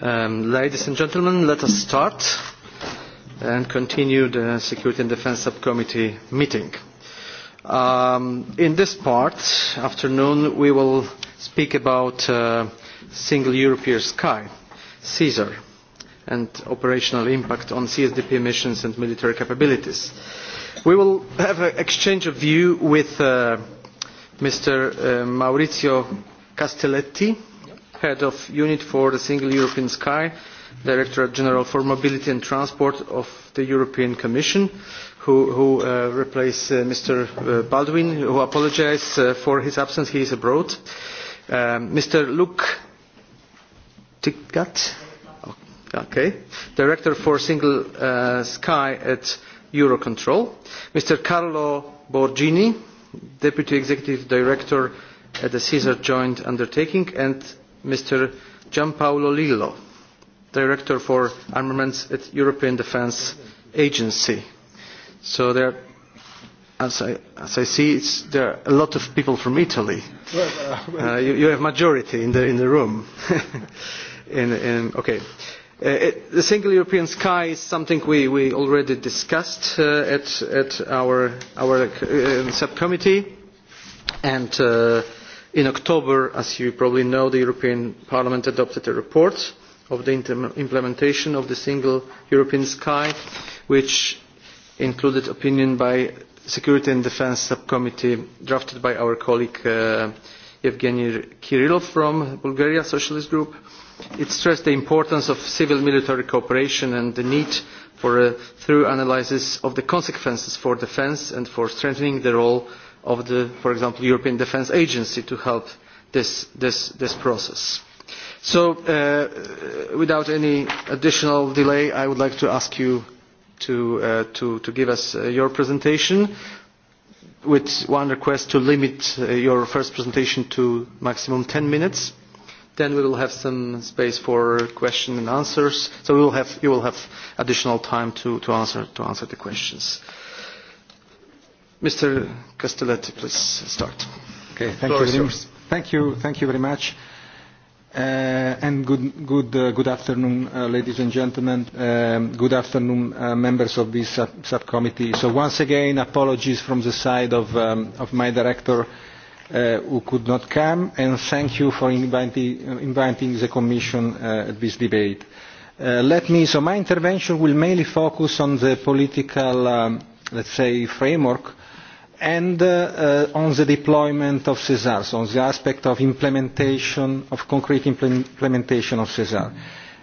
Um, ladies and gentlemen, let us start and continue the Security and Defense Subcommittee meeting. Um, in this part, afternoon, we will speak about uh, Single European Sky, CSER, and operational impact on CSDP missions and military capabilities. We will have an exchange of view with uh, Mr. Uh, Maurizio Castelletti, head of unit for the Single European Sky, Directorate General for Mobility and Transport of the European Commission, who, who uh, replaced uh, Mr. Uh, Baldwin, who apologised uh, for his absence. He is abroad. Um, Mr. Luke Tikat, oh, okay, Director for Single uh, Sky at Eurocontrol. Mr. Carlo Borgini, Deputy Executive Director at the Caesar Joint Undertaking, and Mr. Gianpaolo Lillo, Director for Armaments at European Defence Agency. So there, as I, as I see, it's, there are a lot of people from Italy. Uh, you, you have majority in the, in the room. in, in, okay. Uh, it, the single European sky is something we, we already discussed uh, at, at our, our uh, subcommittee, and uh, in october as you probably know the european parliament adopted a report on the implementation of the single european sky which included an opinion by the security and defence subcommittee drafted by our colleague yevgeny uh, Evgeny Kirilov from Bulgaria Socialist Group. It stressed the importance of civil-military cooperation and the need for a thorough analysis of the consequences for defence and for strengthening the role of the, for example, European Defence Agency to help this, this, this process. So, uh, without any additional delay, I would like to ask you to, uh, to, to give us uh, your presentation with one request to limit uh, your first presentation to maximum 10 minutes. Then we will have some space for questions and answers. So we will have, you will have additional time to, to, answer, to answer the questions. Uh, Mr. Castelletti, please start. Okay, thank, Floor you very, thank, you, thank you very much. Uh, and good, good, uh, good afternoon, uh, ladies and gentlemen. Um, good afternoon, uh, members of this sub subcommittee. So once again, apologies from the side of, um, of my director uh, who could not come, and thank you for inviting, uh, inviting the Commission uh, at this debate. Uh, let me, so my intervention will mainly focus on the political, um, let's say, framework uh, and uh, on the deployment of CESAR, so on the aspect of implementation, of concrete implementation of CESAR.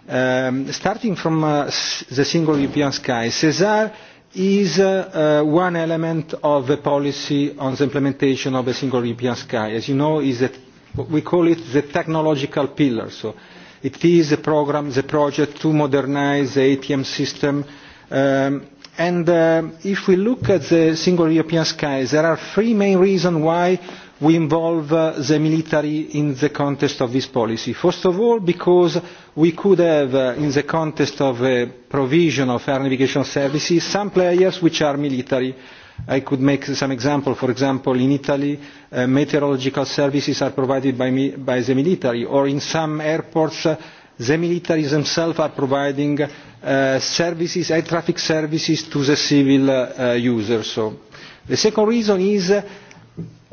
Um, starting from uh, the single European sky, CESAR is uh, uh, one element of the policy on the implementation of a single European sky. As you know, is that we call it the technological pillar. So it is a program, the project to modernize the ATM system um, And uh, if we look at the single European skies, there are three main reasons why we involve uh, the military in the context of this policy. First of all, because we could have, uh, in the context of uh, provision of air navigation services, some players which are military. I could make some example. For example, in Italy, uh, meteorological services are provided by, me, by the military, or in some airports, uh, the militaries themselves are providing uh, services, air traffic services to the civil uh, users. So the second reason is uh,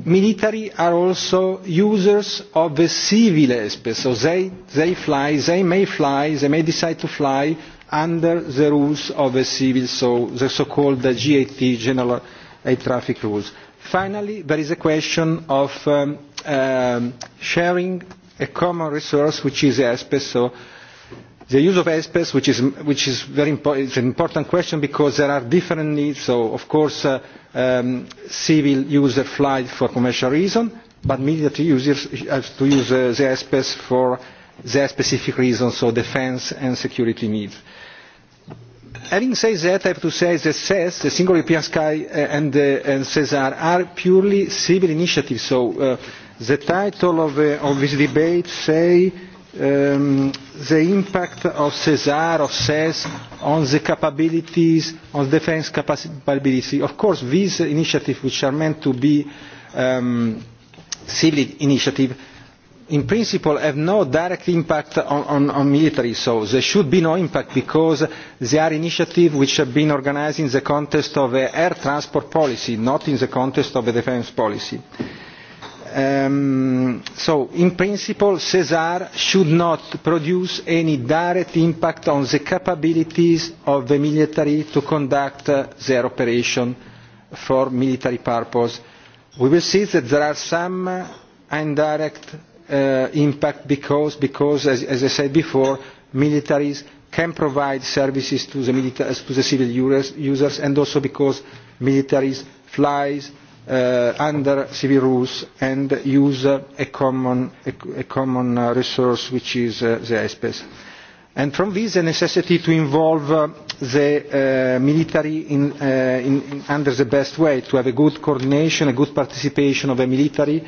military are also users of the civil airspace. So they, they fly, they may fly, they may decide to fly under the rules of the civil, so the so-called GAT, General Air Traffic Rules. Finally, there is a question of um, um, sharing a common resource which is airspace. So the use of airspace, which is, which is very impo is an important question because there are different needs. So of course, uh, um, civil users fly for commercial reasons, but military users have to use uh, the airspace for their specific reasons, so defence and security needs. Having said that, I have to say that CES, e the Single European Sky, uh, and, uh, and CESAR are purely civil initiatives. So. Uh, The title of, uh, of this debate say um, the impact of CESAR, of CES, on the capabilities, on defense capability. Of course, these initiatives, which are meant to be um, civil initiative, in principle have no direct impact on, on, on military, so there should be no impact because they are initiatives which have been organised in the context of an air transport policy, not in the context of a defence policy. Um, so in principle sesar should not produce any direct impact on the capabilities of the military to conduct uh, their operation for military purpose. we will see that there are some uh, indirect uh, impact because, because as, as i said before militaries can provide services to the, to the civil users, users and also because militaries flies Uh, under civil rules and use a common, a, common uh, resource which is uh, the airspace. And from this, the necessity to involve the uh, military in, uh, in, in, under the best way, to have a good coordination, a good participation of the military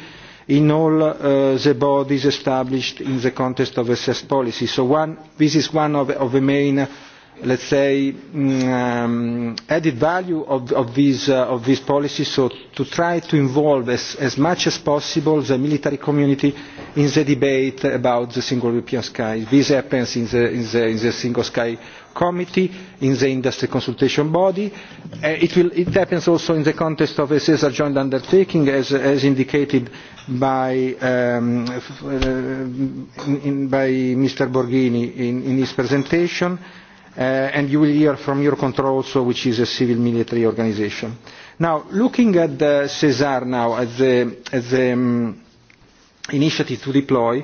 in all uh, the bodies established in the context of SS policy. So one, this is one of, of the main let's say, um, added value of, of, these, uh, of these policies, so to try to involve as, as much as possible the military community in the debate about the single European sky. This happens in the, in the, in the single sky committee, in the industry consultation body. Uh, it, will, it happens also in the context of a CESAR joint undertaking, as, as indicated by, um, uh, in, by Mr. Borghini in, in his presentation. Uh, and you will hear from Eurocontrol also, which is a civil military organization. Now, looking at the CESAR now, as the, as the um, initiative to deploy,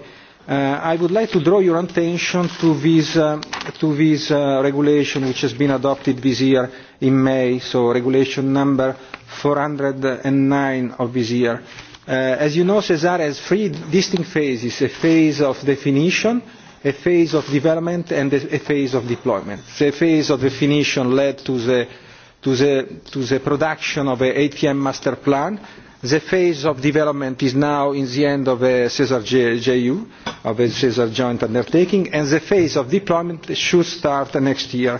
uh, I would like to draw your attention to this, uh, to this uh, regulation which has been adopted this year in May, so regulation number 409 of this year. Uh, as you know, CESAR has three distinct phases, a phase of definition, a phase of development and a phase of deployment. The phase of definition led to the, to the, to the production of an ATM master plan. The phase of development is now in the end of a CESAR JU, of a CESAR joint undertaking, and the phase of deployment should start next year.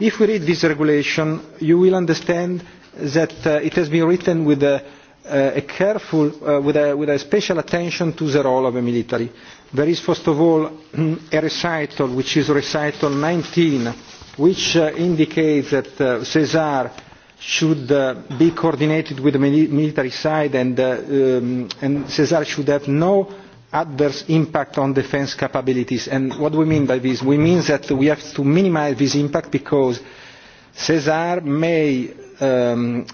If we read this regulation, you will understand that uh, it has been written with a, uh, a careful, uh, with, a, with a special attention to the role of the military There is, first of all, a recital, which is recital 19, which uh, indicates that uh, Cesar should uh, be coordinated with the military side and, uh, um, and CESAR should have no adverse impact on defence capabilities. And what do we mean by this? We mean that we have to minimise this impact because CESAR may um,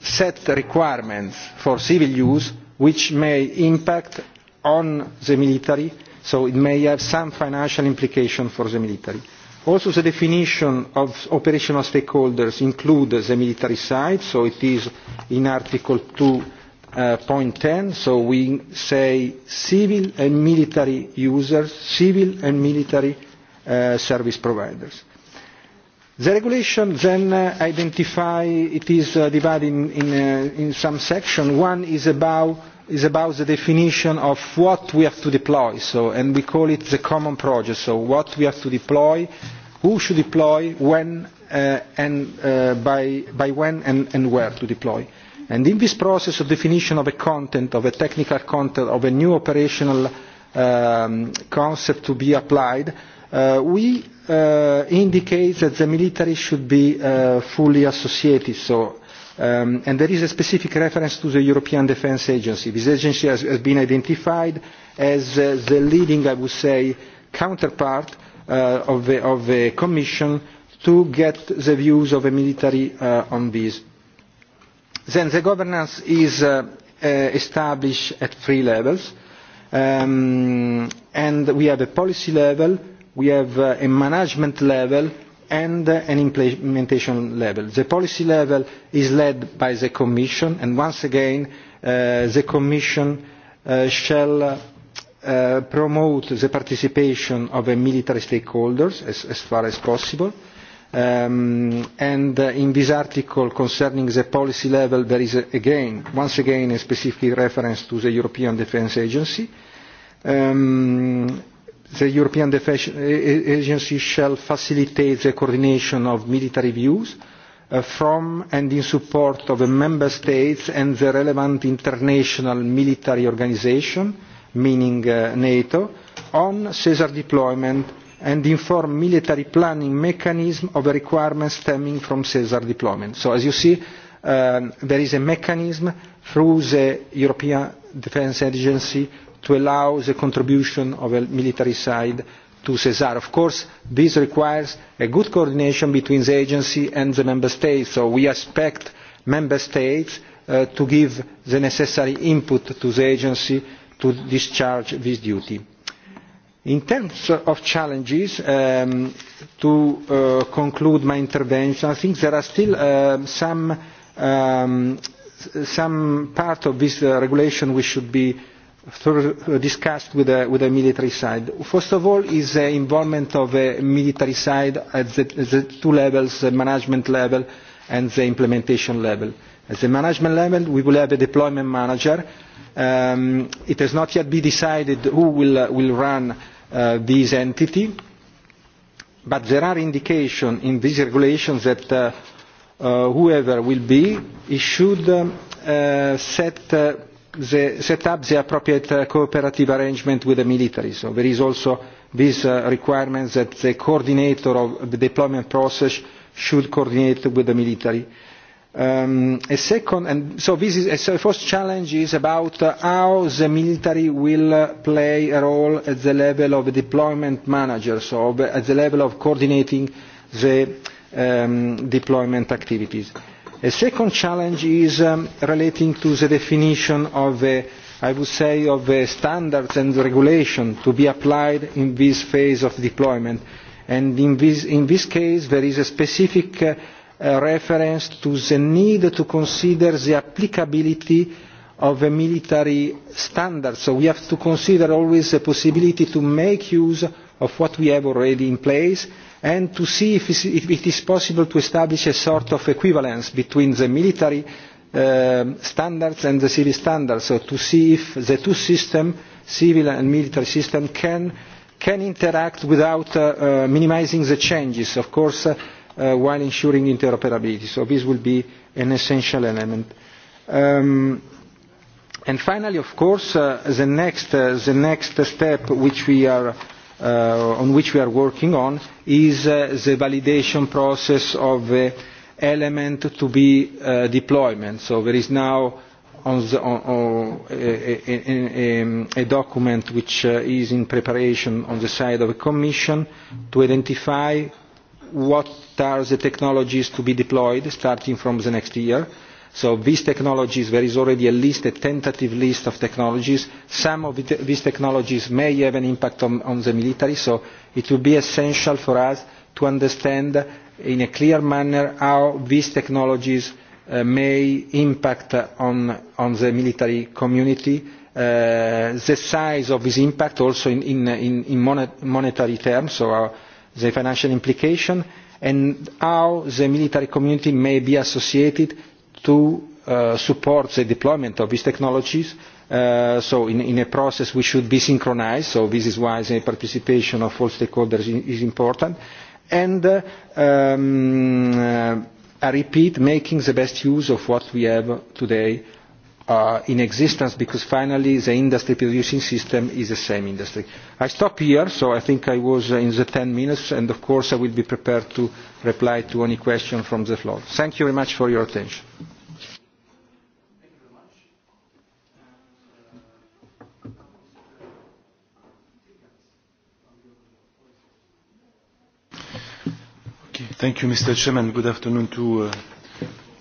set requirements for civil use which may impact on the military, so it may have some financial implication for the military. Also the definition of operational stakeholders includes the military side, so it is in Article 2.10. Uh, point so we say civil and military users, civil and military uh, service providers. The regulation then uh, identify, it is uh, divided in, in, uh, in some sections. One is about is about the definition of what we have to deploy, so, and we call it the common project, so what we have to deploy, who should deploy, when, uh, and uh, by, by when and, and where to deploy. And in this process of definition of a content, of a technical content, of a new operational um, concept to be applied, uh, we uh, indicate that the military should be uh, fully associated, so Um, and there is a specific reference to the European Defence Agency. This agency has, has been identified as uh, the leading, I would say, counterpart uh, of, the, of the Commission to get the views of the military uh, on this. Then the governance is uh, uh, established at three levels. Um, and we have a policy level, we have uh, a management level, and an implementation level. the policy level is led by the commission and once again uh, the commission uh, shall uh, promote the participation of military stakeholders as, far as possible um, and in this article concerning the policy level there is again once again a specific reference to the european defence agency um, The European Defence Agency shall facilitate the coordination of military views uh, from and in support of the member states and the relevant international military organisation, meaning uh, NATO, on Caesar deployment and inform military planning mechanism of the requirements stemming from Caesar deployment. So as you see, um, there is a mechanism through the European Defence Agency to allow the contribution of a military side to CESAR. Of course, this requires a good coordination between the agency and the member states, so we expect member states uh, to give the necessary input to the agency to discharge this duty. In terms of challenges, um, to uh, conclude my intervention, I think there are still uh, some, um, some part of this uh, regulation which should be Uh, discussed with the, with the military side. First of all is the involvement of the military side at the, the two levels, the management level and the implementation level. At the management level, we will have a deployment manager. Um, it has not yet been decided who will, uh, will run uh, this entity, but there are indications in these regulations that uh, uh, whoever will be, he should um, uh, set uh, the, set up the appropriate uh, cooperative arrangement with the military. So there is also this uh, requirement that the coordinator of the deployment process should coordinate with the military. Um, a second, and so this is, so the first challenge is about uh, how the military will uh, play a role at the level of deployment managers, so at the level of coordinating the um, deployment activities. A second challenge is um, relating to the definition of, uh, I would say, of the standards and regulation to be applied in this phase of deployment. And in this, in this case, there is a specific uh, uh, reference to the need to consider the applicability of the military standards. So we have to consider always the possibility to make use of what we have already in place and to see if it is possible to establish a sort of equivalence between the military um, standards and the civil standards, so to see if the two systems, civil and military system, can, can interact without uh, uh, minimizing the changes, of course, uh, uh, while ensuring interoperability. So this will be an essential element. Um, and finally, of course, uh, the, next, uh, the next step which we are uh, on which we are working on is uh, the validation process of the uh, element to be uh, deployment. So there is now on the, on, on, a, a, a, a document which uh, is in preparation on the side of the Commission to identify what are the technologies to be deployed starting from the next year So these technologies, there is already a list, a tentative list of technologies. Some of it, these technologies may have an impact on, on the military, so it will be essential for us to understand in a clear manner how these technologies uh, may impact on, on the military community, uh, the size of this impact also in, in, in, in monet, monetary terms, so our, the financial implication, and how the military community may be associated to uh, support the deployment of these technologies. Uh, so in, in a process we should be synchronized, so this is why the participation of all stakeholders is important. And uh, um, uh, I repeat, making the best use of what we have today uh, in existence because finally the industry producing system is the same industry. I stop here, so I think I was uh, in the 10 minutes, and of course I will be prepared to reply to any question from the floor. Thank you very much for your attention. thank you, Mr. Chairman. Good afternoon to, uh,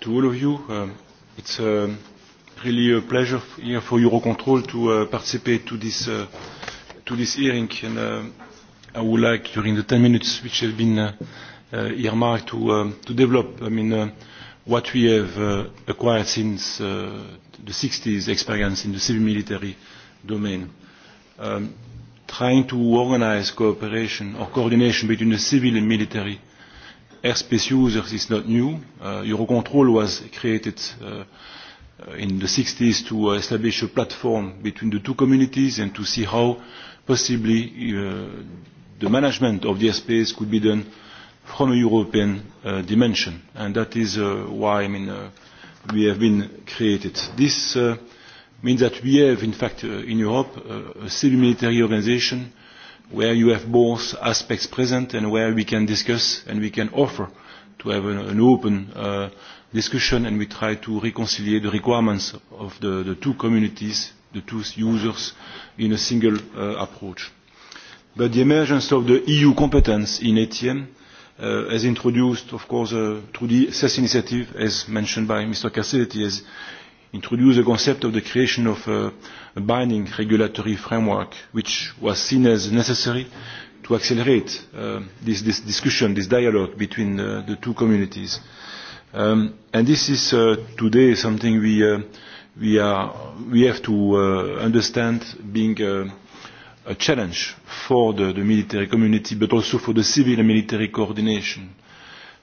to all of you. Um, it's... Um, really a uh, pleasure here for Eurocontrol to uh, participate to this, uh, to this hearing. And uh, I would like, during the 10 minutes which have been uh, uh, earmarked, to, uh, to develop I mean, uh, what we have uh, acquired since uh, the 60s experience in the civil military domain. Um, trying to organize cooperation or coordination between the civil and military airspace users is not new. Uh, Eurocontrol was created uh, Uh, in the 60s to uh, establish a platform between the two communities and to see how possibly uh, the management of the airspace could be done from a European uh, dimension. And that is uh, why I mean, uh, we have been created. This uh, means that we have, in fact, uh, in Europe, uh, a civil military organization where you have both aspects present and where we can discuss and we can offer to have an, an open uh, discussion and we try to reconcile the requirements of the, the two communities, the two users, in a single uh, approach. But the emergence of the EU competence in ATM, uh, as introduced, of course, uh, through the CES initiative, as mentioned by Mr. Cassidy, has introduced the concept of the creation of a, a binding regulatory framework, which was seen as necessary to accelerate uh, this, this discussion, this dialogue between uh, the two communities. Uh, Um, and this is uh, today something we, uh, we, are, we have to uh, understand being uh, a challenge for the, the military community, but also for the civil and military coordination.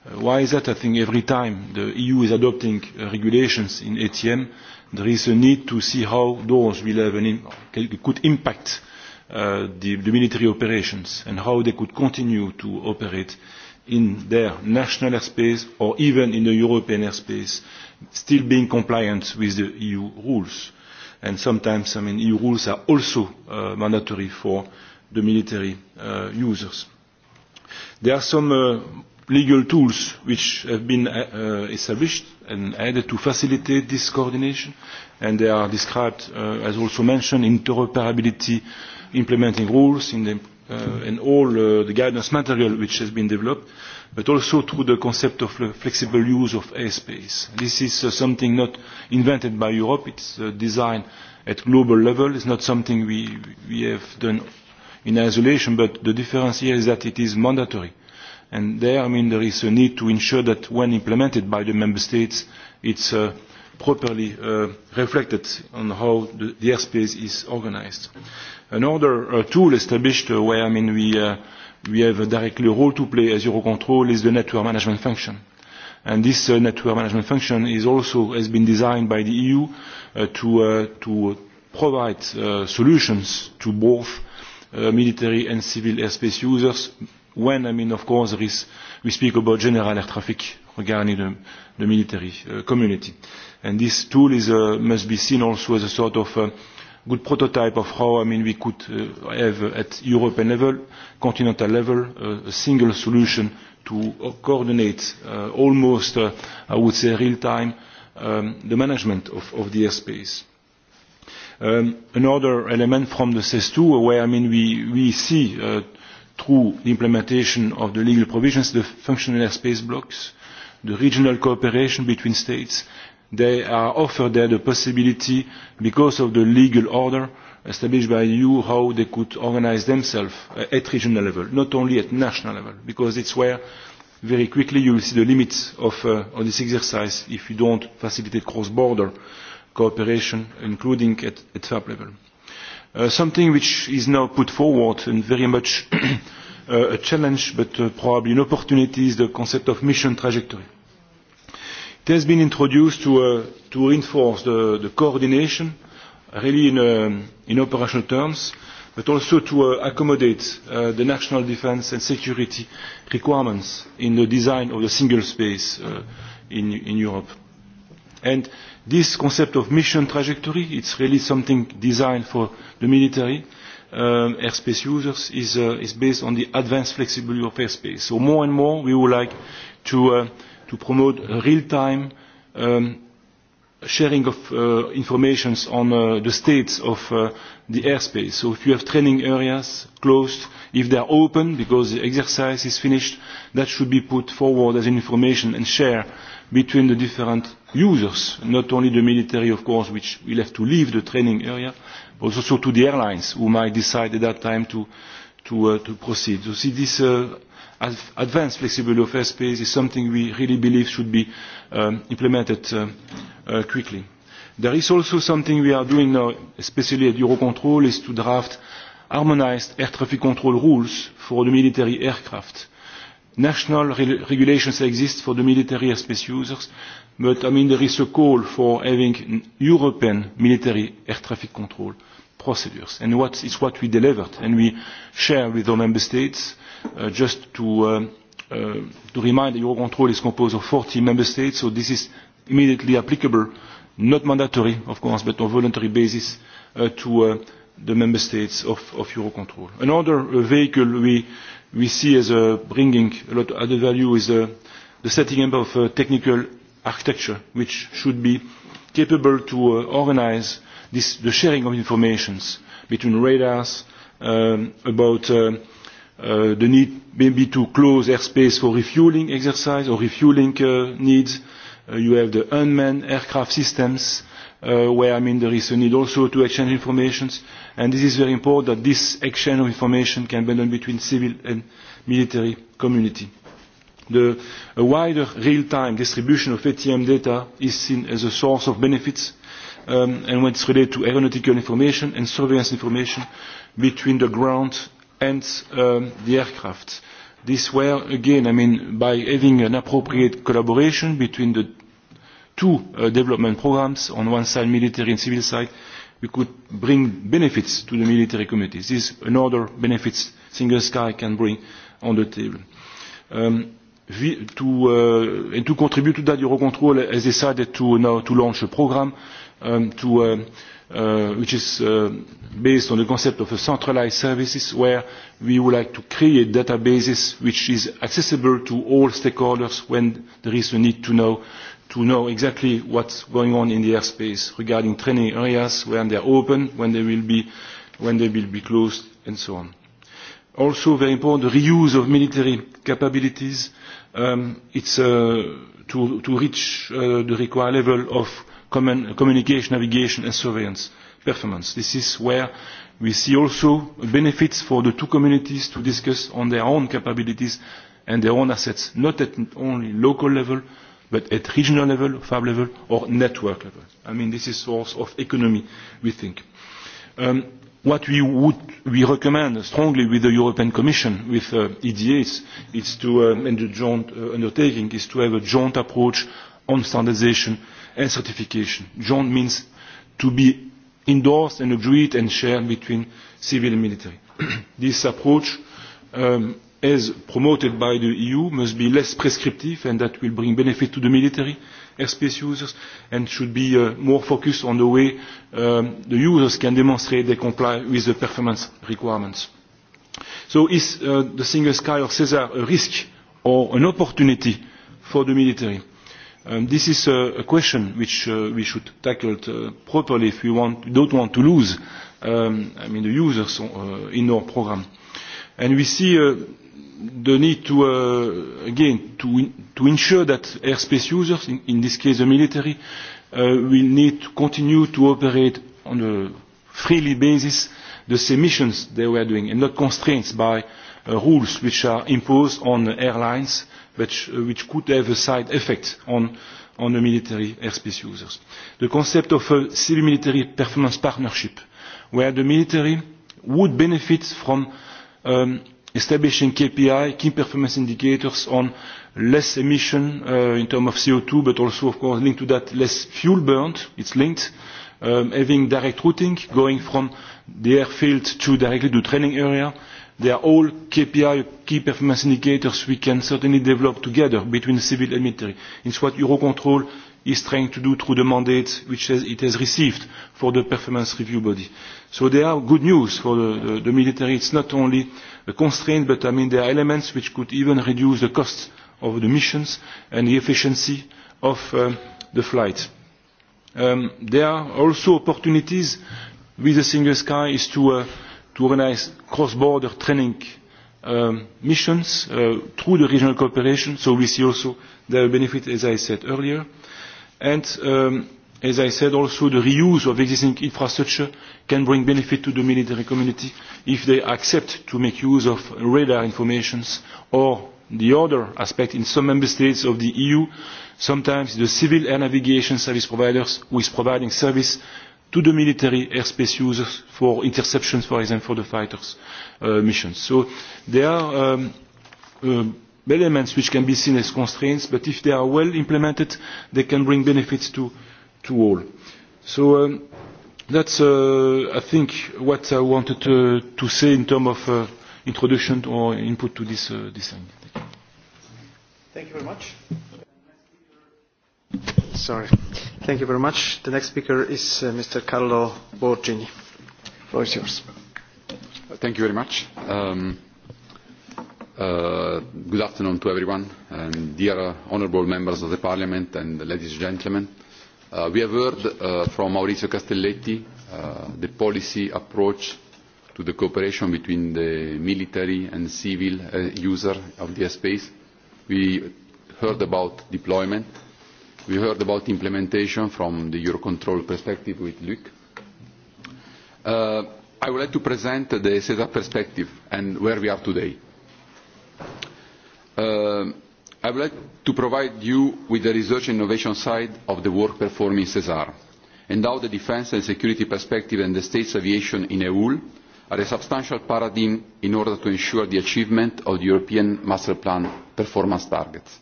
Uh, why is that? I think every time the EU is adopting uh, regulations in ATM, there is a need to see how those will have an Im could impact uh, the, the military operations and how they could continue to operate in their national airspace or even in the European airspace, still being compliant with the EU rules. And sometimes, I mean, EU rules are also uh, mandatory for the military uh, users. There are some uh, legal tools which have been uh, uh, established and added to facilitate this coordination, and they are described, uh, as also mentioned, interoperability implementing rules, in the uh, and all uh, the guidance material which has been developed, but also through the concept of uh, flexible use of airspace. This is uh, something not invented by Europe, it's uh, designed at global level. It's not something we, we have done in isolation, but the difference here is that it is mandatory. And there, I mean, there is a need to ensure that when implemented by the member states, it's uh, properly uh, reflected on how the, the airspace is organized. Mm Another uh, tool established uh, where I mean, we, uh, we have a directly role to play as Eurocontrol is the network management function. And this uh, network management function is also has been designed by the EU uh, to, uh, to provide uh, solutions to both uh, military and civil airspace users when, I mean, of course, there is, we speak about general air traffic regarding the, the military uh, community. And this tool is, uh, must be seen also as a sort of uh, good prototype of how I mean, we could uh, have at European level, continental level, uh, a single solution to uh, coordinate uh, almost, uh, I would say, real time, um, the management of, of the airspace. Um, another element from the CES2, where I mean, we, we see uh, through the implementation of the legal provisions the functional airspace blocks, the regional cooperation between states, they are offered there the possibility, because of the legal order established by you, how they could organize themselves at regional level, not only at national level, because it's where very quickly you will see the limits of, uh, of this exercise if you don't facilitate cross-border cooperation, including at, at FAB level. Uh, something which is now put forward and very much uh, a challenge, but uh, probably an opportunity, is the concept of mission trajectory Uh, It has been introduced to, uh, to reinforce the, the coordination, really in, uh, in operational terms, but also to uh, accommodate uh, the national defence and security requirements in the design of the single space uh, in, in Europe. And this concept of mission trajectory, it's really something designed for the military um, airspace users, is, uh, is based on the advanced flexibility of airspace. So more and more we would like to uh, to promote real time um, sharing of uh, information on uh, the states of uh, the airspace. So if you have training areas closed, if they are open because the exercise is finished, that should be put forward as information and share between the different users, not only the military, of course, which will have to leave the training area, but also to the airlines who might decide at that time to, to, uh, to proceed. So see, this uh, advanced flexible offer space is something we really believe should be um, implemented uh, uh, quickly. There is also something we are doing now, especially at Eurocontrol, is to draft harmonized air traffic control rules for the military aircraft. National re regulations exist for the military airspace users, but I mean there is a call for having European military air traffic control procedures. And what is what we delivered, and we share with our member states. Uh, just to, uh, uh, to remind, Eurocontrol is composed of 40 member states, so this is immediately applicable, not mandatory, of course, but on voluntary basis uh, to uh, the member states of, of Eurocontrol. Another uh, vehicle we, we see as uh, bringing a lot of added value is uh, the setting up of uh, technical architecture, which should be capable to uh, organize this, the sharing of information between radars um, about uh, uh, the need maybe to close airspace for refueling exercise or refueling uh, needs. Uh, you have the unmanned aircraft systems uh, where I mean there is a need also to exchange information and this is very important that this exchange of information can be done between civil and military community. The a wider real-time distribution of ATM data is seen as a source of benefits um, and when it's related to aeronautical information and surveillance information between the ground and um, the aircraft. This where, again, I mean, by having an appropriate collaboration between the two uh, development programs, on one side military and civil side, we could bring benefits to the military communities. This is another benefit single sky can bring on the table. Um, to, uh, and to contribute to that, Eurocontrol has decided to now to launch a program um, to, uh, uh, which is uh, based on the concept of a centralized services where we would like to create databases which is accessible to all stakeholders when there is a need to know to know exactly what's going on in the airspace regarding training areas, when they are open, when they will be, when they will be closed, and so on. Also, very important, the reuse of military capabilities. Um, it's uh, to, to reach uh, the required level of common communication, navigation and surveillance performance. This is where we see also benefits for the two communities to discuss on their own capabilities and their own assets, not at only local level, but at regional level, fab level or network level. I mean, this is source of economy, we think. Um, what we would we recommend strongly with the European Commission, with uh, EDAs, is to, um, and the joint uh, undertaking, is to have a joint approach on standardization and certification. Joint means to be endorsed and agreed and shared between civil and military. this approach, um, as promoted by the EU, must be less prescriptive and that will bring benefit to the military airspace users and should be uh, more focused on the way um, the users can demonstrate they comply with the performance requirements. So is uh, the single sky or CESAR a risk or an opportunity for the military? Um, this is a, a question which uh, we should tackle uh, properly if we want, don't want to lose um, I mean the users uh, in our program. And we see uh, the need to, uh, again, to, in, to ensure that airspace users, in, in this case the military, uh, will need to continue to operate on a freely basis the same missions they were doing and not constrained by uh, rules which are imposed on airlines uh, which, uh, which could have a side effect on, on the military airspace users. The concept of a civil-military performance partnership, where the military would benefit from um, establishing KPI, key performance indicators on less emission uh, in terms of CO2, but also, of course, linked to that, less fuel burnt. It's linked. Um, having direct routing, going from the airfield to directly to training area, They are all KPI, key performance indicators we can certainly develop together between civil and military. It's what Eurocontrol is trying to do through the mandate which has, it has received for the performance review body. So there are good news for the, the, the military. It's not only a constraint, but I mean there are elements which could even reduce the costs of the missions and the efficiency of um, the flight. Um, there are also opportunities with the single sky is to uh, to organize cross-border training um, missions uh, through the regional cooperation. So we see also their benefit, as I said earlier. And um, as I said, also the reuse of existing infrastructure can bring benefit to the military community if they accept to make use of radar informations or the other aspect in some member states of the EU, sometimes the civil air navigation service providers who is providing service to the military airspace users for interceptions, for example, for the fighters' uh, missions. So there are um, uh, elements which can be seen as constraints, but if they are well implemented, they can bring benefits to, to all. So um, that's, uh, I think, what I wanted to, to say in terms of uh, introduction or input to this, uh, design. Thank you. Thank you very much. Sorry. Thank you very much. The next speaker is uh, Mr. Carlo Borgini. The floor is yours. Thank you very much. Um, uh, good afternoon to everyone, and dear uh, honourable members of the Parliament and ladies and gentlemen. Uh, we have heard uh, from Maurizio Castelletti uh, the policy approach to the cooperation between the military and civil uh, user of the space. We heard about deployment We heard about implementation from the Eurocontrol perspective with Luc. Uh, I would like to present the CESAR perspective and where we are today. Uh, I would like to provide you with the research and innovation side of the work performed in CESAR and how the defence and security perspective and the state's aviation in EUL are a substantial paradigm in order to ensure the achievement of the European Master Plan performance targets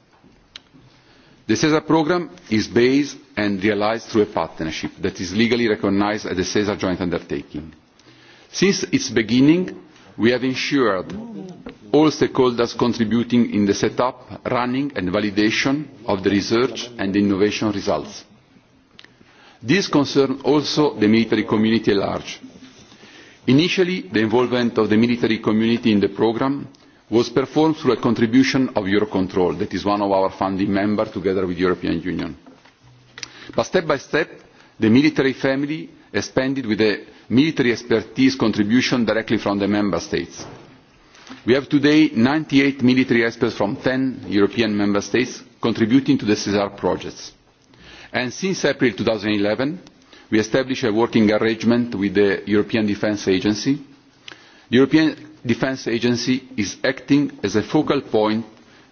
the cesar programme is based and realised through a partnership that is legally recognised as the cesar joint undertaking. since its beginning we have ensured all stakeholders contributing in the set up running and validation of the research and innovation results. this concerns also the military community at large. initially the involvement of the military community in the programme was performed through a contribution of eurocontrol that is one of our founding members together with the european union. but step by step the military family expanded with a military expertise contribution directly from the member states. we have today ninety eight military experts from ten european member states contributing to the cesar projects and since april two thousand and eleven we established a working arrangement with the european defence agency. the european defence agency is acting as a focal point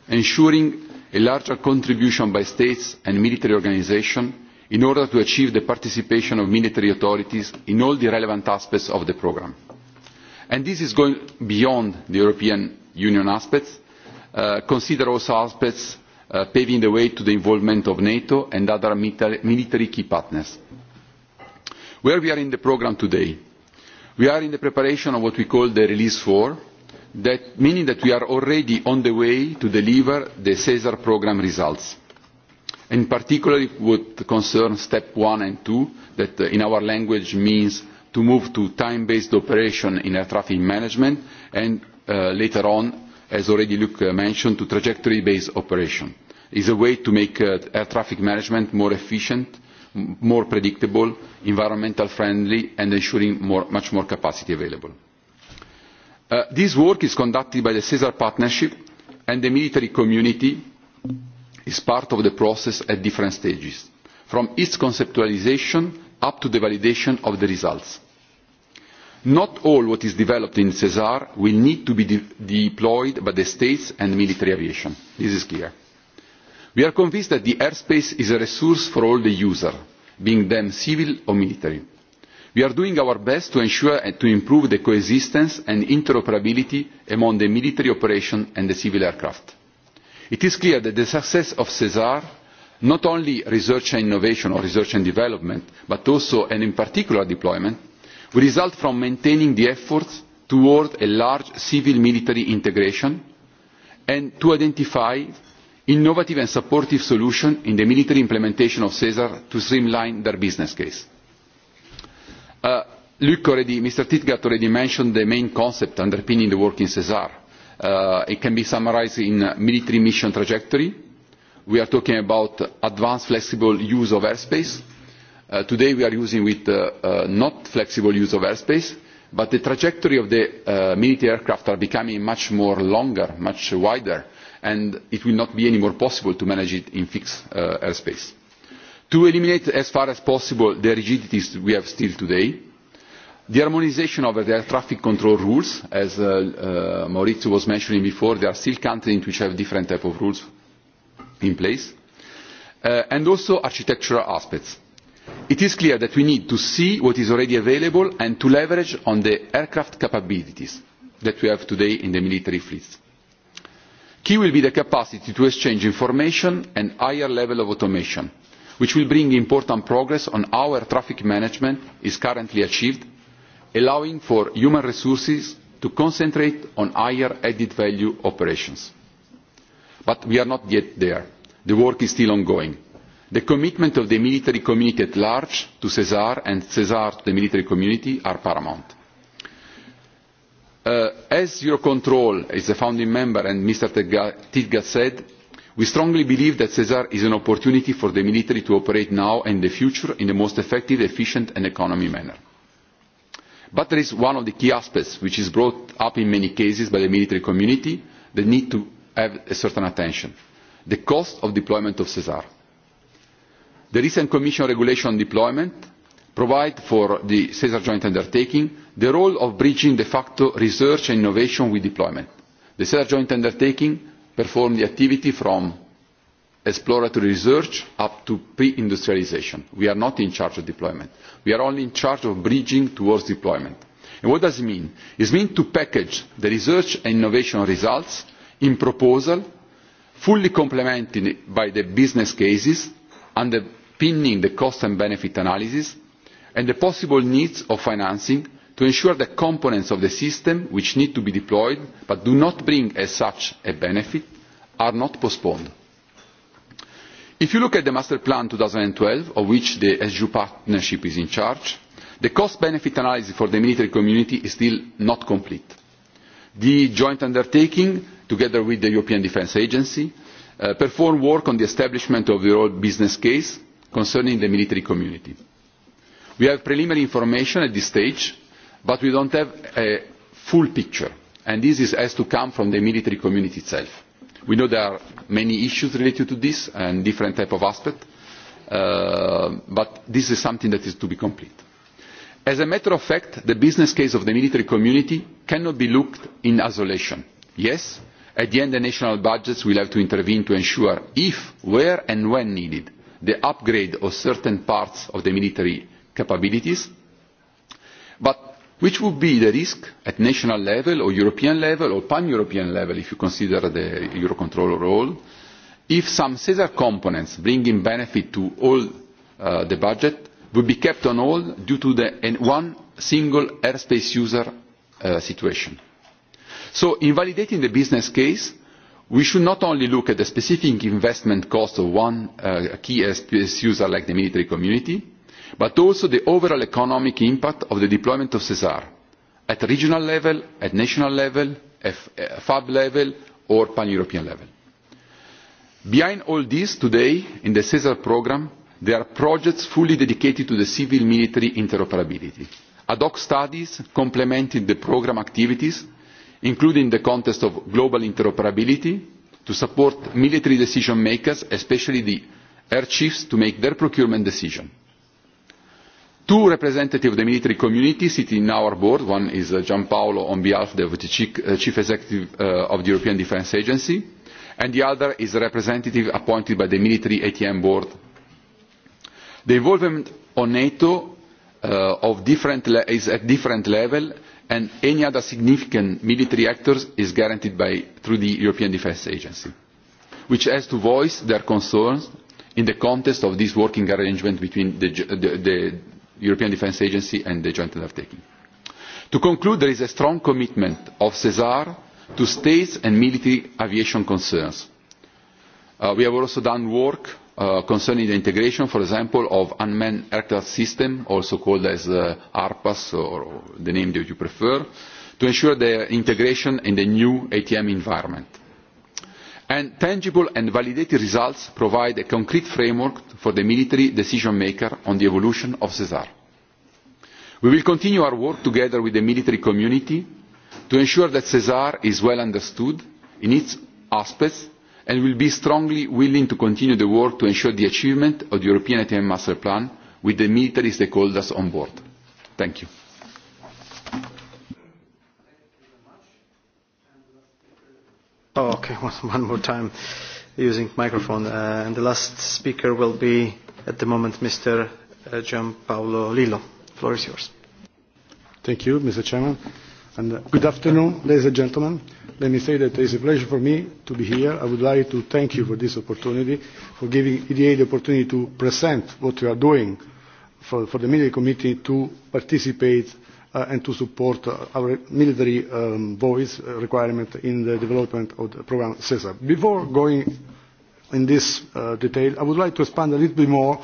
ensuring a larger contribution by states and military organisations in order to achieve the participation of military authorities in all the relevant aspects of the programme. And this is going beyond the European Union aspects. Uh, consider also aspects uh, paving the way to the involvement of NATO and other military key partners. Where we are in the programme today, we are in the preparation of what we call the release four that, meaning that we are already on the way to deliver the cesar programme results in particular what concerns step one and two that uh, in our language means to move to time based operation in air traffic management and uh, later on as already luc uh, mentioned to trajectory based operation is a way to make uh, air traffic management more efficient more predictable, environmental friendly and ensuring more, much more capacity available. Uh, this work is conducted by the CESAR partnership and the military community is part of the process at different stages, from its conceptualization up to the validation of the results. Not all what is developed in CESAR will need to be de deployed by the states and military aviation. This is clear we are convinced that the airspace is a resource for all the users be they civil or military. we are doing our best to ensure and eh, to improve the coexistence and interoperability among the military operations and the civil aircraft. it is clear that the success of sesar not only research and innovation or research and development but also and in particular deployment will result from maintaining the efforts towards a large civil military integration and to identify innovative and supportive solution in the military implementation of CESAR to streamline their business case. Uh, Luke already, Mr. Titgat already mentioned the main concept underpinning the work in CESAR. Uh, it can be summarized in military mission trajectory. We are talking about advanced flexible use of airspace. Uh, today we are using with uh, uh, not flexible use of airspace, but the trajectory of the uh, military aircraft are becoming much more longer, much wider and it will not be any more possible to manage it in fixed uh, airspace. To eliminate as far as possible the rigidities we have still today, the harmonisation of the air traffic control rules, as uh, uh, Maurizio was mentioning before, there are still countries which have different type of rules in place, uh, and also architectural aspects it is clear that we need to see what is already available and to leverage on the aircraft capabilities that we have today in the military fleets key will be the capacity to exchange information and a higher level of automation which will bring important progress on how air traffic management is currently achieved allowing for human resources to concentrate on higher added value operations. but we are not yet there. the work is still ongoing. the commitment of the military community at large to sesar and sesar to the military community are paramount. Uh, as eurocontrol is a founding member and mr tidgett said we strongly believe that sesar is an opportunity for the military to operate now and in the future in the most effective efficient and economic manner. but there is one of the key aspects which is brought up in many cases by the military community that needs to have a certain attention the cost of deployment of sesar. the recent commission regulation on deployment provides for the sesar joint undertaking the role of bridging de facto research and innovation with deployment. the cesar joint undertaking performs the activity from exploratory research up to pre industrialisation. we are not in charge of deployment. we are only in charge of bridging towards deployment. And what does it mean? it means to package the research and innovation results in proposal fully complemented by the business cases underpinning the cost and benefit analysis and the possible needs of financing to ensure that components of the system which need to be deployed but do not bring as such a benefit are not postponed. if you look at the master plan two thousand and twelve of which the sgu partnership is in charge the cost benefit analysis for the military community is still not complete. the joint undertaking together with the european defence agency uh, performed work on the establishment of the overall business case concerning the military community. we have preliminary information at this stage but we do not have a full picture and this has to come from the military community itself. we know there are many issues related to this and different types of aspects uh, but this is something that is to be completed. as a matter of fact the business case of the military community cannot be looked at in isolation. yes at the end the national budgets will have to intervene to ensure if where and when needed the upgrade of certain parts of the military capabilities which would be the risk at national level or European level or pan-European level if you consider the Eurocontrol role, if some CESAR components bringing benefit to all uh, the budget would be kept on hold due to the one single airspace user uh, situation. So in validating the business case, we should not only look at the specific investment cost of one uh, key airspace user like the military community, but also the overall economic impact of the deployment of sesar at regional level at national level at fab eh, level or pan european level. behind all this today in the sesar programme there are projects fully dedicated to civil military interoperability ad hoc studies complementing the programme activities including the context of global interoperability to support military decision makers especially the air chiefs to make their procurement decisions two representatives of the military community sitting in our board. One is uh, Gianpaolo on behalf of the chief, uh, chief executive uh, of the European Defence Agency, and the other is a representative appointed by the military ATM board. The involvement on NATO uh, of different le is at different level, and any other significant military actors is guaranteed by, through the European Defence Agency, which has to voice their concerns in the context of this working arrangement between the, the, the European Defence Agency and the joint undertaking. To conclude, there is a strong commitment of CESAR to states and military aviation concerns. Uh, we have also done work uh, concerning the integration, for example, of unmanned aircraft system, also called as uh, ARPAS or the name that you prefer, to ensure their integration in the new ATM environment and tangible and validated results provide a concrete framework for the military decision maker on the evolution of cesar. we will continue our work together with the military community to ensure that cesar is well understood in its aspects and will be strongly willing to continue the work to ensure the achievement of the european atm master plan with the military stakeholders on board. thank you. Oh, okay, one more time using microphone. Uh, and the last speaker will be at the moment Mr. Uh, Gianpaolo Lillo. The floor is yours. Thank you, Mr. Chairman. And uh, good afternoon, ladies and gentlemen. Let me say that it is a pleasure for me to be here. I would like to thank you for this opportunity, for giving EDA the opportunity to present what we are doing for, for the Media Committee to participate uh, and to support uh, our military um, voice requirement in the development of the program CESAR. Before going in this uh, detail, I would like to expand a little bit more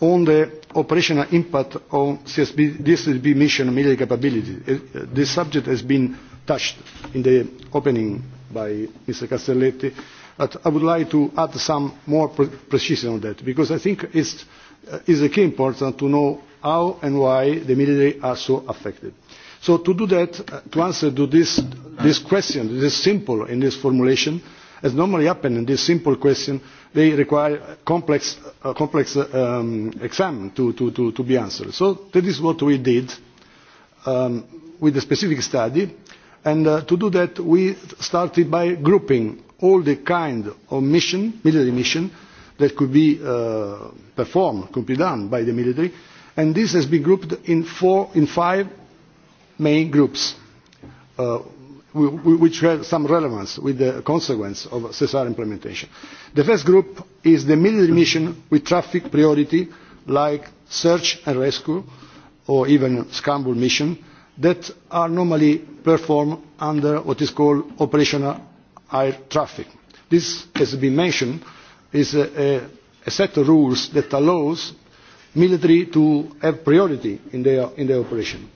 on the operational impact on CSB, DSB mission military capability. Uh, this subject has been touched in the opening by Mr. Castelletti, but I would like to add some more pre precision on that because I think it uh, it's key important to know how and why the military are so affected. So to do that, uh, to answer to this, this question, this is simple in this formulation, as normally happens in this simple question, they require complex, uh, complex um, exam to, to, to, to be answered. So that is what we did um, with a specific study. And uh, to do that, we started by grouping all the kind of mission, military mission, that could be uh, performed, could be done by the military, and this has been grouped in, four, in five main groups, uh, which have some relevance with the consequence of CSR implementation. The first group is the military mission with traffic priority, like search and rescue, or even scramble mission, that are normally performed under what is called operational air traffic. This, as has been mentioned, is a, a, a set of rules that allows military to have priority in their, operation.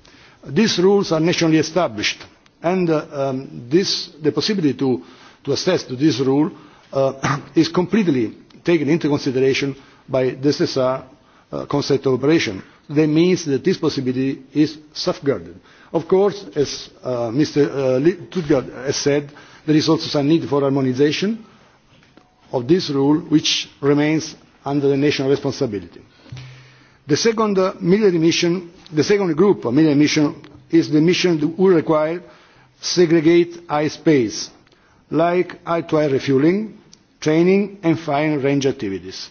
These rules are nationally established and uh, um, the possibility to, assess to this rule uh, is completely taken into consideration by the SSR uh, concept of operation. That means that this possibility is safeguarded. Of course, as Mr. Uh, has said, there is also some need for harmonisation of this rule, which remains under the national responsibility Uh, the second group of military missions is the mission that will require segregated air space, like air-to-air refuelling training and fire range activities.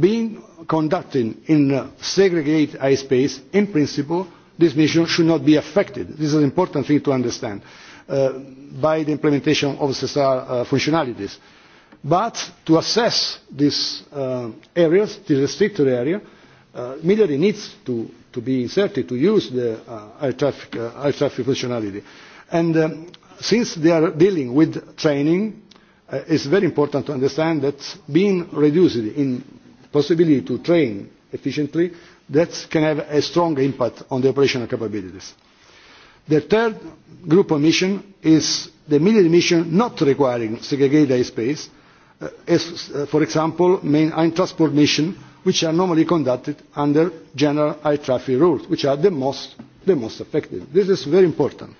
Being conducted in uh, segregated air space in principle, this mission should not be affected. This is an important thing to understand uh, by the implementation of CSR functionalities. But to assess these areas, the restricted area, Uh, military needs to, to be inserted to use the uh, air, traffic, uh, air traffic functionality. And um, since they are dealing with training, uh, it's very important to understand that being reduced in possibility to train efficiently, that can have a strong impact on the operational capabilities. The third group of mission is the military mission not requiring segregated airspace, uh, as, uh, for example, main transport mission which are normally conducted under general air traffic rules, which are the most, effective. This is very important.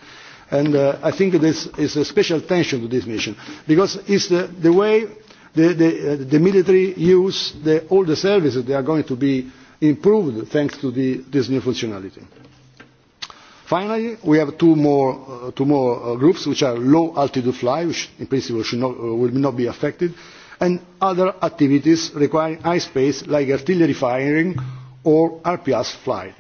And uh, I think this is a special attention to this mission, because it's the, the way the, uh, military use all the services that are going to be improved thanks to this new functionality. Finally, we have two more, uh, two more groups, which are low altitude fly, which in principle will not be affected and other activities requiring high space like artillery firing or RPS flight.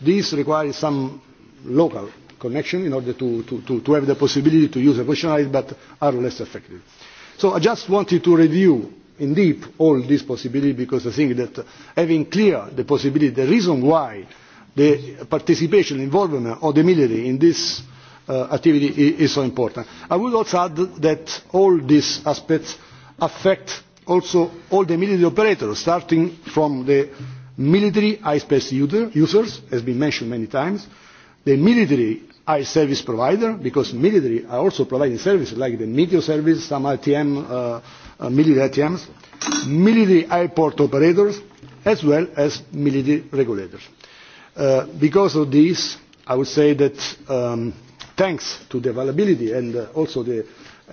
These require some local connection in order to, to, to, to have the possibility to use a functionality but are less effective. So I just wanted to review in deep all these possibilities because I think that having clear the possibility, the reason why the participation, involvement of the military in this uh, activity is, is so important. I would also add that all these aspects affect also all the military operators starting from the military ispace user, users as has been mentioned many times the military i service provider because military are also providing services like the meteor service some ITM, uh, uh, military ITMs military airport operators as well as military regulators. Uh, because of this I would say that um, thanks to the availability and uh, also the, uh,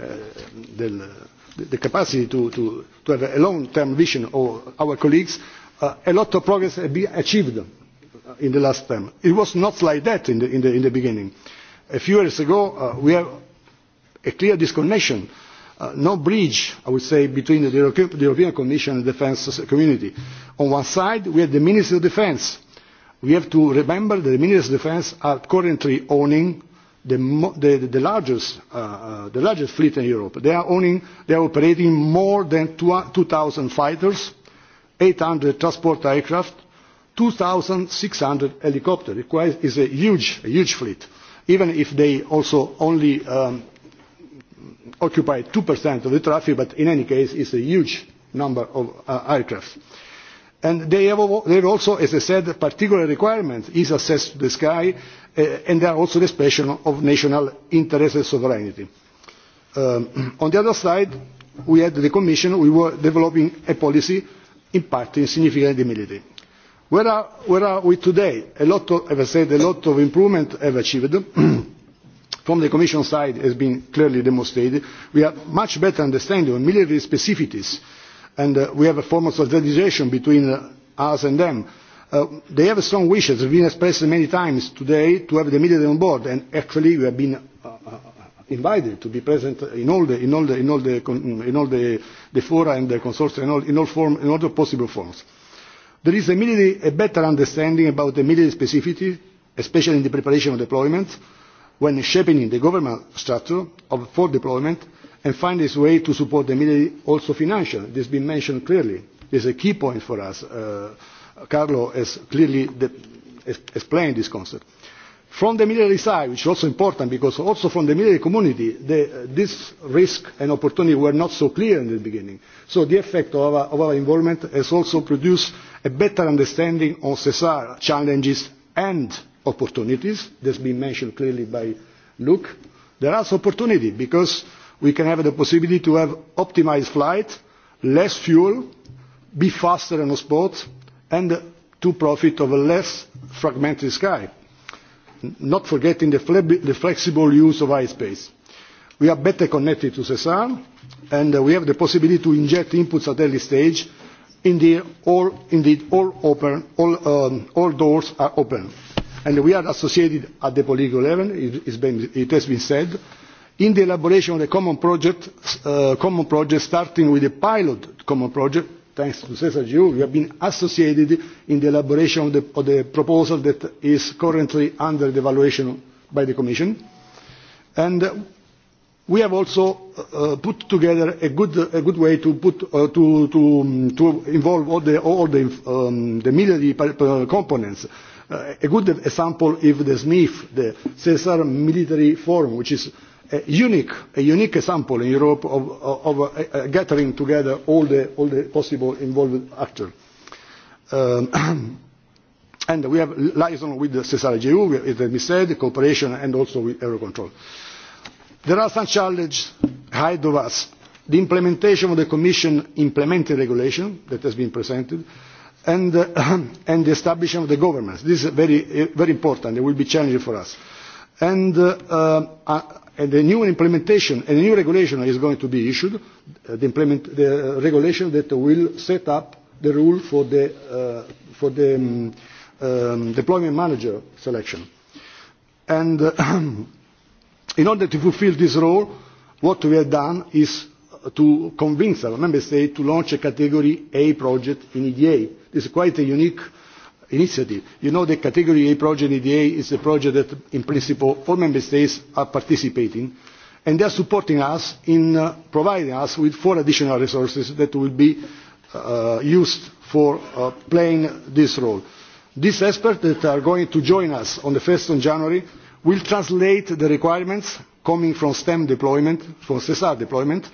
the the capacity to, to, to have a long term vision of our colleagues uh, a lot of progress has been achieved in the last term. it was not like that in the, in the, in the beginning. a few years ago uh, we had a clear disconnection uh, no bridge i would say between the european commission and the defence community. on one side we had the minister of defence. we have to remember that the ministers of defence are currently owning the, the, the, largest, uh, uh, the largest fleet in Europe. They are, owning, they are operating more than 2,000 fighters, 800 transport aircraft, 2,600 helicopters. It is a huge, a huge fleet, even if they also only um, occupy 2% of the traffic, but in any case, it's a huge number of uh, aircraft and they have also as i said particular requirements is access to the sky eh, and they are also the expression of national interest and sovereignty. Um, on the other side we had the commission we were developing a policy impacting significantly military. Where are, where are we today? A lot of, as I said, a lot of improvement have achieved. From the Commission side has been clearly demonstrated. We have much better understanding of military specificities and uh, we have a form of solidarisation between uh, us and them. Uh, they have a strong wish, as has been expressed many times today, to have the media on board, and actually we have been uh, uh, uh invited to be present in all the, in all the, in all the, in all the, the fora and the consortia, in all, in all, form, in all the possible forms. There is immediately a better understanding about the military specificity, especially in the preparation of deployment, when shaping the government structure of, for deployment, and find its way to support the military also financially. This has been mentioned clearly. This is a key point for us. Uh, Carlo has clearly the, explained this concept. From the military side, which is also important because also from the military community, the, uh, this risk and opportunity were not so clear in the beginning. So the effect of our, of our involvement has also produced a better understanding of CESAR challenges and opportunities. this has been mentioned clearly by Luke. There are opportunities because we can have the possibility to have optimised flight, less fuel, be faster on the spot, and to profit of a less fragmented sky, not forgetting the, fle the flexible use of high space. We are better connected to CESAR, and we have the possibility to inject inputs at early stage, indeed all, indeed, all, open, all, um, all doors are open. And we are associated at the political level, it, been, it has been said, in the elaboration of the common project, uh, common project starting with the pilot common project, thanks to Cesar Giu, we have been associated in the elaboration of the, of the proposal that is currently under the evaluation by the Commission. And uh, we have also uh, uh, put together a good, a good way to, put, uh, to, to, um, to involve all the, all the, um, the military uh, components. Uh, a good example is the SMIF, the Cesar Military Forum, which is unique, a unique example in Europe of, of, of uh, gathering together all the, all the possible involved actors. Um, and we have liaison with the CESAR-EU, as we said, cooperation and also with Eurocontrol. There are some challenges ahead of us. The implementation of the Commission implementing regulation that has been presented, and, uh, and the establishment of the governance. This is very, very important. It will be challenging for us. And uh, uh, and a new implementation and a new regulation is going to be issued, uh, the, implement, the uh, regulation that will set up the rule for the, uh, for the um, um, deployment manager selection. And uh, in order to fulfill this role, what we have done is uh, to convince our member states to launch a category A project in EDA. This is quite a unique uh, initiative. You know the category A project in EDA is a project that in principle all member states are participating and they are supporting us in uh, providing us with four additional resources that will be uh, used for uh, playing this role. These experts that are going to join us on the 1st of January will translate the requirements coming from STEM deployment, from CESAR deployment,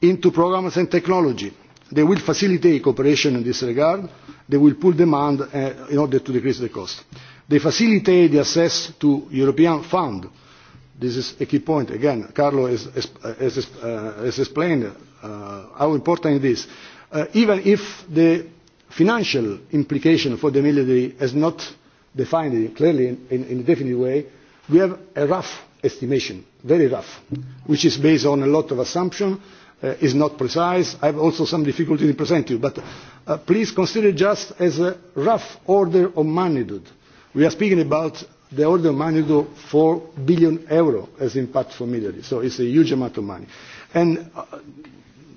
into programs and technology They will facilitate cooperation in this regard. They will pull demand uh, in order to decrease the cost. They facilitate the access to European fund. This is a key point. Again, Carlo has, has, uh, has explained uh, how important it is. Uh, even if the financial implication for the military is not defined clearly in, in, in a definite way, we have a rough estimation, very rough, which is based on a lot of assumptions Uh, is not precise. I have also some difficulty in presenting you, but uh, please consider just as a rough order of magnitude. We are speaking about the order of magnitude 4 billion euro as impact for Middle So it's a huge amount of money. And uh,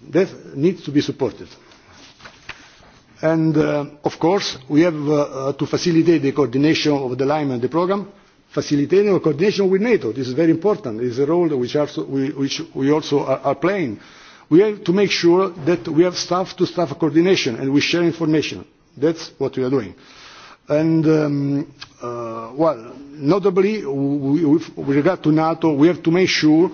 that needs to be supported. And uh, of course, we have uh, uh to facilitate the coordination of the Lyme and the program, facilitating or coordination with NATO. This is very important. It's a role which, also, we, which we also are, are playing we have to make sure that we have staff to staff coordination and we share information. that is what we are doing. Um, uh, notably, with regard to NATO, we have to make sure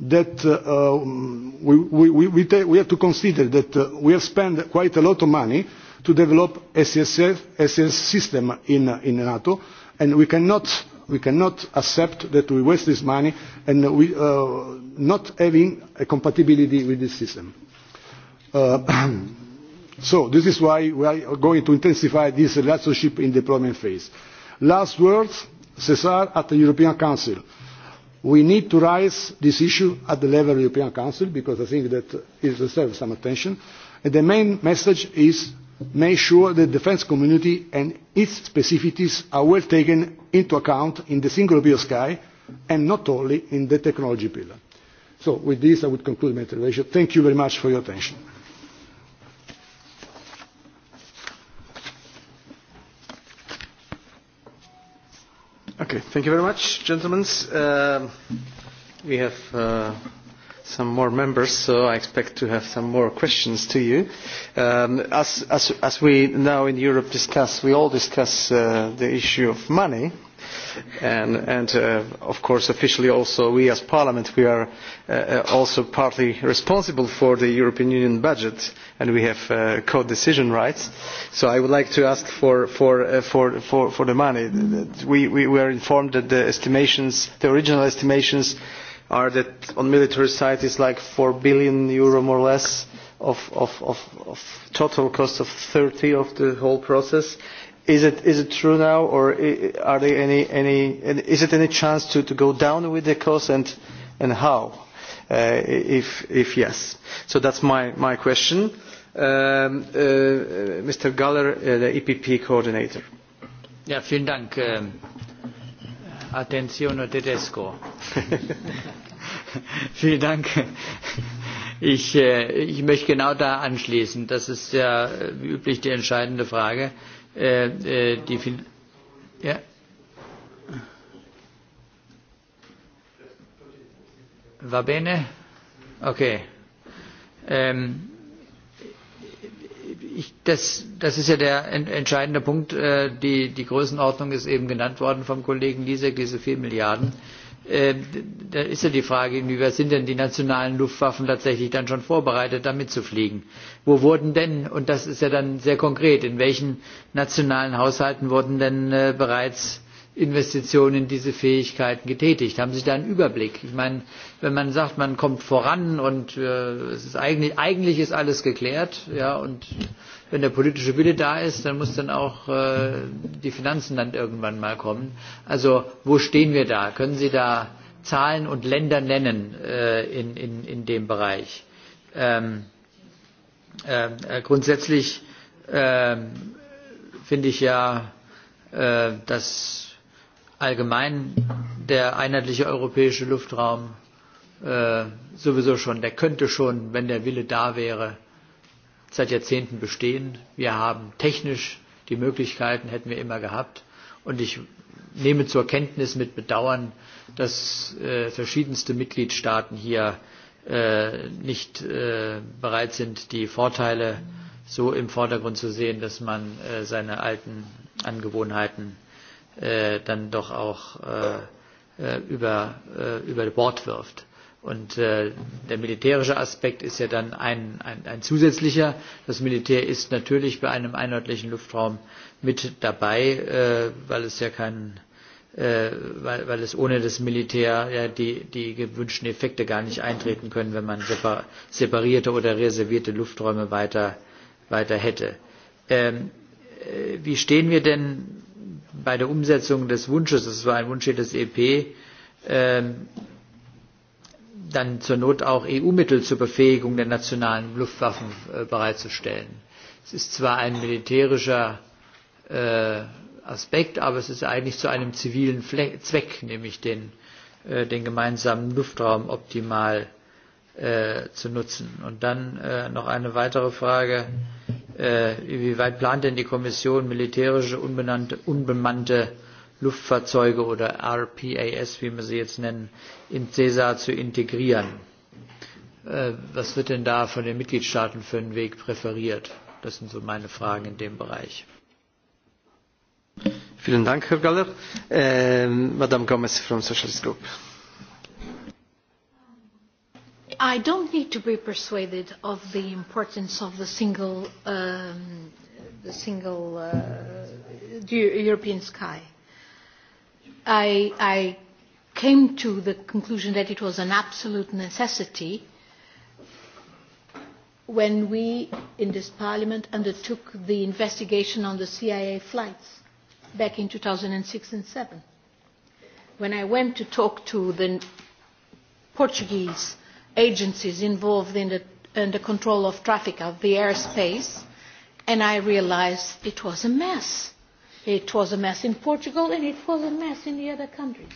that uh, um, we, we, have to consider that uh, we have spent quite a lot of money to develop SSF, SS system in NATO, and we cannot We cannot accept that we waste this money and we, uh, not having a compatibility with this system. Uh, so this is why we are going to intensify this relationship in the deployment phase. Last words, Cesar at the European Council. We need to raise this issue at the level of the European Council because I think that it deserves some attention. And the main message is make sure the defence community and its specificities are well taken into account in the single european sky and not only in the technology pillar. So with this I would conclude my intervention. Thank you very much for your attention. Okay, thank you very much, gentlemen. Uh, we have uh, some more members, so I expect to have some more questions to you. Um, as, as, as we now in Europe discuss, we all discuss uh, the issue of money, and, and uh, of course officially also we as Parliament, we are uh, uh also partly responsible for the European Union budget, and we have uh, co-decision rights. So I would like to ask for, for, uh, for, for, for the money. We, we were informed that the estimations, the original estimations, are that on military side is like 4 billion euro more or less of, of, of, of total cost of 30 of the whole process. Is it, is it true now or are there any, any, is it any chance to, to go down with the cost and, and how? Uh, if, if yes. So that's my, my question. Um, uh, uh Mr. Galler, uh, the EPP coordinator. Ja, vielen Dank. Ähm Attenzione tedesco. Vielen Dank. Ich, äh, ich möchte genau da anschließen. Das ist ja äh, wie üblich die entscheidende Frage. Äh, äh die fin ja. Va bene? Okay. Ähm, das, das ist ja der entscheidende Punkt. Äh, die, die Größenordnung ist eben genannt worden vom Kollegen Lisek, diese vier Milliarden. Äh, da ist ja die Frage, inwieweit sind denn die nationalen Luftwaffen tatsächlich dann schon vorbereitet, damit zu fliegen? Wo wurden denn, und das ist ja dann sehr konkret, in welchen nationalen Haushalten wurden denn äh, bereits Investitionen in diese Fähigkeiten getätigt? Haben Sie da einen Überblick? Ich meine, wenn man sagt, man kommt voran und äh, es ist eigentlich, eigentlich ist alles geklärt, ja, und wenn der politische Wille da ist, dann muss dann auch äh, die Finanzen dann irgendwann mal kommen. Also wo stehen wir da? Können Sie da Zahlen und Länder nennen äh, in, in, in dem Bereich? Ähm, äh, äh grundsätzlich äh, finde ich ja, äh, dass allgemein der einheitliche europäische Luftraum äh, sowieso schon, der könnte schon, wenn der Wille da wäre, seit Jahrzehnten bestehen. Wir haben technisch die Möglichkeiten, hätten wir immer gehabt. Und ich nehme zur Kenntnis mit Bedauern, dass äh, verschiedenste Mitgliedstaaten hier äh, nicht äh, bereit sind, die Vorteile so im Vordergrund zu sehen, dass man äh, seine alten Angewohnheiten äh, äh, dann doch auch äh, äh über, äh, über Bord wirft. Und äh, der militärische Aspekt ist ja dann ein, ein, ein zusätzlicher. Das Militär ist natürlich bei einem einheitlichen Luftraum mit dabei, äh, weil es ja kein, äh, weil, weil es ohne das Militär ja, die, die gewünschten Effekte gar nicht eintreten können, wenn man separierte oder reservierte Lufträume weiter, weiter hätte. Ähm, äh, wie stehen wir denn bei der Umsetzung des Wunsches, das war ein Wunsch des EP, äh, dann zur Not auch EU-Mittel zur Befähigung der nationalen Luftwaffen äh, bereitzustellen. Es ist zwar ein militärischer äh, Aspekt, aber es ist eigentlich zu einem zivilen Fle Zweck, nämlich den, äh, den gemeinsamen Luftraum optimal äh, Äh, zu nutzen. Und dann äh, noch eine weitere Frage. Äh, wie weit plant denn die Kommission militärische unbenannte, unbemannte Luftfahrzeuge oder RPAS, wie man sie jetzt nennen, in CESAR zu integrieren? Äh, was wird denn da von den Mitgliedstaaten für einen Weg präferiert? Das sind so meine Fragen in dem Bereich. Vielen Dank, Herr Galler. Ähm, Madame Gomez vom Socialist Group. I don't need to be persuaded of the importance of the single, um, the single uh, European sky. I, I came to the conclusion that it was an absolute necessity when we in this parliament undertook the investigation on the CIA flights back in 2006 and 7. When I went to talk to the Portuguese agencies involved in the, in the control of traffic of the airspace, and I realized it was a mess. It was a mess in Portugal, and it was a mess in the other countries.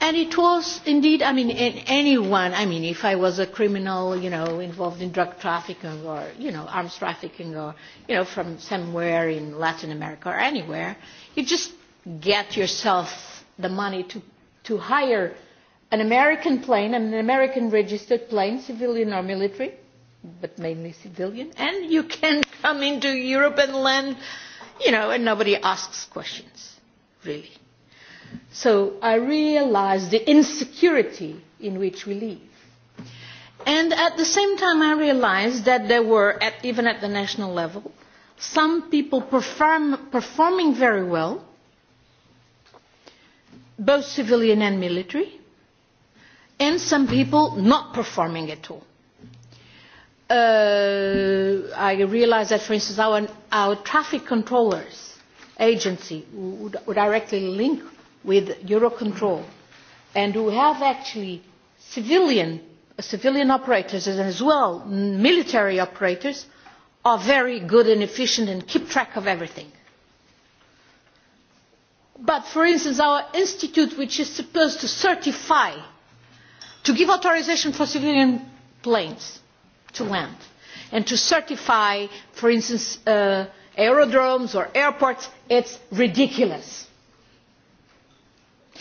And it was indeed, I mean, in anyone, I mean, if I was a criminal, you know, involved in drug trafficking or, you know, arms trafficking or, you know, from somewhere in Latin America or anywhere, you just get yourself the money to, to hire an american plane an american registered plane civilian or military but mainly civilian and you can come into europe and land you know and nobody asks questions really so i realise the insecurity in which we live and at the same time i realise that there were at, even at the national level some people perform, performing very well both civilian and military and some people not performing at all. Uh, I realize that, for instance, our, our traffic controllers agency, who, directly link with Eurocontrol, and who have actually civilian, uh, civilian operators and as well military operators, are very good and efficient and keep track of everything. But, for instance, our institute, which is supposed to certify to give authorisation for civilian planes to land and to certify for instance uh, aerodromes or airports it's ridiculous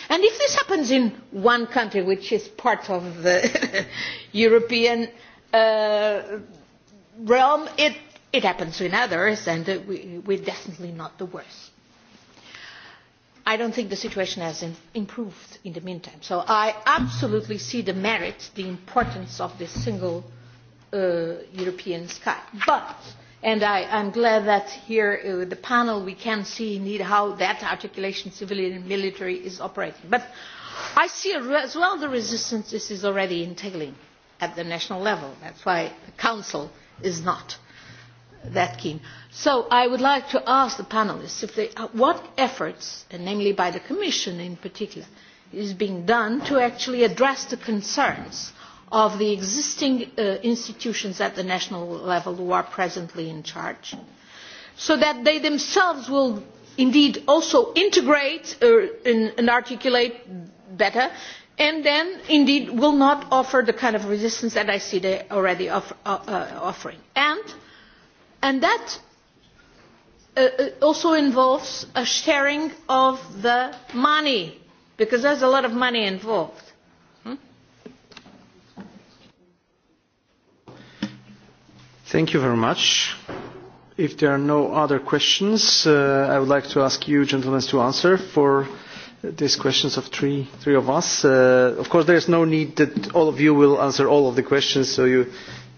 and if this happens in one country which is part of the european uh, realm it, it happens in others and uh, we, we're definitely not the worst i do not think the situation has improved in the meantime so i absolutely see the merit and the importance of this single uh, european sky but and i am glad that here uh, in the panel we can see indeed how that articulation civilian and military is operating but i see as well the resistance this is already entailing at the national level that is why the council is not that keen. So I would like to ask the panelists if uh, what efforts, and namely by the Commission in particular, is being done to actually address the concerns of the existing uh, institutions at the national level who are presently in charge, so that they themselves will indeed also integrate uh, and articulate better and then indeed will not offer the kind of resistance that I see they already offering. And and that uh, uh, also involves a sharing of the money because there's a lot of money involved. Hmm? Thank you very much. If there are no other questions, uh, I would like to ask you, gentlemen, to answer for these questions of three, three of us. Uh, of course, there is no need that all of you will answer all of the questions, so you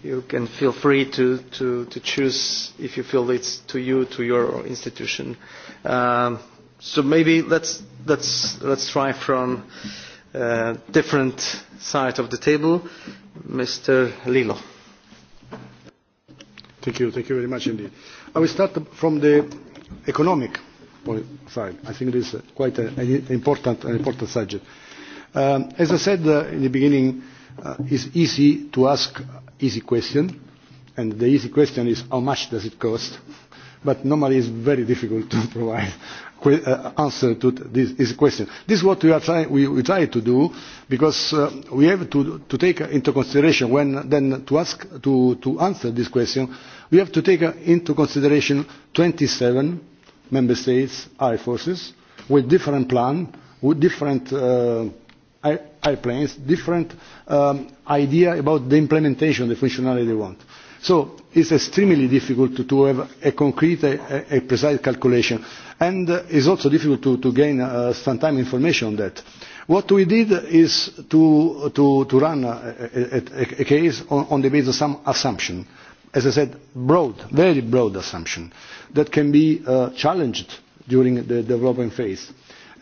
you can feel free to, to, to choose if you feel it's to you, to your institution. Um, so maybe let's, let's, let's try from uh, different side of the table. Mr. Lilo. Thank you. Thank you very much indeed. I will start from the economic side. I think it is quite an important, an important subject. Um, as I said uh, in the beginning, uh, it's easy to ask easy question, and the easy question is how much does it cost? But normally it's very difficult to provide uh, answer to this, easy question. This is what we, are try we, we try to do because uh, we have to, to take into consideration when then to ask to, to answer this question, we have to take uh, into consideration 27 member states air forces with different plan, with different uh, airplanes different um, idea about the implementation, the functionality they want. So it's extremely difficult to, to have a concrete, a, a precise calculation. And uh, it's also difficult to, to gain uh, some time information on that. What we did is to, to, to run a, a, a case on, on the basis of some assumption. As I said, broad, very broad assumption that can be uh, challenged during the development phase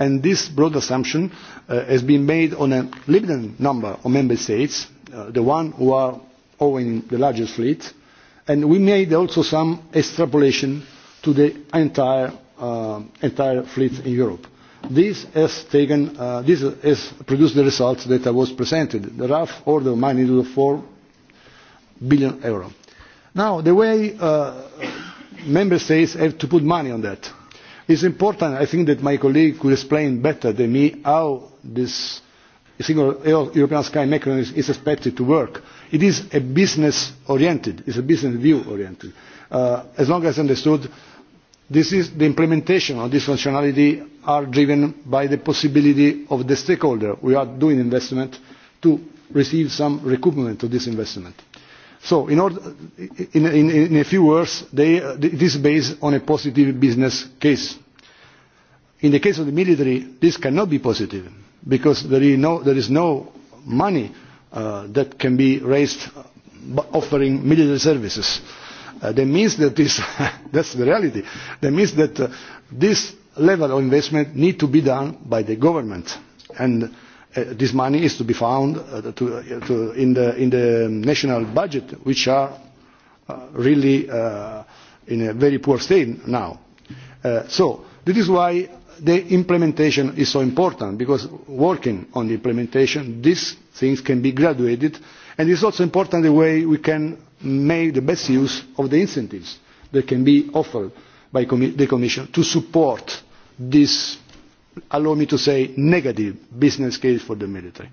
and this broad assumption uh, has been made on a limited number of member states, uh, the ones who are owning the largest fleet, and we made also some extrapolation to the entire, uh, entire fleet in Europe. This has, taken, uh, this has produced the results that I was presented, the rough order of magnitude of 4 billion euro. Now, the way uh, member states have to put money on that it is important i think that my colleague could explain better than me how this single european sky mechanism is expected to work. it is a business oriented it is a business view oriented. Uh, as long as understood this is the implementation of this functionality are driven by the possibility of the stakeholder we are doing investment to receive some recoupment of this investment. So in, a few words, it this is based on a positive business case in the case of the military this cannot be positive because there is no, money uh, that can be raised uh, offering military services. Uh, that means that this that's the reality. That means that uh, this level of investment needs to be done by the government, and uh, this money is to be found uh, to, uh, to in the in the national budget, which are uh, really uh, in a very poor state now. Uh, so this is why the implementation is so important because working on the implementation these things can be graduated and it is also important the way we can make the best use of the incentives that can be offered by the commission to support this allow me to say negative business case for the military.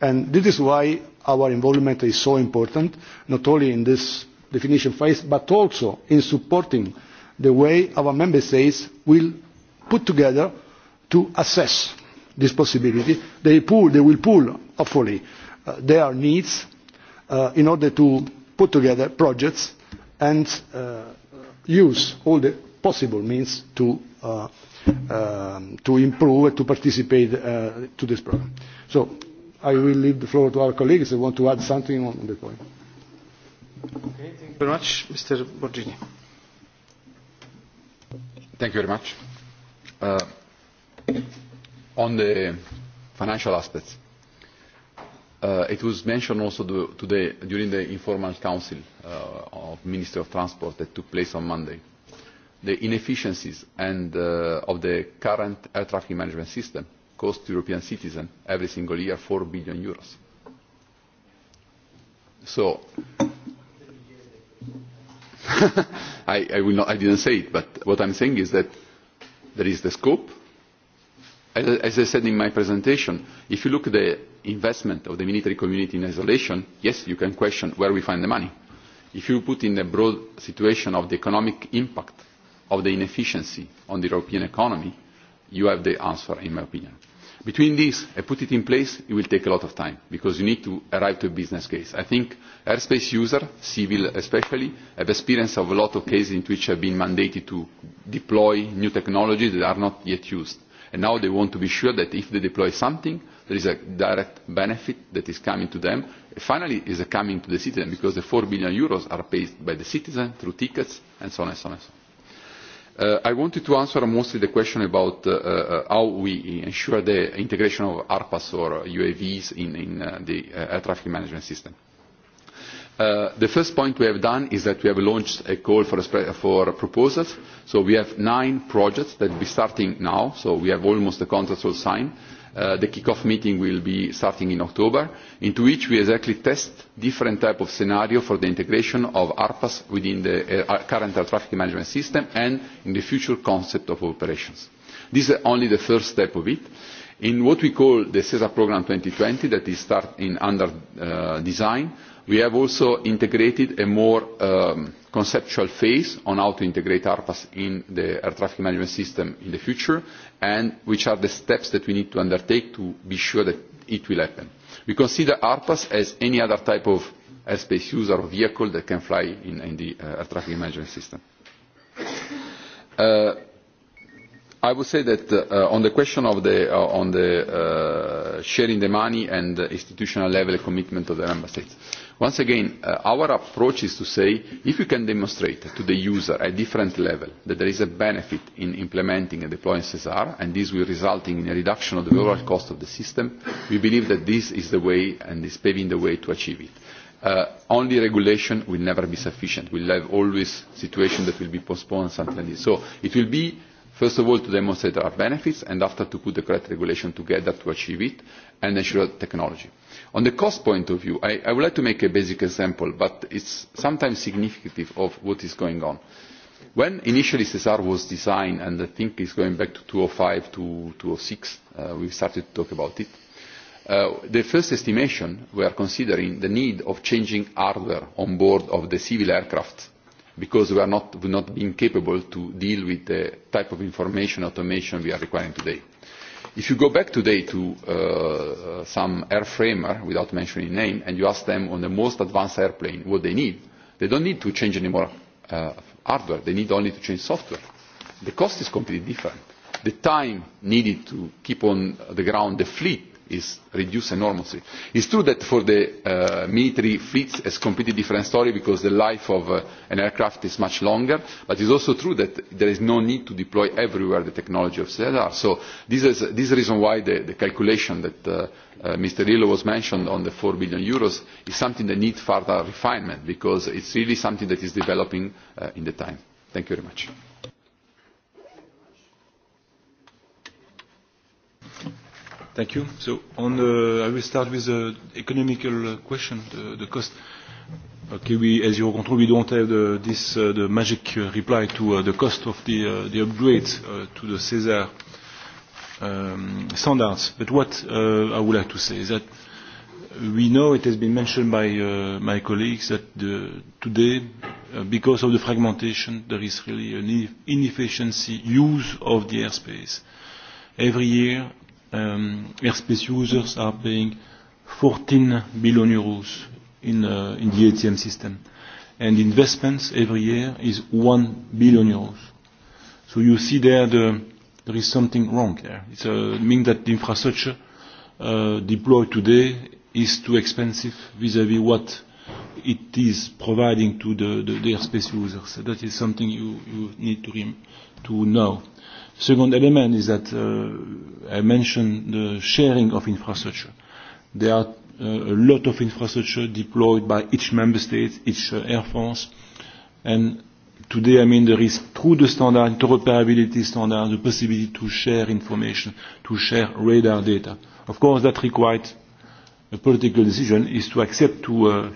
And this is why our involvement is so important not only in this definition phase but also in supporting the way our member states will put together to assess this possibility. They, pool, they will pool, hopefully, uh, their needs uh, in order to put together projects and uh, use all the possible means to, uh, um, to improve, to participate uh, to this program. So I will leave the floor to our colleagues that want to add something on the point. Okay, thank you very much. Mr. Borgini. Thank you very much. Uh, on the financial aspects, uh, it was mentioned also today during the informal council uh, of Ministry of Transport that took place on Monday. The inefficiencies and, uh, of the current air traffic management system cost European citizens every single year 4 billion euros. So, I, I, will not, I didn't say it, but what I'm saying is that there is the scope. As I said in my presentation, if you look at the investment of the military community in isolation, yes, you can question where we find the money. If you put in the broad situation of the economic impact of the inefficiency on the European economy, you have the answer, in my opinion. Between these and put it in place, it will take a lot of time because you need to arrive to a business case. I think airspace users, civil especially, have experience of a lot of cases in which have been mandated to deploy new technologies that are not yet used. And now they want to be sure that if they deploy something, there is a direct benefit that is coming to them. Finally, is coming to the citizen because the 4 billion euros are paid by the citizen through tickets and so on and so on. And so on. Uh, i wanted to answer mostly the question about uh, uh, how we ensure the integration of arpas or uavs in, the air traffic management system. the first point we have done is that we have launched a call for, for proposals so we have nine projects that will be starting now so we have almost the contracts all signed. Uh, the kickoff meeting will be starting in October, in which we exactly test different types of scenarios for the integration of ARPAs within the uh, uh, current air traffic management system and in the future concept of operations. This is only the first step of it. In what we call the CESA program 2020, that is start in under uh, design, we have also integrated a more um, conceptual phase on how to integrate ARPAS in the air traffic management system in the future and which are the steps that we need to undertake to be sure that it will happen. We consider ARPAS as any other type of airspace user or vehicle that can fly in, in the uh, air traffic management system. Uh, I would say that uh, on the question of the, uh, on the uh, sharing the money and the institutional level commitment of the member states, Once again, uh, our approach is to say if you can demonstrate to the user at different level that there is a benefit in implementing and deploying CESAR, and this will result in a reduction of the overall cost of the system, we believe that this is the way and is paving the way to achieve it. Uh, only regulation will never be sufficient. We'll have always situations that will be postponed, something like this. So it will be first of all to demonstrate our benefits and after to put the correct regulation together to achieve it and ensure technology on the cost point of view I, would like to make a basic example but it is sometimes significant of what is going on. when initially sesar was designed and i think it is going back to two thousand oh and five two thousand oh and six uh, we started to talk about it uh, the first estimation were considering the need of changing hardware on board of the civil aircraft because we are not, not being capable to deal with the type of information automation we are requiring today If you go back today to uh, uh, some airframer, without mentioning name, and you ask them on the most advanced airplane what they need, they don't need to change any more uh, hardware. They need only to change software. The cost is completely different. The time needed to keep on the ground the fleet is reduced enormously. It's true that for the uh, military fleets it's a completely different story because the life of uh, an aircraft is much longer but it's also true that there is no need to deploy everywhere the technology of cesar. so this is, this is the reason why the, the calculation that uh, uh mr Lillo was mentioned on the 4 billion Euros is something that needs further refinement because it's really something that is developing uh, in the time. thank you very much. Thank you. So on the, I will start with the economical question, the, the cost. Okay, we, as you control, we don't have the, this uh, the magic uh, reply to uh, the cost of the, uh, the upgrades uh, to the CESAR um, standards. But what uh, I would like to say is that we know it has been mentioned by uh, my colleagues that the, today, uh, because of the fragmentation, there is really an inefficiency use of the airspace. Every year, um, airspace users are paying 14 billion euros in, uh, in the ATM system. And investments every year is 1 billion euros. So you see there the, there is something wrong there. It uh, means that the infrastructure uh, deployed today is too expensive vis-à-vis -vis what it is providing to the, the, the airspace users. So that is something you, you need to, rem to know. Second element is that uh, I mentioned the sharing of infrastructure. There are uh, a lot of infrastructure deployed by each member state, each uh, air force, and today, I mean, there is through the standard, interoperability standard, the possibility to share information, to share radar data. Of course, that requires a political decision is to accept to, uh,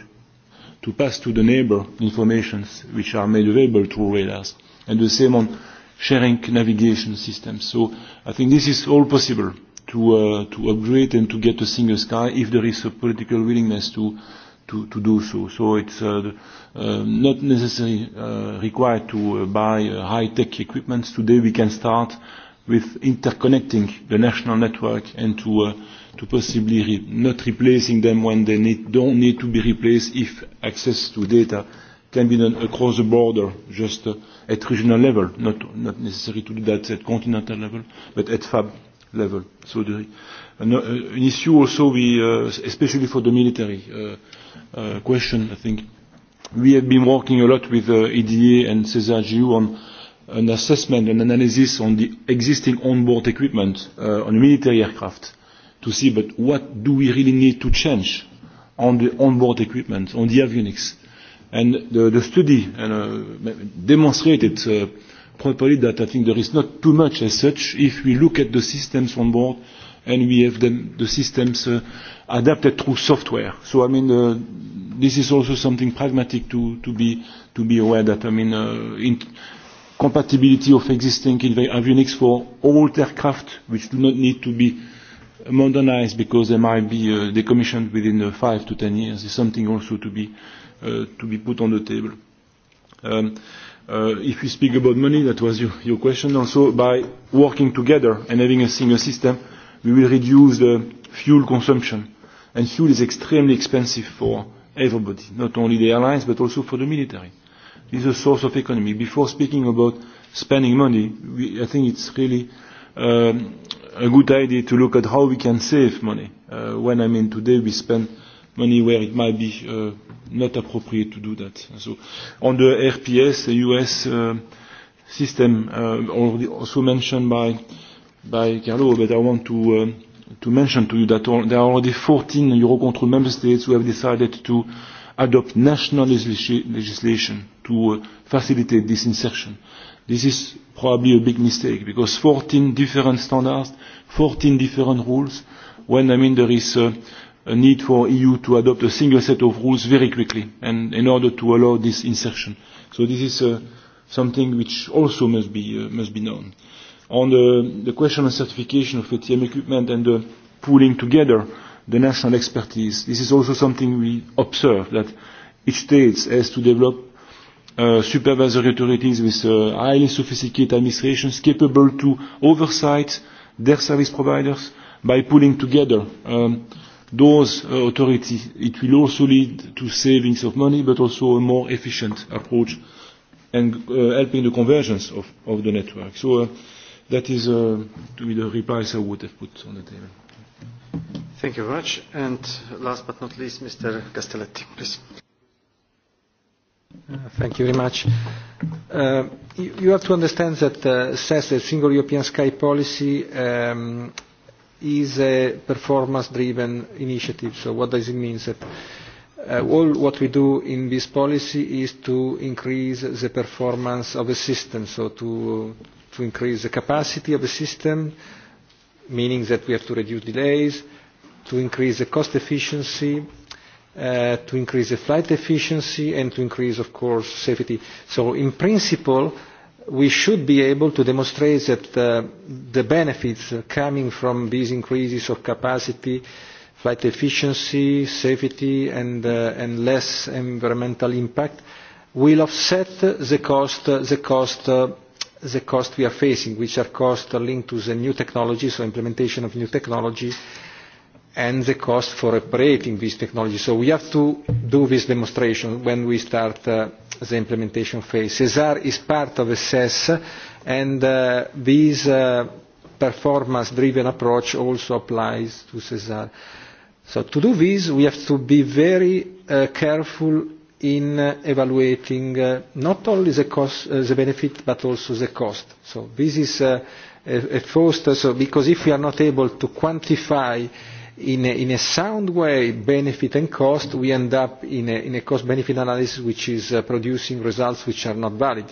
to pass to the neighbor informations which are made available through radars. And the same on sharing navigation system. So I think this is all possible to, uh, to upgrade and to get a single sky if there is a political willingness to, to, to do so. So it's uh, uh, not necessarily uh, required to uh, buy uh, high-tech equipment. Today we can start with interconnecting the national network and to, uh, to possibly re not replacing them when they need, don't need to be replaced if access to data can be done across the border, just uh, at regional level, not, not necessary to do that at continental level, but at FAB level. So the, an, uh, uh, an issue also, we, uh, especially for the military uh, uh, question, I think, we have been working a lot with uh, EDA and CESAR-GU on an assessment, an analysis on the existing onboard equipment uh, on military aircraft to see but what do we really need to change on the onboard equipment, on the avionics and the, the study and uh, demonstrated uh, properly that I think there is not too much as such if we look at the systems on board and we have them, the systems uh, adapted through software. So I mean, uh, this is also something pragmatic to, to, be, to be aware that I mean, uh, in compatibility of existing avionics for old aircraft which do not need to be modernized because they might be uh, decommissioned within uh, five to ten years is something also to be uh, to be put on the table. Um, uh, if we speak about money, that was your, your question also, by working together and having a single system, we will reduce the fuel consumption. And fuel is extremely expensive for everybody, not only the airlines, but also for the military. This is a source of economy. Before speaking about spending money, we, I think it's really um, a good idea to look at how we can save money. Uh, when I mean today we spend money where it might be uh, not appropriate to do that. So on the RPS, the US uh, system, uh, already also mentioned by, by Carlo, but I want to, uh, to mention to you that all, there are already 14 Eurocontrol member states who have decided to adopt national legislation to uh, facilitate this insertion. This is probably a big mistake because 14 different standards, 14 different rules, when I mean there is uh, a need for EU to adopt a single set of rules very quickly and in order to allow this insertion. So this is uh, something which also must be, uh, must be known. On the, the question of certification of ATM equipment and the pooling together the national expertise, this is also something we observe that each state has to develop uh, supervisory authorities with uh, highly sophisticated administrations capable to oversight their service providers by pulling together um, those uh, authorities. It will also lead to savings of money, but also a more efficient approach and uh, helping the convergence of, of the network. So uh, that is uh, to be the replies I would have put on the table. Thank you very much. And last but not least, Mr. Castelletti, please. Uh, thank you very much. Uh, you, you have to understand that uh, says the single European sky policy um, is a performance-driven initiative. So what does it mean? That uh, all what we do in this policy is to increase the performance of the system, so to, to increase the capacity of the system, meaning that we have to reduce delays, to increase the cost efficiency, uh, to increase the flight efficiency, and to increase, of course, safety. So in principle, we should be able to demonstrate that uh, the benefits coming from these increases of capacity, flight efficiency, safety and, uh, and less environmental impact will offset the cost, uh, the, cost, uh, the cost we are facing, which are costs linked to the new technologies, so implementation of new technology, and the cost for operating this technology. So we have to do this demonstration when we start uh, the implementation phase. CESAR is part of SES e and uh, this uh, performance-driven approach also applies to CESAR. So to do this, we have to be very uh, careful in uh, evaluating uh, not only the, cost, uh, the benefit but also the cost. So this is uh, a, a first, uh, so because if we are not able to quantify in a, in a sound way, benefit and cost, we end up in a, in a cost-benefit analysis which is uh, producing results which are not valid.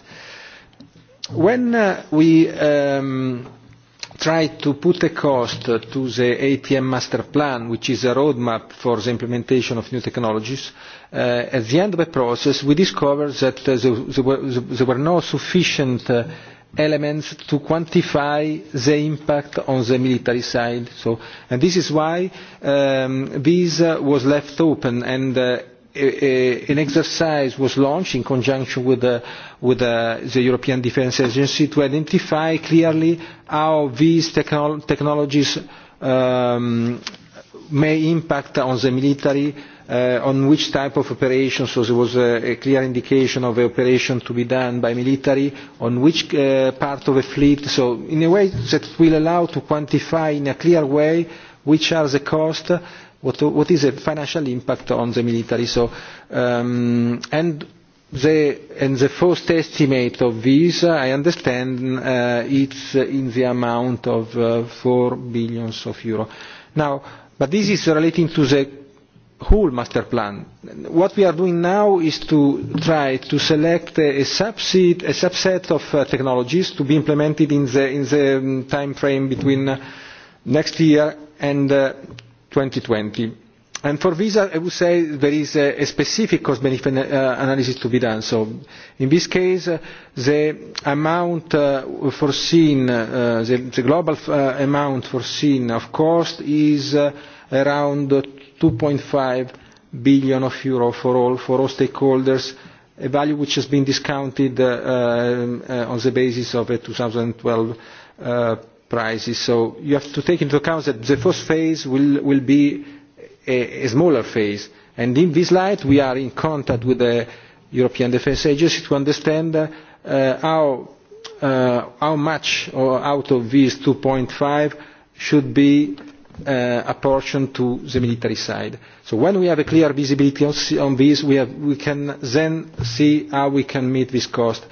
When uh, we um, try to put a cost to the ATM master plan, which is a roadmap for the implementation of new technologies, uh, at the end of the process, we discovered that uh, there, there, were, there were no sufficient uh, elements to quantify the impact on the military side. So, and this is why um, this uh, was left open and uh, a, a, an exercise was launched in conjunction with, the, with the, the European Defence Agency to identify clearly how these technolo technologies um, may impact on the military Uh, on which type of operation, so there was a, a clear indication of the operation to be done by military on which uh, part of the fleet so in a way that will allow to quantify in a clear way which are the costs what, what is the financial impact on the military so um, and the, and the first estimate of this, I understand, uh, it's in the amount of uh, 4 billion of euro. Now, but this is relating to the whole master plan. What we are doing now is to try to select a subset, a subset of uh, technologies to be implemented in the, in the um, time frame between uh, next year and uh, 2020. And for visa, I would say there is a, a specific cost-benefit uh, analysis to be done. So in this case, uh, the amount uh, foreseen, uh, the, the global uh, amount foreseen of cost is uh, around 2.5 billion of euro for all, for all stakeholders, a value which has been discounted uh, um, uh, on the basis of a 2012 uh, prices. So you have to take into account that the first phase will, will be a, a smaller phase. And in this light, we are in contact with the European Defence Agency to understand uh, how, uh, how much or out of these 2.5 should be uh, apportion to the military side. So when we have a clear visibility on, on this, we, have, we can then see how we can meet this cost.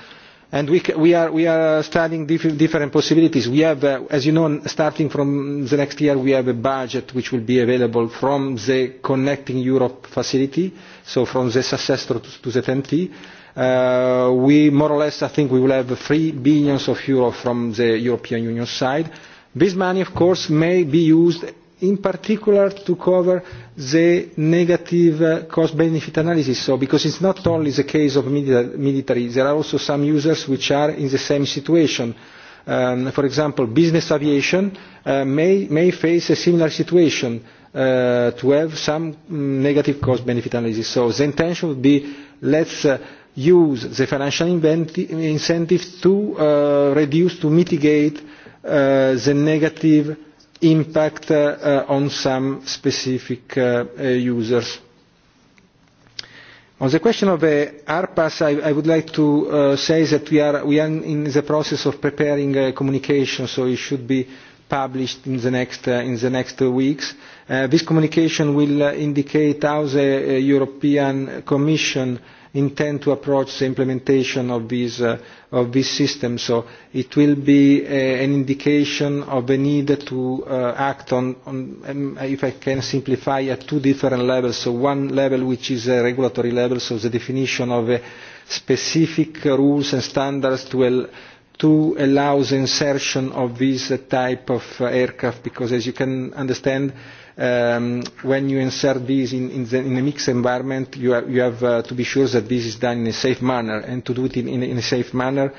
And we, we, are, we are studying diff different possibilities. We have, uh, as you know, starting from the next year, we have a budget which will be available from the Connecting Europe facility, so from the successor to, to the TNT. Uh, we more or less, I think, we will have 3 billion of euro from the European Union side This money, of course, may be used in particular to cover the negative uh, cost-benefit analysis. So, because it's not only the case of military, there are also some users which are in the same situation. Um, for example, business aviation uh, may, may face a similar situation uh, to have some mm, negative cost-benefit analysis. So the intention would be let's uh, use the financial incentives to uh, reduce, to mitigate Uh, the negative impact uh, on some specific uh, uh users. On the question of the uh, ARPAs, I, I would like to uh, say that we are, we are in the process of preparing a communication, so it should be published in the next, uh, in the next uh, weeks. Uh, this communication will uh, indicate how the uh, European Commission uh, intend to approach the implementation of these uh, of this system. So it will be a, an indication of the need to uh, act on, on um, if I can simplify, at two different levels. So one level which is a regulatory level, so the definition of a specific rules and standards to al to allow the insertion of this type of uh, aircraft because as you can understand um, when you insert these in, in, the, in a mixed environment, you, are, you have uh, to be sure that this is done in a safe manner. And to do it in, in, in a safe manner,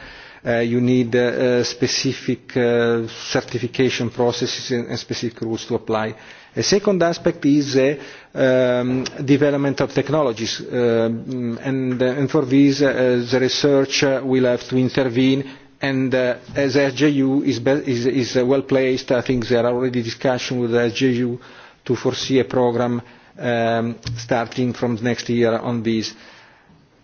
uh, you need uh, uh, specific uh, certification processes and, and specific rules to apply. A second aspect is the uh, um, development of technologies, uh, and, uh, and for this uh, the research uh, will have to intervene and uh, as SJU is, be is, is uh, well placed, I think there are already discussions with SJU to foresee a programme um, starting from next year on this.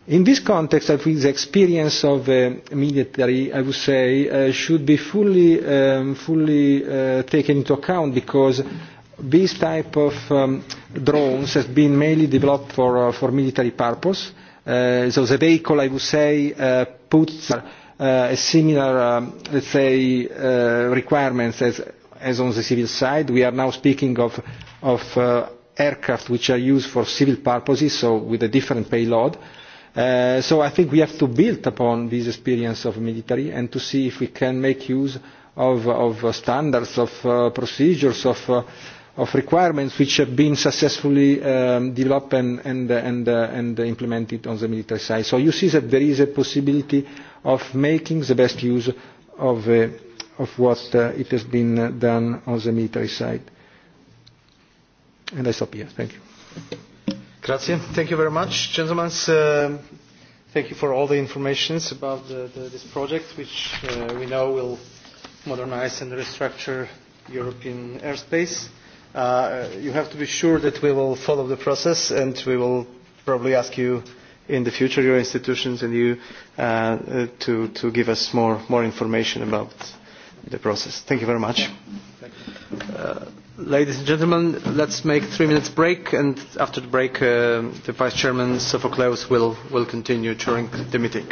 In this context, I think the experience of uh, military, I would say, uh, should be fully, um, fully uh, taken into account because this type of um, drones has been mainly developed for, uh, for military purpose. Uh, so the vehicle, I would say, uh, puts uh, a similar, um, let's say, uh, requirements as as on the civil side. We are now speaking of, of uh, aircraft which are used for civil purposes, so with a different payload. Uh, so I think we have to build upon this experience of military and to see if we can make use of, of standards, of uh, procedures, of, uh, of requirements which have been successfully um, developed and, and, uh, and, uh, and implemented on the military side. So you see that there is a possibility of making the best use of a uh, of what uh, it has been done on the military side. And I stop here. Thank you. Grazie. Thank you very much, gentlemen. Uh, thank you for all the information about the, the, this project, which uh, we know will modernize and restructure European airspace. Uh, you have to be sure that we will follow the process and we will probably ask you in the future, your institutions and you, uh, uh to, to give us more, more information about the process. Thank you very much. Uh, ladies and gentlemen, let's make three minutes break, and after the break, uh, the Vice Chairman Sophocles will, will continue during the meeting.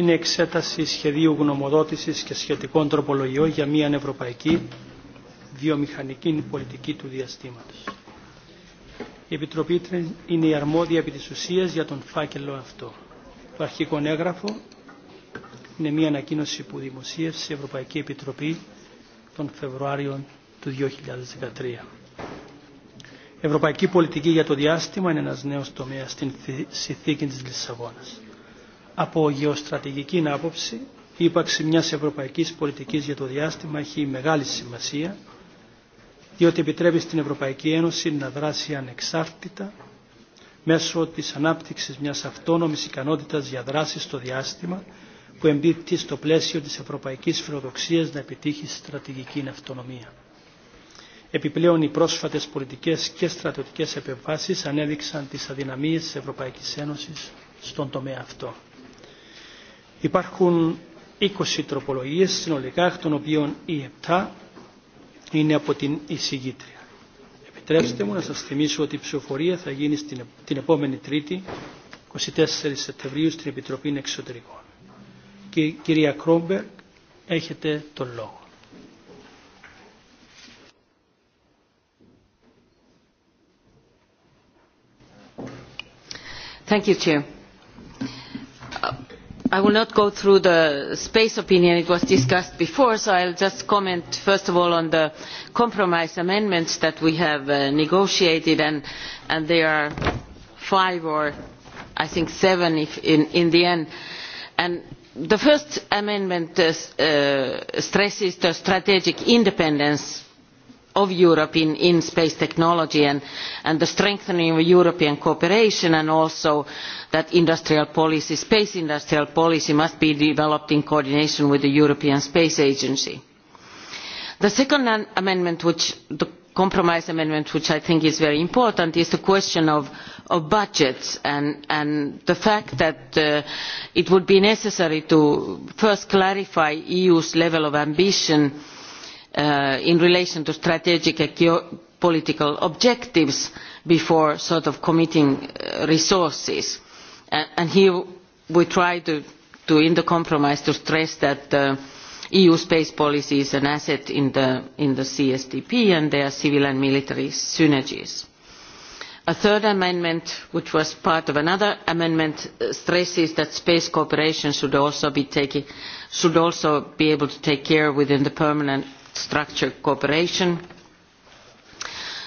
είναι εξέταση σχεδίου γνωμοδότησης και σχετικών τροπολογιών για μια ευρωπαϊκή βιομηχανική πολιτική του διαστήματος. Η Επιτροπή είναι η αρμόδια επί της ουσίας για τον φάκελο αυτό. Το αρχικό έγγραφο είναι μια ανακοίνωση που δημοσίευσε η Ευρωπαϊκή Επιτροπή τον Φεβρουάριο του 2013. Ευρωπαϊκή πολιτική για το διάστημα είναι ένας νέος τομέας στην συνθήκη της Λισαβόνας από γεωστρατηγική άποψη η ύπαρξη μιας ευρωπαϊκής πολιτικής για το διάστημα έχει μεγάλη σημασία διότι επιτρέπει στην Ευρωπαϊκή Ένωση να δράσει ανεξάρτητα μέσω της ανάπτυξης μιας αυτόνομης ικανότητας για δράση στο διάστημα που εμπίπτει στο πλαίσιο της ευρωπαϊκής φιλοδοξίας να επιτύχει στρατηγική αυτονομία. Επιπλέον, οι πρόσφατες πολιτικές και στρατιωτικές επεμβάσεις ανέδειξαν τις αδυναμίες της Ευρωπαϊκής Ένωσης στον τομέα αυτό. Υπάρχουν 20 τροπολογίες συνολικά, εκ των οποίων οι 7 είναι από την εισηγήτρια. Επιτρέψτε μου να σας θυμίσω ότι η ψηφοφορία θα γίνει στην, την επόμενη Τρίτη, 24 Σεπτεμβρίου, στην Επιτροπή Εξωτερικών. Και, κυρία Κρόμπερκ, έχετε τον λόγο. Thank you, Chair i will not go through the space opinion it was discussed before so i will just comment first of all on the compromise amendments that we have uh, negotiated and, there are five or i think seven in, the end. And the first amendment uh, uh, stresses the strategic independence of europe in, space technology and, the strengthening of european cooperation and also that industrial policy space industrial policy must be developed in coordination with the european space agency. the second amendment which, the compromise amendment which i think is very important is the question of, budgets and, the fact that uh, it would be necessary to first clarify the eu's level of ambition Uh, in relation to strategic and political objectives before sort of committing uh, resources. And, here we try to, in the compromise, to stress that the uh, eu space policy is an asset in the, in the csdp and there are civil and military synergies. a third amendment which was part of another amendment stresses that space cooperation should also be, should also be able to take care within the permanent structured cooperation.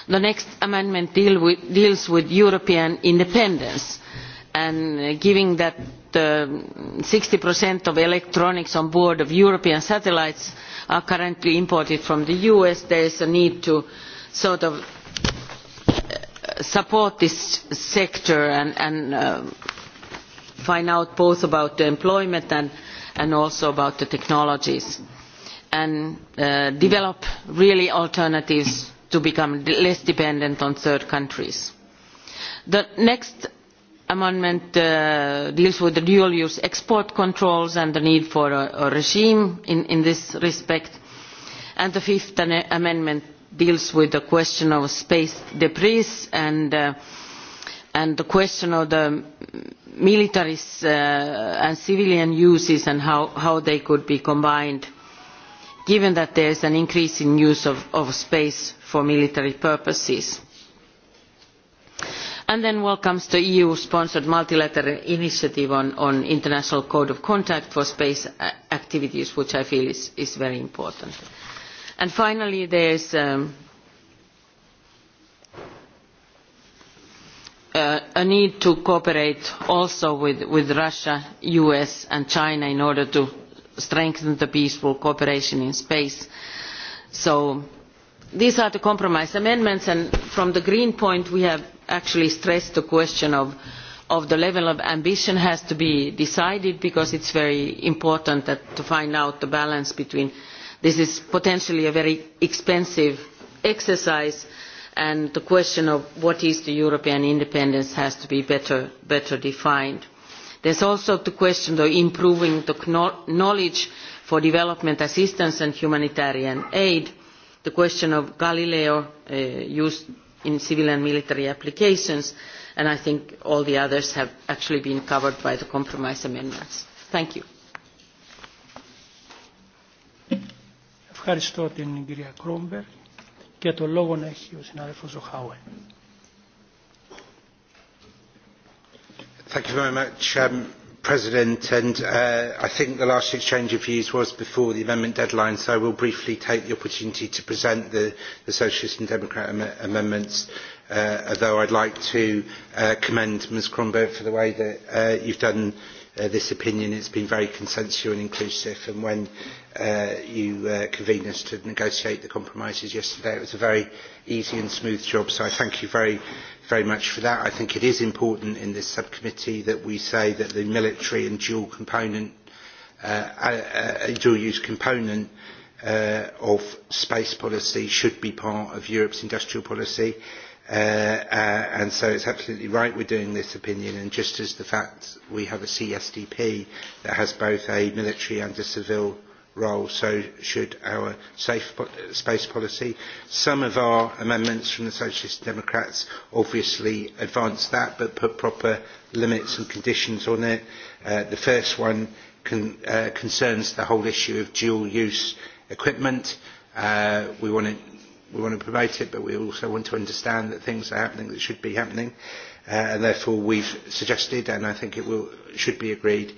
the next amendment deals with european independence and given that uh, sixty of electronics on board of european satellites are currently imported from the us there is a need to sort of uh, support this sector and, uh, find out both about employment and also about the technologies and uh, develop real alternatives to become less dependent on third countries. the next amendment uh, deals with the dual use export controls and the need for a, regime in, this respect and the fifth amendment deals with the question of space debris and, uh, the question of the military and civilian uses and how they could be combined given that there is an increase in use of, space for military purposes and then welcomes the eu sponsored multilateral initiative on, on international code of conduct for space activities which i feel is, very important. And finally there is um, uh, a need to cooperate also with, with russia us and china in order to strengthen the peaceful cooperation in space. so these are the compromise amendments and from the green point we have actually stressed the question of, the level of ambition has to be decided because it is very important to find out the balance between this is potentially a very expensive exercise and the question of what is the european independence has to be better defined there is also the question of improving the knowledge for development assistance and humanitarian aid the question of galileo uh, use in civil and military applications and i think all the others have actually been covered by the compromise amendments. thank you. Ευχαριστώ την κυρία Κρόμπερ και το λόγο να έχει ο συνάδελφος Ζωχάουερ. madam um, president uh, i think the last exchange of views was before the amendment deadline so i will briefly take the opportunity to present the, socialist and democrat amendments uh, although i would like to uh, commend ms kronberg for the way that uh, you have done this opinion. it has been very consensual and inclusive and when you convened us to negotiate the compromises yesterday it was a very easy and smooth job so i thank you very much very much for that. I think it is important in this subcommittee that we say that the military and dual component, uh, uh, uh dual-use component uh, of space policy should be part of Europe's industrial policy. Uh, uh, and so it's absolutely right we're doing this opinion and just as the fact we have a CSDP that has both a military and a civil uh, role, so should our safe space policy. Some of our amendments from the Socialist Democrats obviously advance that, but put proper limits and conditions on it. Uh, the first one con uh, concerns the whole issue of dual-use equipment. Uh, we want to we want to promote it, but we also want to understand that things are happening that should be happening. Uh, and therefore, we've suggested, and I think it will, should be agreed,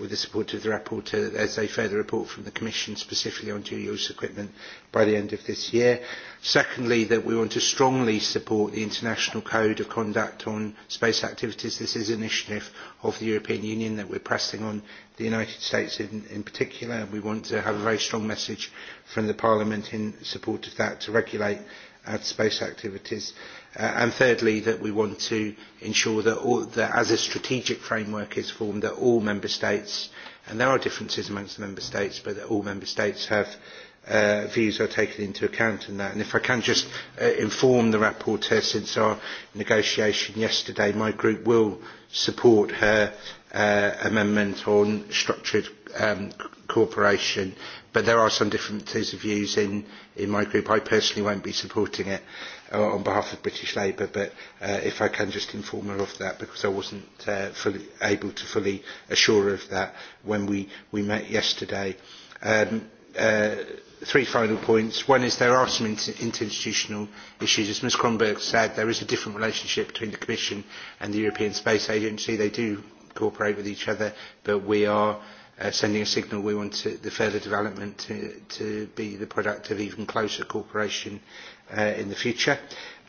with the support of the rapporteur as a further report from the Commission specifically on dual use equipment by the end of this year. Secondly, that we want to strongly support the International Code of Conduct on Space Activities. This is an initiative of the European Union that we're pressing on the United States in, in particular. We want to have a very strong message from the Parliament in support of that to regulate uh, space activities. Uh, and thirdly, that we want to ensure that, all, that as a strategic framework is formed, that all member states, and there are differences amongst the member states, but that all member states have uh, views are taken into account in that. And if I can just uh, inform the rapporteur, since our negotiation yesterday, my group will support her uh, amendment on structured um, cooperation, but there are some differences of views in, in my group. I personally won't be supporting it. Uh, on behalf of British Labour, but uh, if I can just inform her of that because I wasn't uh, fully able to fully assure her of that when we, we met yesterday. Um, uh, three final points. One is there are some interinstitutional issues. As Ms Kronberg said, there is a different relationship between the Commission and the European Space Agency. They do cooperate with each other, but we are uh, sending a signal we want to, the further development to, to be the product of even closer cooperation Uh, in the future.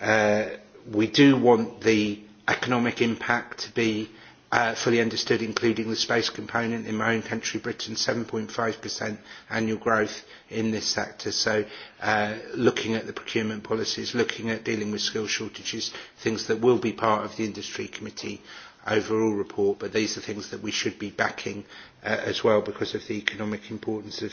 Uh, we do want the economic impact to be uh, fully understood, including the space component in my own country, Britain, 7.5% annual growth in this sector. So uh, looking at the procurement policies, looking at dealing with skill shortages, things that will be part of the industry committee overall report, but these are things that we should be backing uh, as well because of the economic importance of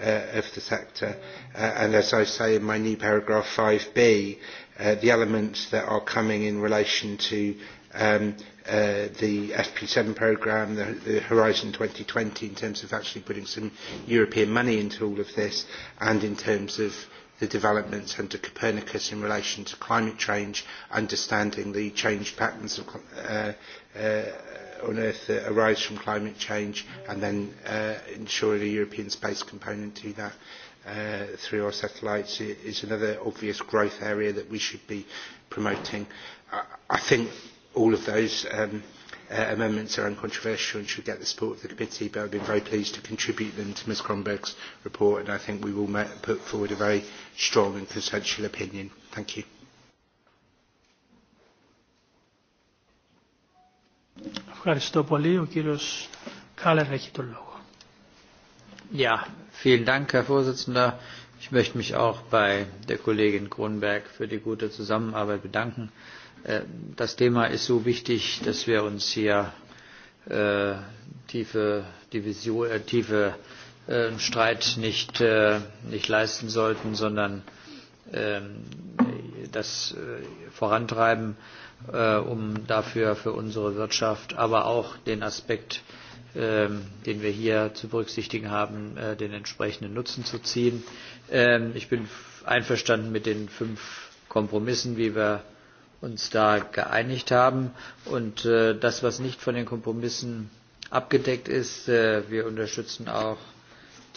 uh, of the sector. Uh, and as I say in my new paragraph 5b, uh, the elements that are coming in relation to um, uh, the FP7 programme, the, the Horizon 2020, in terms of actually putting some European money into all of this, and in terms of the developments under Copernicus in relation to climate change, understanding the changed patterns of uh, uh, unearth that arise from climate change and then uh, ensuring a European space component to that uh, through our satellites is another obvious growth area that we should be promoting. I, I think all of those um, uh, amendments are uncontroversial and should get the support of the committee, but I've been very pleased to contribute them to Ms Kronberg's report, and I think we will put forward a very strong and consensual opinion. Thank you. Ευχαριστώ πολύ. Ο κύριος Κάλερ έχει το λόγο. Ja, vielen Dank, Herr Vorsitzender. Ich möchte mich auch bei der Kollegin Kronberg für die gute Zusammenarbeit bedanken. Äh, das Thema ist so wichtig, dass wir uns hier äh, tiefe, Division, äh, tiefe äh, Streit nicht, äh, nicht leisten sollten, sondern äh, das äh, vorantreiben. Äh, äh, um dafür für unsere Wirtschaft, aber auch den Aspekt, ähm, den wir hier zu berücksichtigen haben, äh, den entsprechenden Nutzen zu ziehen. Ähm, ich bin einverstanden mit den fünf Kompromissen, wie wir uns da geeinigt haben. Und äh, das, was nicht von den Kompromissen abgedeckt ist, äh, wir unterstützen auch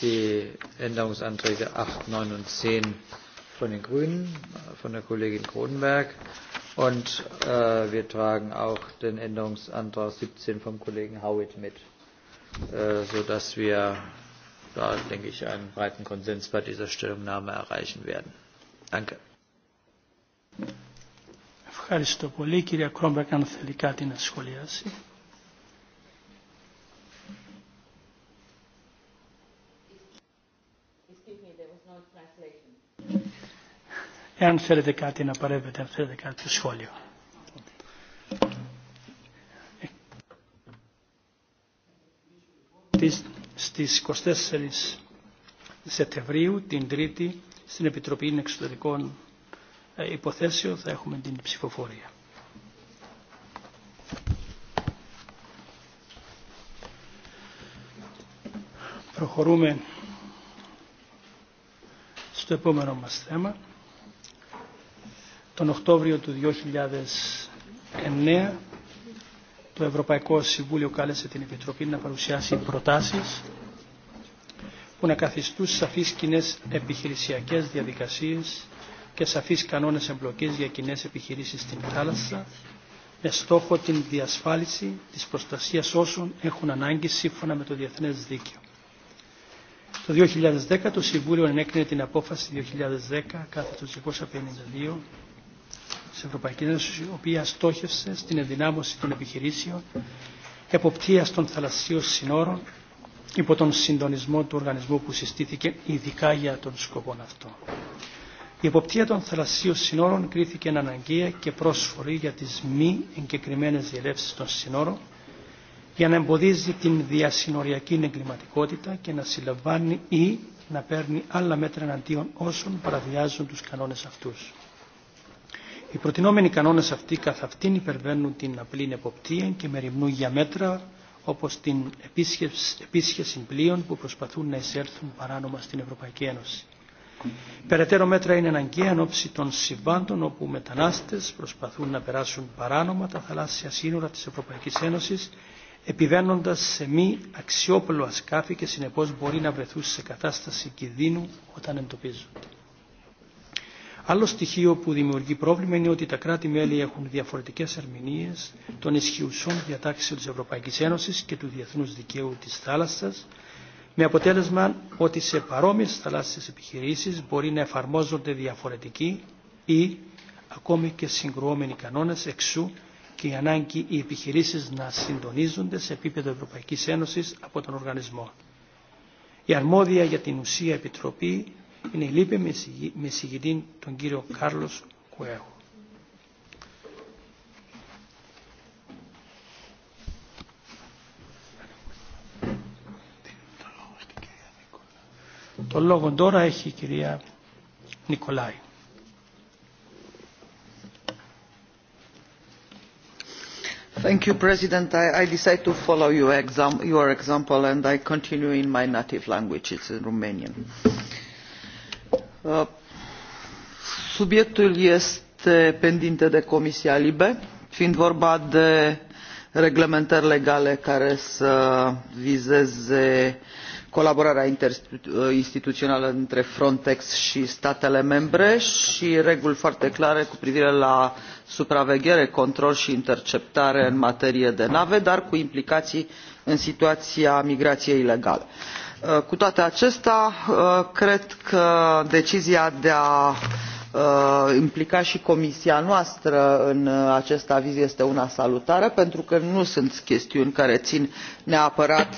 die Änderungsanträge 8, 9 und 10 von den Grünen, von der Kollegin Kronenberg. Und äh, wir tragen auch den Änderungsantrag 17 vom Kollegen Howitt mit, äh, sodass wir da, denke ich, einen breiten Konsens bei dieser Stellungnahme erreichen werden. Danke. Ευχαριστώ πολύ. Κυρία Κρόμπερ, αν θέλει κάτι να σχολιάσει. Εάν θέλετε κάτι να παρέμβετε, αν θέλετε κάτι σχόλιο. Στις 24 Σεπτεμβρίου, την Τρίτη, στην Επιτροπή Εξωτερικών Υποθέσεων θα έχουμε την ψηφοφορία. Προχωρούμε στο επόμενο μας θέμα τον Οκτώβριο του 2009 το Ευρωπαϊκό Συμβούλιο κάλεσε την Επιτροπή να παρουσιάσει προτάσεις που να καθιστούν σαφείς κοινέ επιχειρησιακές διαδικασίες και σαφείς κανόνες εμπλοκής για κοινέ επιχειρήσεις στην θάλασσα με στόχο την διασφάλιση της προστασίας όσων έχουν ανάγκη σύμφωνα με το διεθνές δίκαιο. Το 2010 το Συμβούλιο ενέκρινε την απόφαση 2010 κάθετος 252 της Ευρωπαϊκής Ένωσης, η οποία στόχευσε στην ενδυνάμωση των επιχειρήσεων εποπτείας των θαλασσίων συνόρων υπό τον συντονισμό του οργανισμού που συστήθηκε ειδικά για τον σκοπό αυτό. Η εποπτεία των θαλασσίων συνόρων κρίθηκε αναγκαία και πρόσφορη για τις μη εγκεκριμένες διελεύσεις των συνόρων για να εμποδίζει την διασυνοριακή εγκληματικότητα και να συλλαμβάνει ή να παίρνει άλλα μέτρα εναντίον όσων παραβιάζουν τους κανόνες αυτούς. Οι προτινόμενοι κανόνε αυτοί καθ' αυτήν υπερβαίνουν την απλή εποπτεία και μεριμνούν για μέτρα όπω την επίσχεση πλοίων που προσπαθούν να εισέλθουν παράνομα στην Ευρωπαϊκή Ένωση. Περαιτέρω μέτρα είναι αναγκαία εν ώψη των συμβάντων όπου μετανάστε προσπαθούν να περάσουν παράνομα τα θαλάσσια σύνορα τη Ευρωπαϊκή Ένωση επιβαίνοντα σε μη αξιόπλοα σκάφη και συνεπώ μπορεί να βρεθούν σε κατάσταση κινδύνου όταν εντοπίζονται. Άλλο στοιχείο που δημιουργεί πρόβλημα είναι ότι τα κράτη-μέλη έχουν διαφορετικέ ερμηνείε των ισχυουσών διατάξεων τη Ευρωπαϊκή Ένωση και του διεθνού δικαίου τη θάλασσα, με αποτέλεσμα ότι σε παρόμοιε θαλάσσιε επιχειρήσει μπορεί να εφαρμόζονται διαφορετικοί ή ακόμη και συγκρουόμενοι κανόνε εξού και η ανάγκη οι επιχειρήσεις να συντονίζονται σε επίπεδο Ευρωπαϊκής Ένωσης από τον οργανισμό. Η αρμόδια για την ουσία Επιτροπή είναι η Λίπε με τον κύριο Κάρλος Κουέο. Το λόγο τώρα έχει η κυρία Νικολάη. president i decide to follow your example and i continue in my native language It's in romanian. Uh, subiectul este pendinte de comisia libe fiind vorba de reglementări legale care să vizeze colaborarea interinstituională între frontex i statele membre i reguli foarte clare cu privire la supraveghere control i interceptare în materie de nave dar cu implicaii în situaia migraiei ilegale. Uh, cu toate acestea uh, cred că decizia de a uh, implica și comisia noastră în acest aviz este una salutară pentru că nu sunt chestiuni care țin neapărat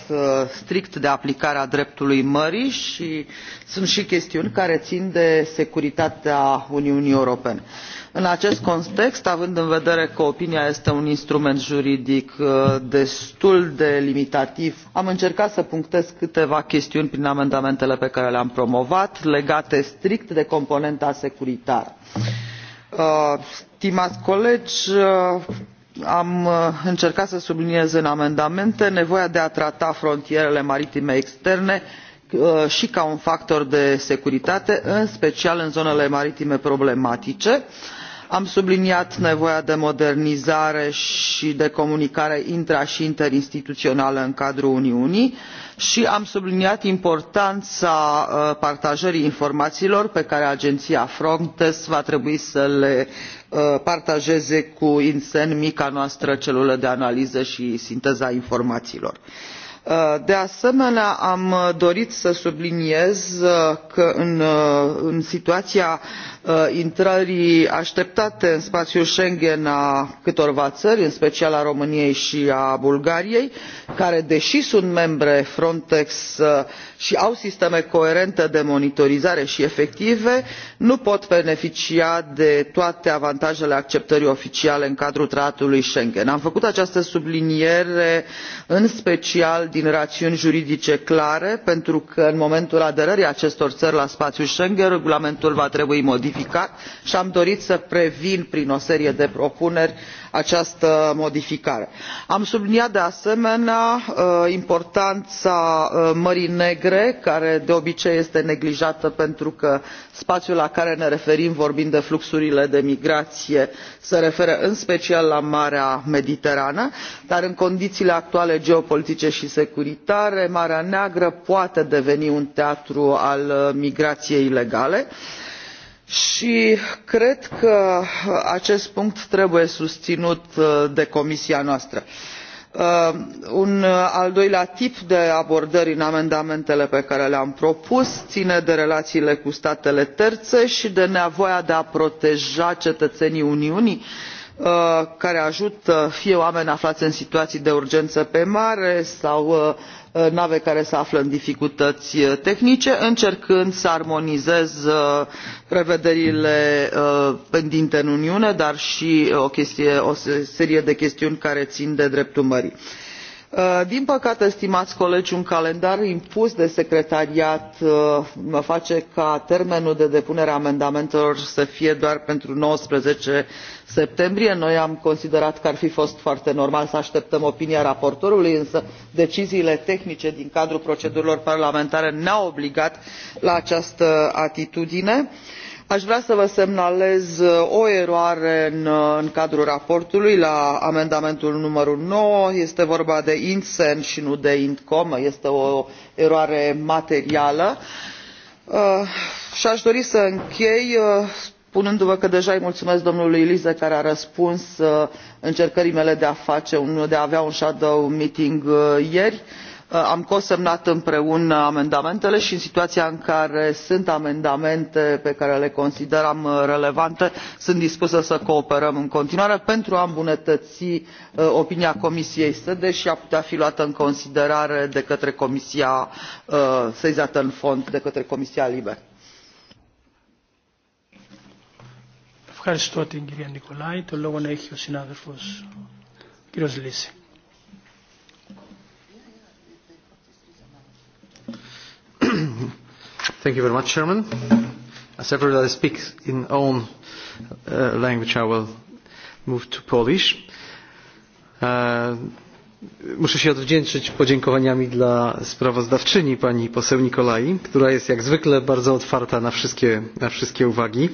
strict de aplicarea dreptului mării și sunt și chestiuni care țin de securitatea uniunii europene în acest context având în vedere că opinia este un instrument juridic uh, destul de limitativ am încercat să punctez câteva chestiuni prin amendamentele pe care le am promovat legate strict de componenta securitară. Uh, stimați colegi uh, am încercat să subliniez în amendamente nevoia de a trata frontierele maritime externe și ca un factor de securitate în special în zonele maritime problematice și am subliniat nevoia de modernizare și de comunicare intra și interinstituțională în cadrul uniunii și am subliniat importanța uh, partajării informațiilor pe care agenția frontex va trebui să le uh, partajeze cu insen mica noastră celulă de analiză și sinteză a informațiilor uh, de asemenea am dorit să subliniez că în, în situația Uh, intrării așteptate în spațiul schengen a câtorva țări în special a româniei și a bulgariei care deși sunt membre frontex uh, și au sisteme coerente de monitorizare și efective nu pot beneficia de toate avantajele acceptării oficiale în cadrul tratatului schengen. am făcut această subliniere în special din rațiuni juridice clare pentru că în momentul aderării acestor țări la spațiul schengen regulamentul va trebui modificat simplificat și am dorit să previn prin o serie de propuneri această modificare. am subliniat de asemenea uh, importanța uh, mării negre care de obicei este neglijată pentru că spațiul la care ne referim vorbind de fluxurile de migrație se referă în special la marea mediterană dar în condițiile actuale geopolitice și securitare marea neagră poate deveni un teatru al uh, migrației ilegale și și cred că acest punct trebuie susținut uh, de comisia noastră. Uh, un al doilea tip de abordări în amendamentele pe care le am propus ține de relațiile cu statele terțe și de nevoia de a proteja cetățenii uniunii uh, care ajută fie oameni aflați în situații de urgență pe mare sau Uh, nave care se află în dificultăți uh, tehnice încercând să armonizez uh, prevederile pendente în uniune dar și o serie de chestiuni care țin de dreptul mării. Uh, din păcate stimați colegi un calendar impus de secretariat uh, face ca termenul de depunere a amendamentelor să fie doar pentru nouăsprezece septembrie. noi am considerat că ar fi fost foarte normal să așteptăm opinia raportorului însă deciziile tehnice din cadrul procedurilor parlamentare ne au obligat la această atitudine și a vrea să vă semnalez uh, o eroare uh, în cadrul raportului la amendamentul numărul nouă este vorba de intsen i nu de intcom este o eroare materială uh, i a dori să închei spunându vă că deja îi mulumesc domnului liese care a răspuns încercării mele de a avea un shadow meeting ieri i Uh, am cosemnat împreună amendamentele și în situația în care sunt amendamente pe care le considerăm relevante sunt dispusă să cooperăm în continuare pentru a îmbunătăți uh, opinia comisiei sede și a putea fi luată în considerare de către comisia uh, sesizată în fond de către comisia libe. Thank you very much, Chairman. As ever, I speak in own uh, language. I will move to Polish. Uh, Muszę się odwdzięczyć podziękowaniami dla sprawozdawczyni pani poseł Nikolai, która jest jak zwykle bardzo otwarta na wszystkie, na wszystkie uwagi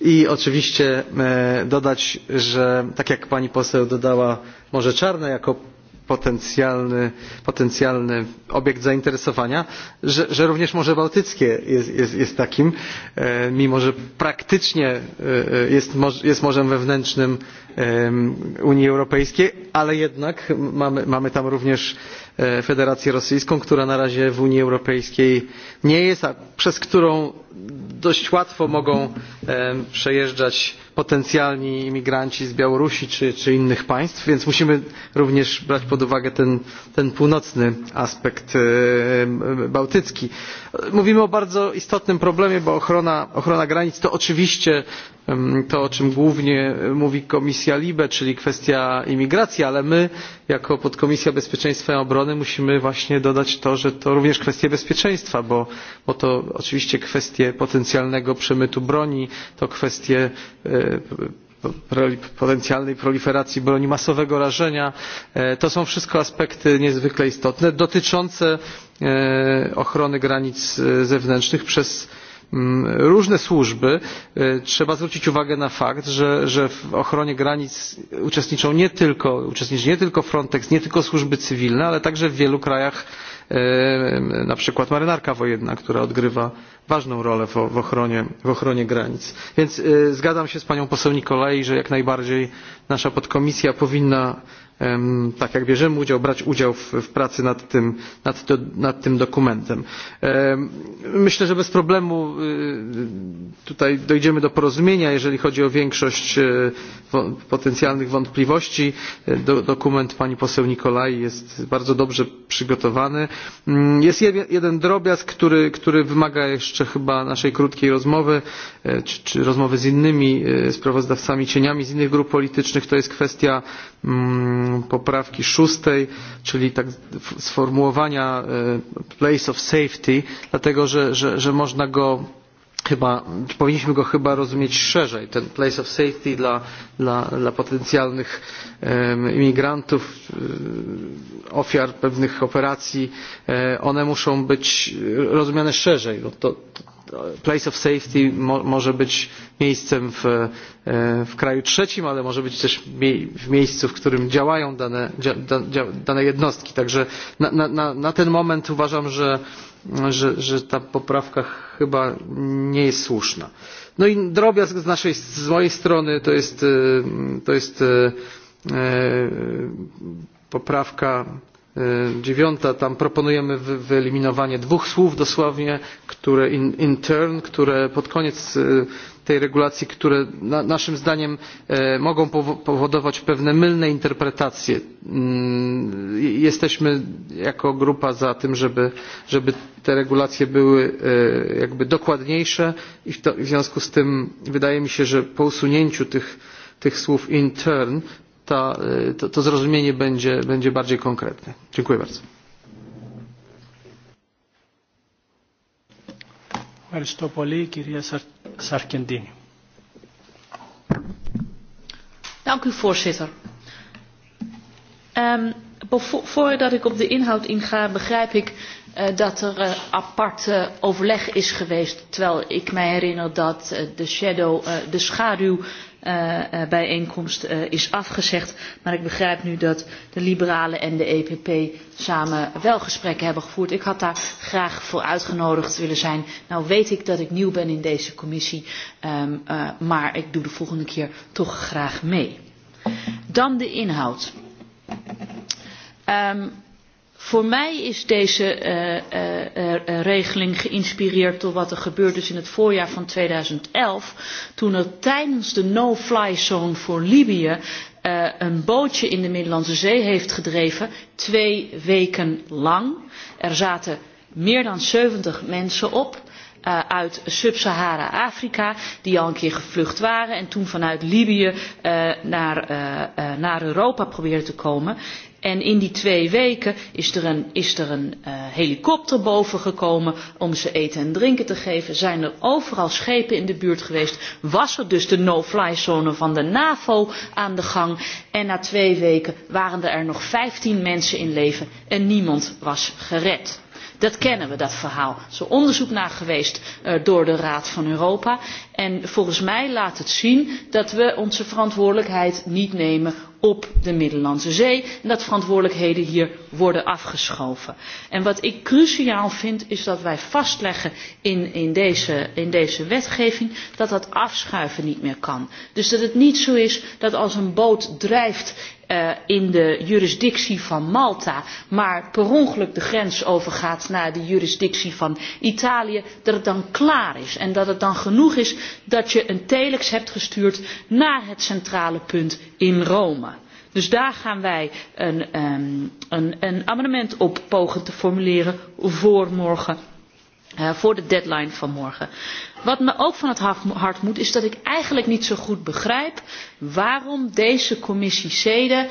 i oczywiście e, dodać, że tak jak pani poseł dodała Morze Czarne jako potencjalny, potencjalny obiekt zainteresowania, że, że również Morze Bałtyckie jest, jest, jest takim, e, mimo że praktycznie e, e, jest, jest morzem wewnętrznym Unii Europejskiej, ale jednak mamy, mamy tam również Federację Rosyjską, która na razie w Unii Europejskiej nie jest, a przez którą dość łatwo mogą przejeżdżać potencjalni imigranci z białorusi czy, czy innych państw więc musimy również brać pod uwagę ten, ten północny aspekt e, e, bałtycki. mówimy o bardzo istotnym problemie bo ochrona, ochrona granic to oczywiście to o czym głównie e, mówi komisja libe czyli kwestia imigracji ale my jako podkomisja bezpieczeństwa i obrony musimy właśnie dodać to że to również kwestie bezpieczeństwa bo, to oczywiście kwestie potencjalnego przemytu broni to kwestie e, potencjalnej proliferacji broni masowego rażenia e, to są wszystko aspekty niezwykle istotne dotyczące ochrony granic zewnętrznych przez Mm, różne służby e, trzeba zwrócić uwagę na fakt że, w ochronie granic uczestniczą nie tylko, uczestniczy nie tylko frontex nie tylko służby cywilne ale także w wielu krajach e, na przykład marynarka wojenna która odgrywa ważną rolę w ochronie granic. więc e, zgadzam się z panią poseł nicolai że jak najbardziej nasza podkomisja powinna tak jak bierzemy udział, brać udział w, w pracy nad tym, nad, to, nad tym dokumentem. Myślę, że bez problemu tutaj dojdziemy do porozumienia, jeżeli chodzi o większość potencjalnych wątpliwości. dokument pani poseł Nikolaj jest bardzo dobrze przygotowany. Mm, jest jeden drobiazg, który, który wymaga jeszcze chyba naszej krótkiej rozmowy, czy, czy rozmowy z innymi sprawozdawcami cieniami z innych grup politycznych. To jest kwestia Mm, poprawki szóstej, czyli tak sformułowania e, place of safety, dlatego że, że, że można go chyba, powinniśmy go chyba rozumieć szerzej, ten place of safety dla, dla, dla potencjalnych imigrantów, e, ofiar pewnych operacji, e, one muszą być rozumiane szerzej. No to, place of safety mo może być miejscem w, e, w kraju trzecim, ale może być też w miejscu, w którym działają dane, dzia dane jednostki. Także na, na, na na ten moment uważam, że, że, że ta poprawka chyba nie jest słuszna. No i drobiazg z, naszej, z mojej strony to jest, e, to jest e, poprawka E, dziewiąta tam proponujemy wyeliminowanie dwóch słów dosłownie które in, in turn które pod koniec e, tej regulacji które na, naszym zdaniem e, mogą powodować pewne mylne interpretacje. Mm, jesteśmy jako grupa za tym żeby, żeby te regulacje były jakby dokładniejsze i w, to, w związku z tym wydaje mi się że po usunięciu tych, tych słów in turn ta, to, to zrozumienie będzie, będzie bardziej konkretne. Dziękuję bardzo. Dank u, voorzitter. Um, voordat ik op de inhoud inga, begrijp ik uh, dat er uh, apart uh, overleg is geweest. Terwijl ik mij herinner dat uh, de, shadow, uh, de schaduw Eh, eh, bijeenkomst eh, is afgezegd. Maar ik begrijp nu dat de Liberalen en de EPP samen wel gesprekken hebben gevoerd. Ik had daar graag voor uitgenodigd willen zijn. nu weet ik dat ik nieuw ben in deze commissie, ehm, maar ik doe de volgende keer toch graag mee. Dan de inhoud. Ehm, Voor mij is deze uh, uh, regeling geïnspireerd door wat er gebeurd is in het voorjaar van 2011, toen er tijdens de no-fly zone voor Libië uh, een bootje in de Middellandse Zee heeft gedreven, twee weken lang. Er zaten meer dan 70 mensen op Eh, uit sub sahara afrika die al een keer gevlucht waren en toen vanuit libië eh, eh, naar, europa probeerden te komen en in die twee weken is er een, er helikopter boven gekomen om ze eten en drinken te geven zijn er overal schepen in de buurt geweest was er dus de no fly zone van de navo aan de gang en na twee weken waren er nog vijftien mensen in leven en niemand was gered Dat kennen we, dat verhaal. Er is onderzoek naar geweest eh, door de Raad van Europa. En volgens mij laat het zien dat we onze verantwoordelijkheid niet nemen op de Middellandse Zee. En dat verantwoordelijkheden hier worden afgeschoven. En wat ik cruciaal vind is dat wij vastleggen in, in, deze, in deze wetgeving dat dat afschuiven niet meer kan. Dus dat het niet zo is dat als een boot drijft Eh, in de jurisdictie van Malta, maar per ongeluk de grens overgaat naar de jurisdictie van Italië, dat het dan klaar is en dat het dan genoeg is dat je een telex hebt gestuurd naar het centrale punt in Rome. Dus daar gaan wij een, ehm, een, een amendement op pogen te formuleren voor morgen, eh, voor de deadline van morgen wat me ook van het hart moet is dat ik eigenlijk niet zo goed begrijp waarom deze commissie sede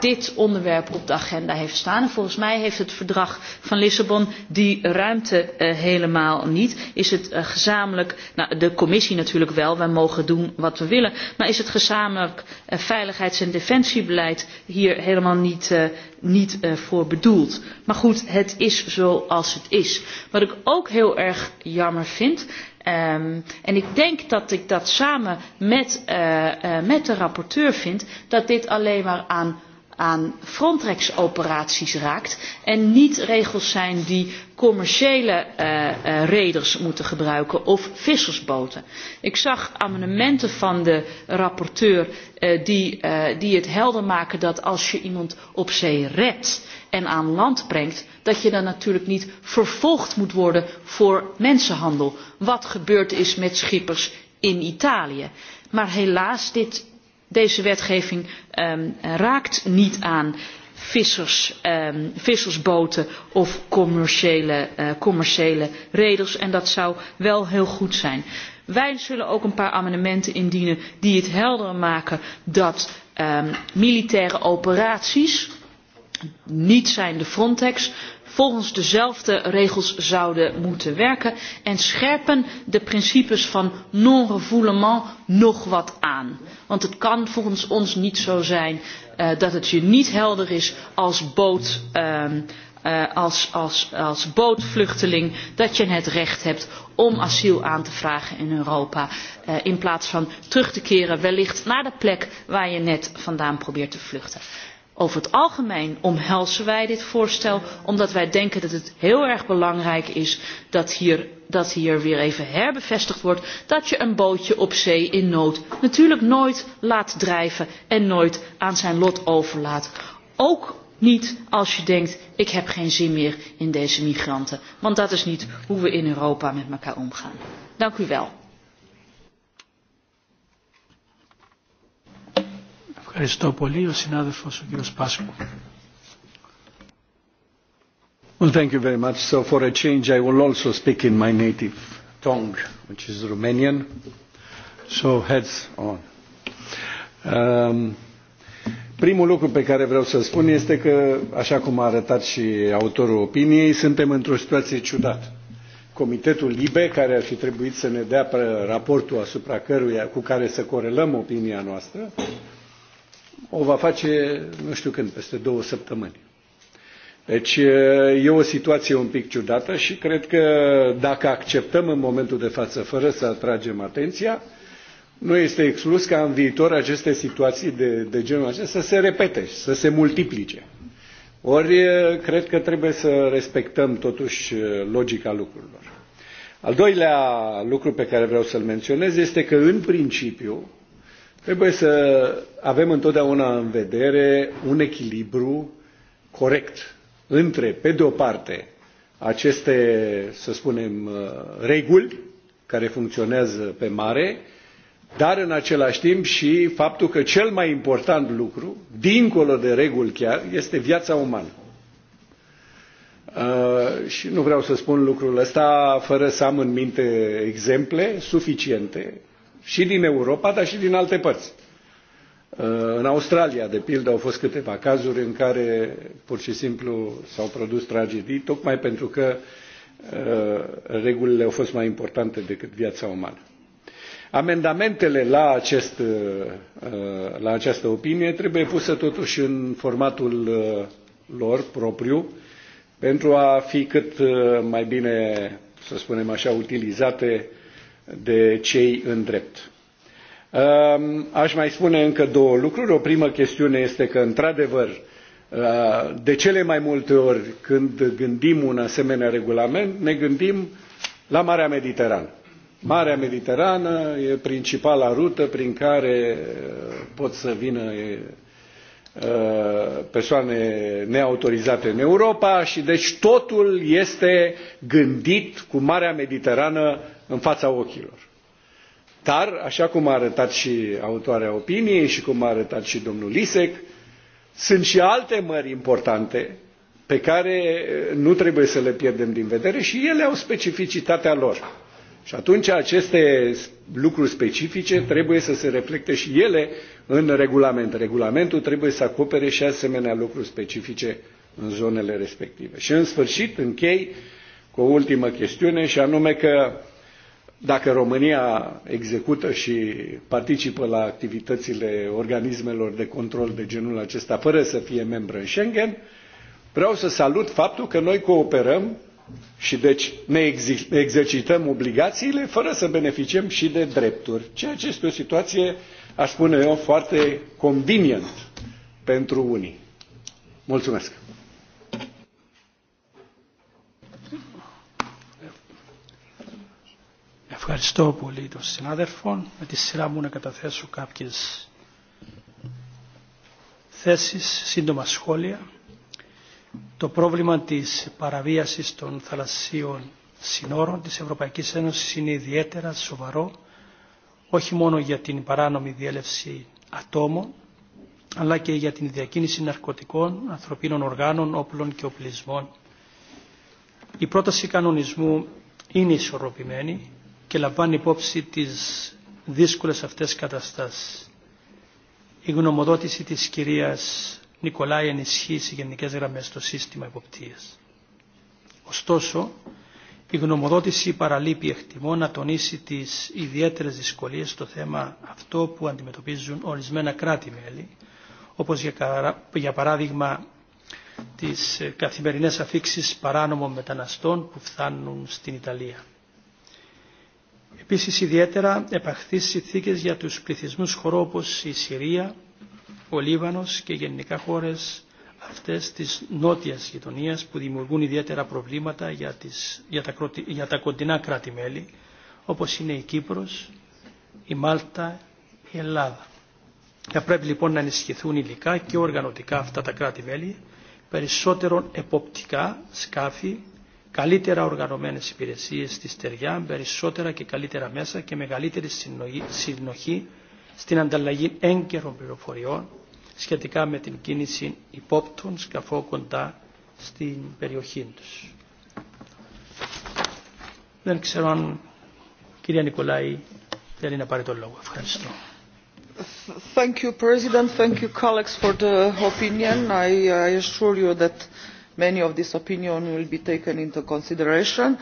dit onderwerp op de agenda heeft staan. volgens mij heeft het verdrag van lissabon die ruimte uh, helemaal niet. is het uh, gezamenlijk nou, de commissie natuurlijk wel wij mogen doen wat we willen maar is het gezamenlijk uh, veiligheids en defensiebeleid hier helemaal niet, uh, niet uh, voor bedoeld? maar goed het is zoals het is. wat ik ook heel erg jammer vind Um, en ik denk dat ik dat samen met, uh, uh, met de rapporteur vind dat dit alleen maar aan aan frontex operaties raakt en niet regels zijn die commerciële eh, eh, reders moeten gebruiken of vissersboten. ik zag amendementen van de rapporteur eh, die het helder maken dat als je iemand op zee redt en aan land brengt dat je dan natuurlijk niet vervolgd moet worden voor mensenhandel wat gebeurd is met schippers in italië. maar helaas dit Deze wetgeving um, raakt niet aan vissers, um, vissersboten of commerciële, uh, commerciële reders en dat zou wel heel goed zijn. Wij zullen ook een paar amendementen indienen die het helder maken dat um, militaire operaties niet zijn de Frontex volgens dezelfde regels zouden moeten werken en scherpen de principes van non refoulement nog wat aan. Want het kan volgens ons niet zo zijn eh, dat het je niet helder is als boot. Ehm, eh, als, als, als bootvluchteling dat je het recht hebt om asiel aan te vragen in Europa. Eh, in plaats van terug te keren wellicht naar de plek waar je net vandaan probeert te vluchten over het algemeen omhelzen wij dit voorstel omdat wij denken dat het heel erg belangrijk is dat hier, dat hier weer even herbevestigd wordt dat je een bootje op zee in nood natuurlijk nooit laat drijven en nooit aan zijn lot overlaat. Ook niet als je denkt ik heb geen zin meer in deze migranten want dat is niet hoe we in Europa met elkaar omgaan. Dank u wel. Ευχαριστώ πολύ. Ο συνάδελφος ο κύριος Πάσκου. Well, thank you very much. So for a change, I will also speak in my native tongue, which is Romanian. So heads on. Um, primul lucru pe care vreau să spun este că, așa cum a arătat și autorul opiniei, suntem într-o situație ciudată. Comitetul LIBE, care ar fi trebuit să ne dea raportul asupra căruia, cu care să corelăm opinia noastră, uh, o va face, nu știu când, peste două săptămâni. Deci e, e o situație un pic ciudată și cred că dacă acceptăm în momentul de față fără să atragem atenția, nu este exclus ca în viitor aceste situații de, de genul acesta să se repete, și să se multiplice. Ori e, cred că trebuie să respectăm totuși e, logica lucrurilor. Al doilea lucru pe care vreau să-l menționez este că în principiu Trebuie să avem întotdeauna în vedere un echilibru corect între, pe de o parte, aceste, să spunem, uh, reguli care funcționează pe mare, dar în același timp și faptul că cel mai important lucru, dincolo de reguli chiar, este viața umană. Uh, și nu vreau să spun lucrul ăsta fără să am în minte exemple suficiente și din Europa, dar și din alte părți. Uh, în Australia, de pildă, au fost câteva cazuri în care pur și simplu s-au produs tragedii, tocmai pentru că uh, regulile au fost mai importante decât viața umană. Amendamentele la, acest, uh, la această opinie trebuie puse totuși în formatul lor propriu pentru a fi cât mai bine, să spunem așa, utilizate uh, de cei în drept. Um, aș mai spune încă două lucruri. O primă chestiune este că, într-adevăr, uh, de cele mai multe ori când gândim un asemenea regulament, ne gândim la Marea Mediterană. Marea Mediterană e principala rută prin care uh, pot să vină e, uh, persoane neautorizate în Europa și deci totul este gândit cu Marea Mediterană în fața ochilor. Dar, așa cum a arătat și autoarea opiniei și cum a arătat și domnul Lisec, sunt și alte mări importante pe care eh, nu trebuie să le pierdem din vedere și ele au specificitatea lor. Și atunci aceste lucruri specifice trebuie să se reflecte și ele în regulament. Regulamentul trebuie să acopere și asemenea lucruri specifice în zonele respective. Și în sfârșit închei cu o ultimă chestiune și anume că dacă România execută și participă la activitățile organismelor de control de genul acesta fără să fie membră în Schengen, vreau să salut faptul că noi cooperăm și deci ne exercităm obligațiile fără să beneficiem și de drepturi, ceea ce este o situație, aș spune eu, foarte convenient pentru unii. Mulțumesc! Ευχαριστώ πολύ τον συνάδελφο. Με τη σειρά μου να καταθέσω κάποιες θέσεις, σύντομα σχόλια. Το πρόβλημα της παραβίασης των θαλασσίων συνόρων της Ευρωπαϊκής Ένωσης είναι ιδιαίτερα σοβαρό, όχι μόνο για την παράνομη διέλευση ατόμων, αλλά και για την διακίνηση ναρκωτικών, ανθρωπίνων οργάνων, όπλων και οπλισμών. Η πρόταση κανονισμού είναι ισορροπημένη και λαμβάνει υπόψη τις δύσκολες αυτές καταστάσεις. Η γνωμοδότηση της κυρίας Νικολάη ενισχύει σε γενικές γραμμές το σύστημα υποπτίας. Ωστόσο, η γνωμοδότηση παραλείπει εκτιμώ να τονίσει τις ιδιαίτερες δυσκολίες στο θέμα αυτό που αντιμετωπίζουν ορισμένα κράτη-μέλη, όπως για παράδειγμα τις καθημερινές αφήξεις παράνομων μεταναστών που φθάνουν στην Ιταλία. Επίσης ιδιαίτερα επαχθείς συνθήκες για τους πληθυσμούς χωρών όπως η Συρία, ο Λίβανος και γενικά χώρες αυτές της νότιας γειτονίας που δημιουργούν ιδιαίτερα προβλήματα για, τις, για, τα, για τα κοντινά κράτη-μέλη όπως είναι η Κύπρος, η Μάλτα, η Ελλάδα. Θα πρέπει λοιπόν να ενισχυθούν υλικά και οργανωτικά αυτά τα κράτη-μέλη, περισσότερον εποπτικά σκάφη καλύτερα οργανωμένες υπηρεσίες στη στεριά, περισσότερα και καλύτερα μέσα και μεγαλύτερη συνοχή στην ανταλλαγή έγκαιρων πληροφοριών σχετικά με την κίνηση υπόπτων σκαφό κοντά στην περιοχή τους. Δεν ξέρω αν κυρία Νικολάη θέλει να πάρει τον λόγο. Ευχαριστώ. Thank you, President. Thank you, colleagues, for the opinion. I, I assure you that many of these opinions will be taken into consideration.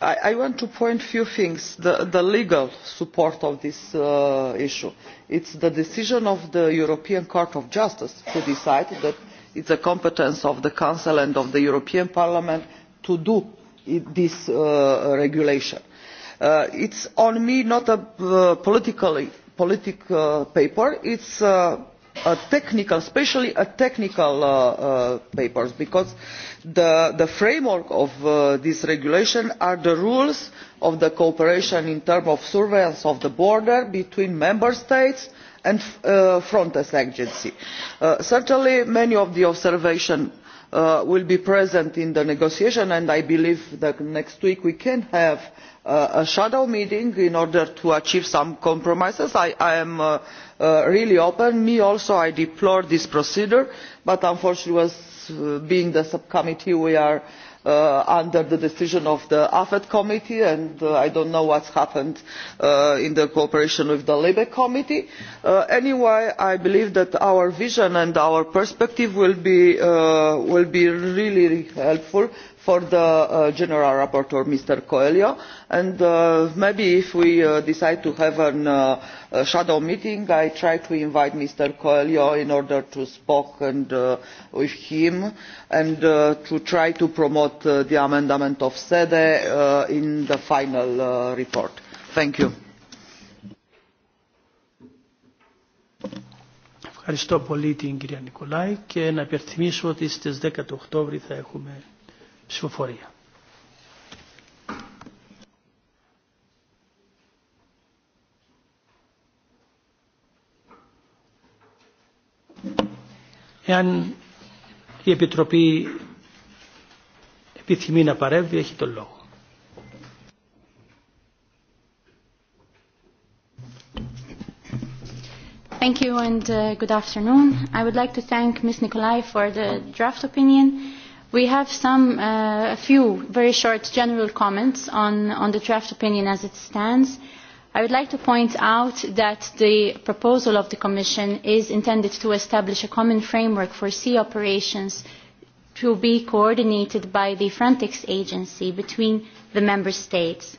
i, want to point out a few things the, legal support of this uh, issue it is the decision of the european court of justice to decide that it is the competence of the council and of the european parliament to do this uh, regulation. Uh, it is on me not a political paper it technical especially technical uh, uh, papers because the, framework of uh, this regulation are the rules of the cooperation in terms of surveillance of the border between member states and frontex agency. certainly many of the observations Uh, will be present in the negotiation and i believe that next week we can have uh, a shadow meeting in order to achieve some compromises. i, am uh, really open me also i deplore this procedure but unfortunately as being the subcommittee we are Uh, under the decision of the afet committee and uh, i do not know what has happened uh, in the cooperation with the libe committee. anyway i believe that our vision and our perspective will be really helpful for the general rapporteur mr coelho and maybe if we decide to have an Uh, shadow meeting i tried to invite mr coelho in order to speak uh, with him and uh, to try to promote the amendment of sede in the final report. thank you. Ευχαριστώ πολύ την κυρία Νικολάη και να υπενθυμίσω ότι στις 10 Οκτώβρη θα έχουμε ψηφοφορία. Εάν η Επιτροπή επιθυμεί να παρεύει, έχει τον λόγο. Thank you and uh, good afternoon. I would like to thank Ms. Nikolai for the draft opinion. We have some, uh, a few very short general comments on, on the draft opinion as it stands. Uh, i would like to point out that the proposal of the commission is intended to establish a common framework for sea operations to be coordinated by the frontex agency between the member states.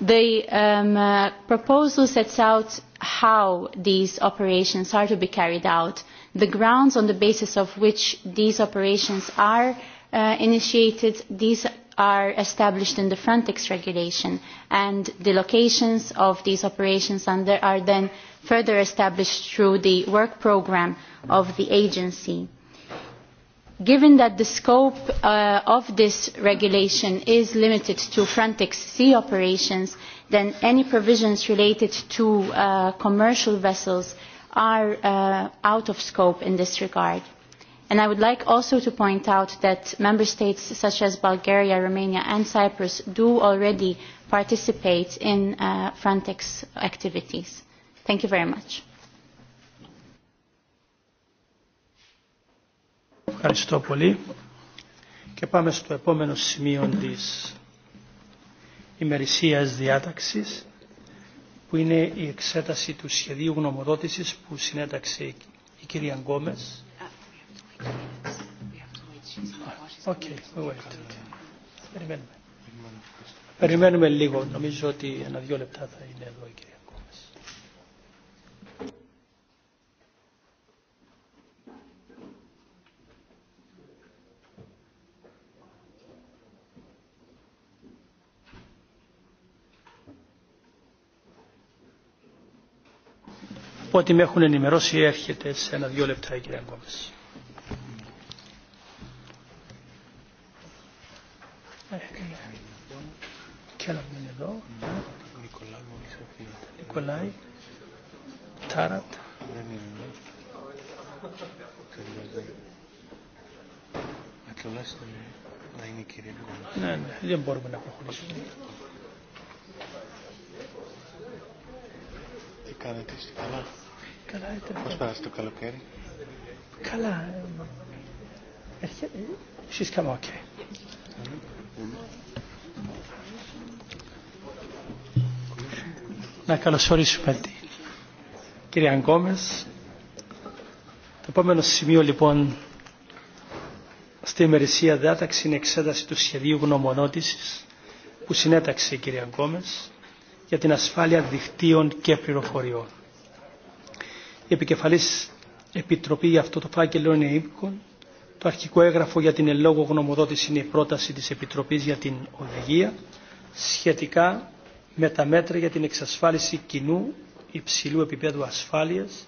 the um, uh, proposal sets out how these operations are to be carried out the grounds on the basis of which these operations are uh, initiated these are established in the Frontex regulation and the locations of these operations under are then further established through the work programme of the agency. Given that the scope uh, of this regulation is limited to Frontex sea operations, then any provisions related to uh, commercial vessels are uh, out of scope in this regard. And I would like also to point out that member states such as Bulgaria, Romania and Cyprus do already participate in uh, Frontex activities. Thank you very much. Ευχαριστώ πολύ. Και πάμε στο επόμενο σημείο της ημερησίας διάταξης, που είναι η εξέταση του σχεδίου γνωμοδότησης που συνέταξε η κυρία Γκόμες Oké, okay, wait. Περιμένουμε. Περιμένουμε λίγο. Νομίζω ότι ένα δύο λεπτά θα είναι εδώ η κυρία. Από ό,τι με έχουν ενημερώσει έρχεται σε ένα δύο λεπτά η κυρία Γκόμες. Ce l'ha venuto? Nicolai, Nicolai, Tarat. Ναι, ναι, δεν μπορούμε να προχωρήσουμε. Τι κάνετε, είστε καλά. Καλά, ήταν. Πώς πέρασε το καλοκαίρι. Καλά. She's come okay. Mm -hmm. Να καλωσορίσουμε την κυρία Γκόμες. Το επόμενο σημείο λοιπόν στη ημερησία διάταξη είναι εξέταση του σχεδίου γνωμονότησης που συνέταξε η κυρία Γκόμες για την ασφάλεια δικτύων και πληροφοριών. Η επικεφαλής επιτροπή για αυτό το φάκελο είναι η Το αρχικό έγγραφο για την ελόγω γνωμοδότηση είναι η πρόταση της Επιτροπής για την Οδηγία σχετικά με τα μέτρα για την εξασφάλιση κοινού υψηλού επίπεδου ασφάλειας,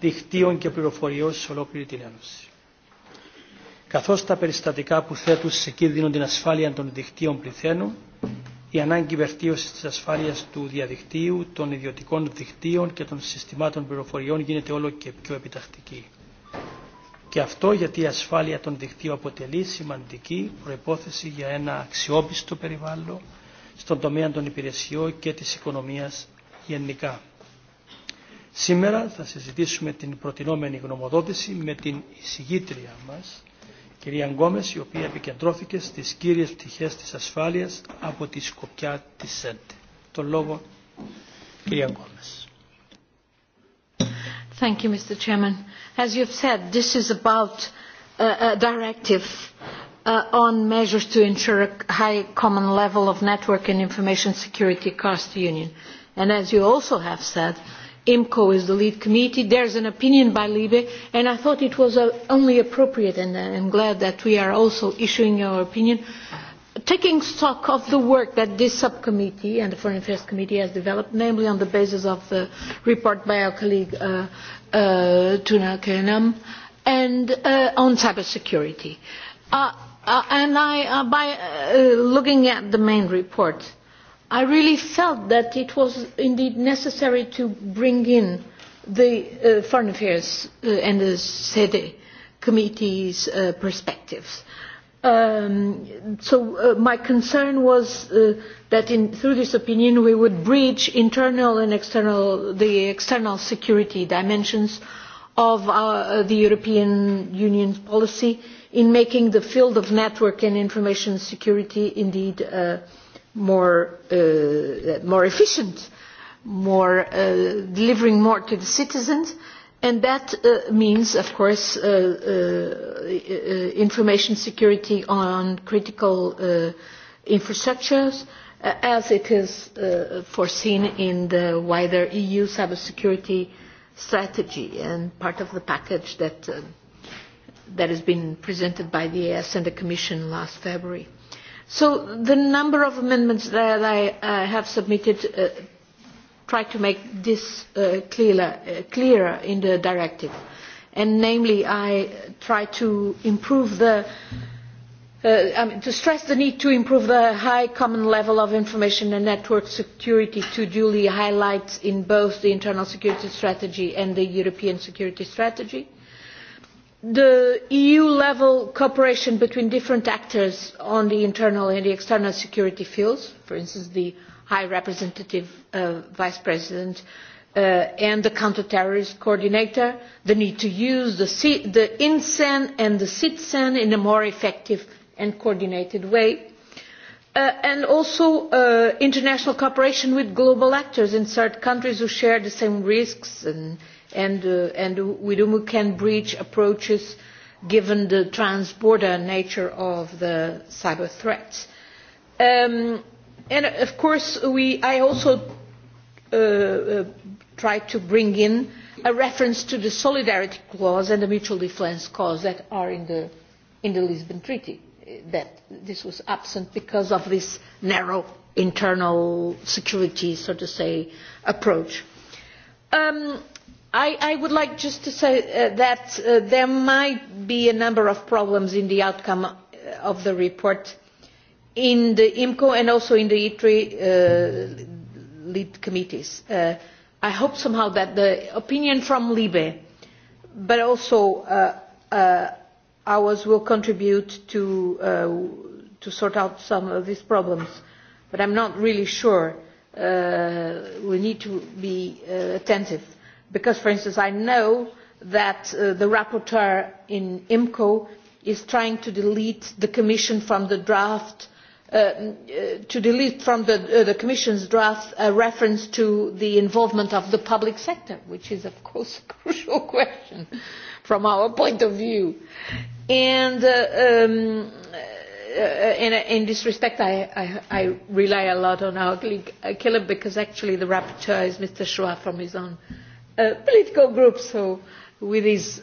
δικτύων και πληροφοριών σε ολόκληρη την Ένωση. Καθώς τα περιστατικά που θέτουν σε κίνδυνο την ασφάλεια των δικτύων πληθαίνουν, η ανάγκη βελτίωση της ασφάλειας του διαδικτύου, των ιδιωτικών δικτύων και των συστημάτων πληροφοριών γίνεται όλο και πιο επιτακτική. Και αυτό γιατί η ασφάλεια των δικτύων αποτελεί σημαντική προϋπόθεση για ένα αξιόπιστο περιβάλλον στον τομέα των υπηρεσιών και της οικονομίας γενικά. Σήμερα θα συζητήσουμε την προτινόμενη γνωμοδότηση με την εισηγήτρια μας, κυρία Γκόμες, η οποία επικεντρώθηκε στις κύριες πτυχές της ασφάλειας από τη σκοπιά της ΣΕΝΤΕ. Τον λόγο, κυρία Γκόμες. Thank you, Mr. Chairman. As you have said, this is about uh, a directive uh, on measures to ensure a high common level of network and information security across the Union. And as you also have said, IMCO is the lead committee. there is an opinion by Libe, and I thought it was uh, only appropriate, and i am glad that we are also issuing our opinion, that taking stock of the work that this subcommittee and the Foreign Affairs Committee has developed, namely on the basis of the report by our colleague tunne uh, uh, Tuna Kenam, and uh, on cyber Uh, uh, and I, uh, by uh, looking at the main report, I really felt that it was indeed necessary to bring in the uh, Foreign Affairs uh, and the SEDE committee's uh, perspectives. Uh, Um, so uh, my concern was uh, that in, through this opinion we would breach internal and external, the external security dimensions of our, uh, the European Union's policy in making the field of network and information security indeed uh, more, uh, more efficient, more, uh, delivering more to the citizens, uh, and that uh, means of course uh, uh, information security on critical uh, infrastructures uh, as it is uh, foreseen in the wider eu cybersecurity strategy and part of the package that that has been presented by the EAS and the Commission last February. So the number of amendments that I, I have submitted try to make this uh, clearer, uh, clearer in the directive. And namely, I try to improve the uh, I mean, to stress the need to improve the high common level of information and network security to duly highlight in both the internal security strategy and the European security strategy. The EU level cooperation between different actors on the internal and the external security fields, for instance the High Representative uh, Vice President uh, and the counter-terrorist coordinator, the need to use the, incen and the CITSEN in a more effective and coordinated way, uh, and also international cooperation with global actors in third countries who share the same risks and, with whom we can breach approaches given the trans-border nature of the cyber threats. Um, and of course we, i also uh, uh, tried to bring in a reference to the solidarity clause and the mutual defence clause that are in the, in the lisbon treaty uh, that this was absent because of this narrow internal security so to say approach. Um, I, i would like just to say uh, that uh, there might be a number of problems in the outcome uh, of the report in the imco and also in the itre uh, lead committees. Uh, i hope somehow that the opinion from libe but also uh, uh, ours will contribute to, uh, to sort out some of these problems but i am not really sure. we need to be attentive because for instance i know that uh, the rapporteur in imco is trying to delete the commission from the draft Uh, to delete from uh, the, commission's draft a reference to the involvement of the public sector which is of course a crucial question from our point of view. And, uh, um, in this respect I, rely a lot on our colleague kelam because actually the rapporteur is mr schwab from his own political group so with his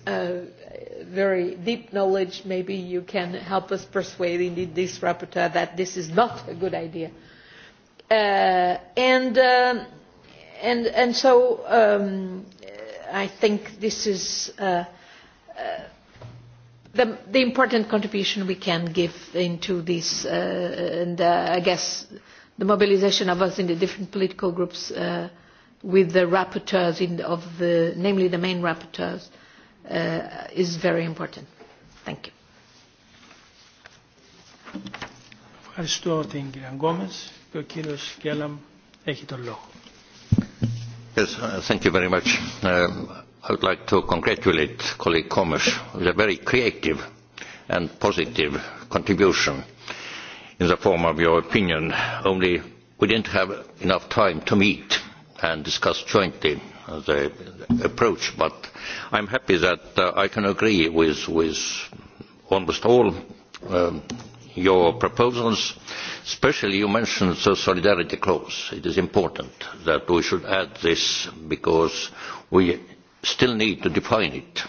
very deep knowledge, maybe you can help us persuade indeed this rapporteur that this is not a good idea. Uh, and, uh, and, and so um, I think this is uh, the, the important contribution we can give into this, uh, and uh, I guess the mobilization of us in the different political groups uh, with the rapporteurs, in, of the, namely the main rapporteurs, uh, Uh, is very important. Thank you. Ευχαριστώ την κυρία Γκόμες και ο κύριος Κέλαμ έχει τον λόγο. Yes, uh, thank you very much. Uh, I would like to congratulate colleague Komes with a very creative and positive contribution in the form of your opinion. Only we didn't have enough time to meet and discuss jointly Uh, the approach, but I'm happy that uh, I can agree with, with almost all um, your proposals. Especially you mentioned the solidarity clause. It is important that we should add this because we still need to define it.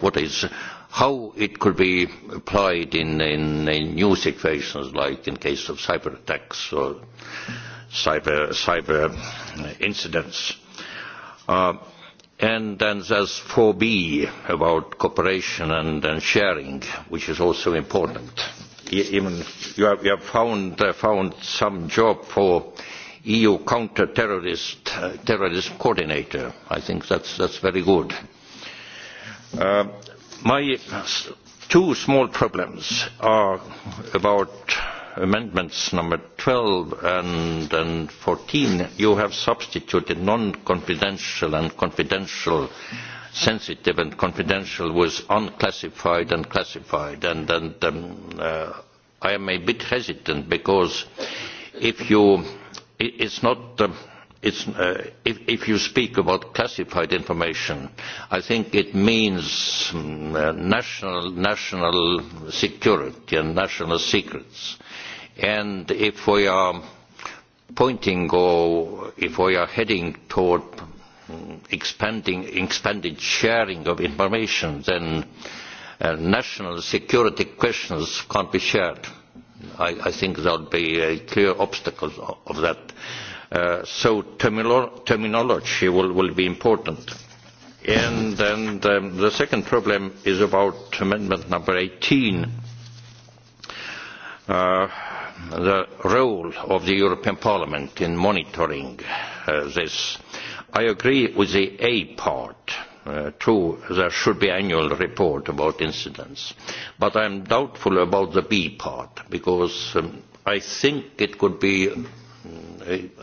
What is how it could be applied in, in, in new situations like in case of cyber attacks or cyber, cyber incidents Uh, and then there is four b about cooperation and, sharing, which is also important. you have, uh, found, some job for EU counter uh, terrorism coordinator. I think that is very good. my two small problems are about amendments number 12 and, and 14, you have substituted non-confidential and confidential, sensitive and confidential with unclassified and classified. And, and um, uh, I am a bit hesitant because if you, it, it's not. Uh, It's, uh, if, if you speak about classified information, I think it means um, uh, national, national security and national secrets. And if we are pointing or if we are heading toward expanding, expanded sharing of information, then uh, national security questions can't be shared. I, I think there would be a clear obstacle of, that. Uh, so terminolo terminology will, will be important. And, then um, the second problem is about amendment number 18. Uh, the role of the European Parliament in monitoring uh, this. I agree with the A part. Uh, true, there should be an annual report about incidents. But I am doubtful about the B part because um, I think it could be uh,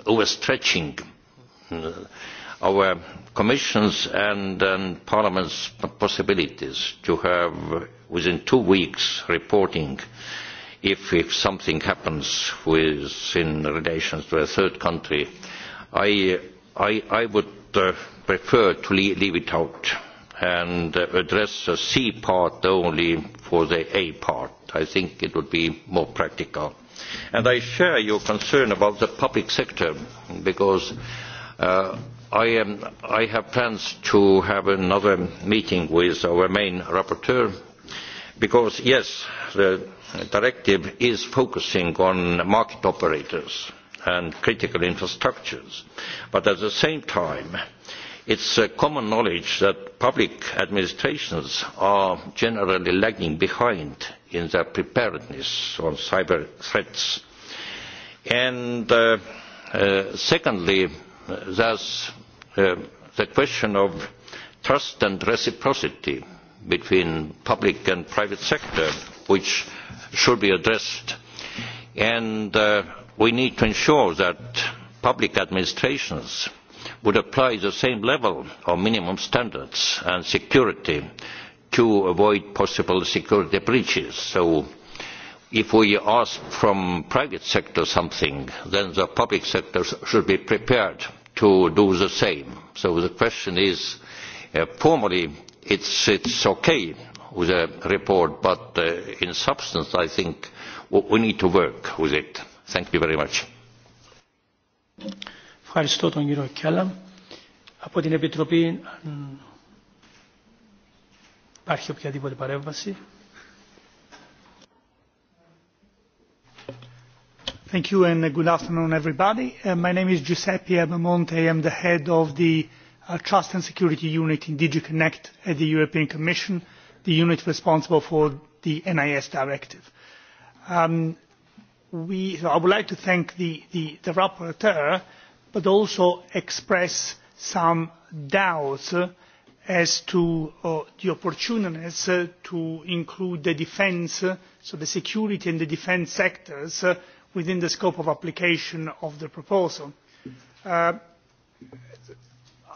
overstretching our Commission's and, Parliament's possibilities to have within two weeks reporting if, something happens in relation to a third country, I, would uh, prefer to leave, it out and uh, address the C part only for the A part. I think it would be more practical. And I share your concern about the public sector because uh, I, am, I have plans to have another meeting with our main rapporteur because yes the directive is focusing on market operators and critical infrastructures but at the same time it is uh, common knowledge that public administrations are generally lagging behind in their preparedness on cyber threats. And uh, uh, secondly, there's uh, the question of trust and reciprocity between public and private sector which should be addressed and uh, we need to ensure that public administrations would apply the same level of minimum standards and security to avoid possible security breaches. So if we ask from private sector something, then the public sector should be prepared to do the same. So the question is, uh, formally, it is okay with a report, but uh, in substance, I think we need to work with it. Thank you very much. Από την Επιτροπή υπάρχει οποιαδήποτε παρέμβαση. Thank you and good afternoon everybody. Uh, my name is Giuseppe Abamonte. I am the head of the Trust and Security Unit in DG Connect at the European Commission, the unit responsible for the NIS directive. Um, I would like to thank the, rapporteur, but also express some doubts as to uh, the opportuneness uh, to include the defence, uh, so the security and the defence sectors, within the scope of application of the proposal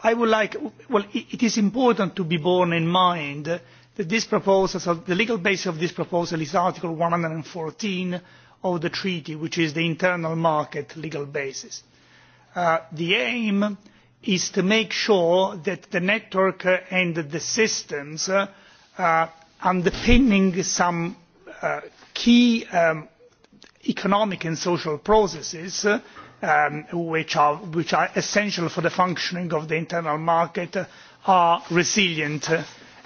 it is important to be borne in mind that this proposal, the legal basis of this proposal is Article 114 of the treaty, which is the internal market legal basis. Uh, the aim is to make sure that the network and the systems uh, underpinning some uh, key um, economic and social processes Um, which, are, essential for the functioning of the internal market uh, are resilient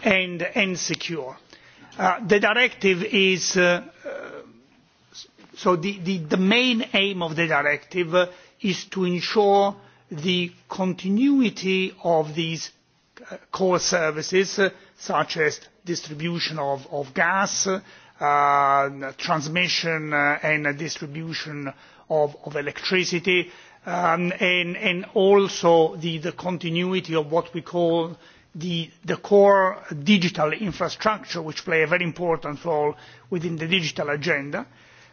and, secure. Uh, the directive is uh, so the, the main aim of the directive is to ensure the continuity of these core services such as distribution of, of gas, uh, transmission and distribution of, of electricity, um, and, and also the, the continuity of what we call the, the core digital infrastructure, which play a very important role within the digital agenda.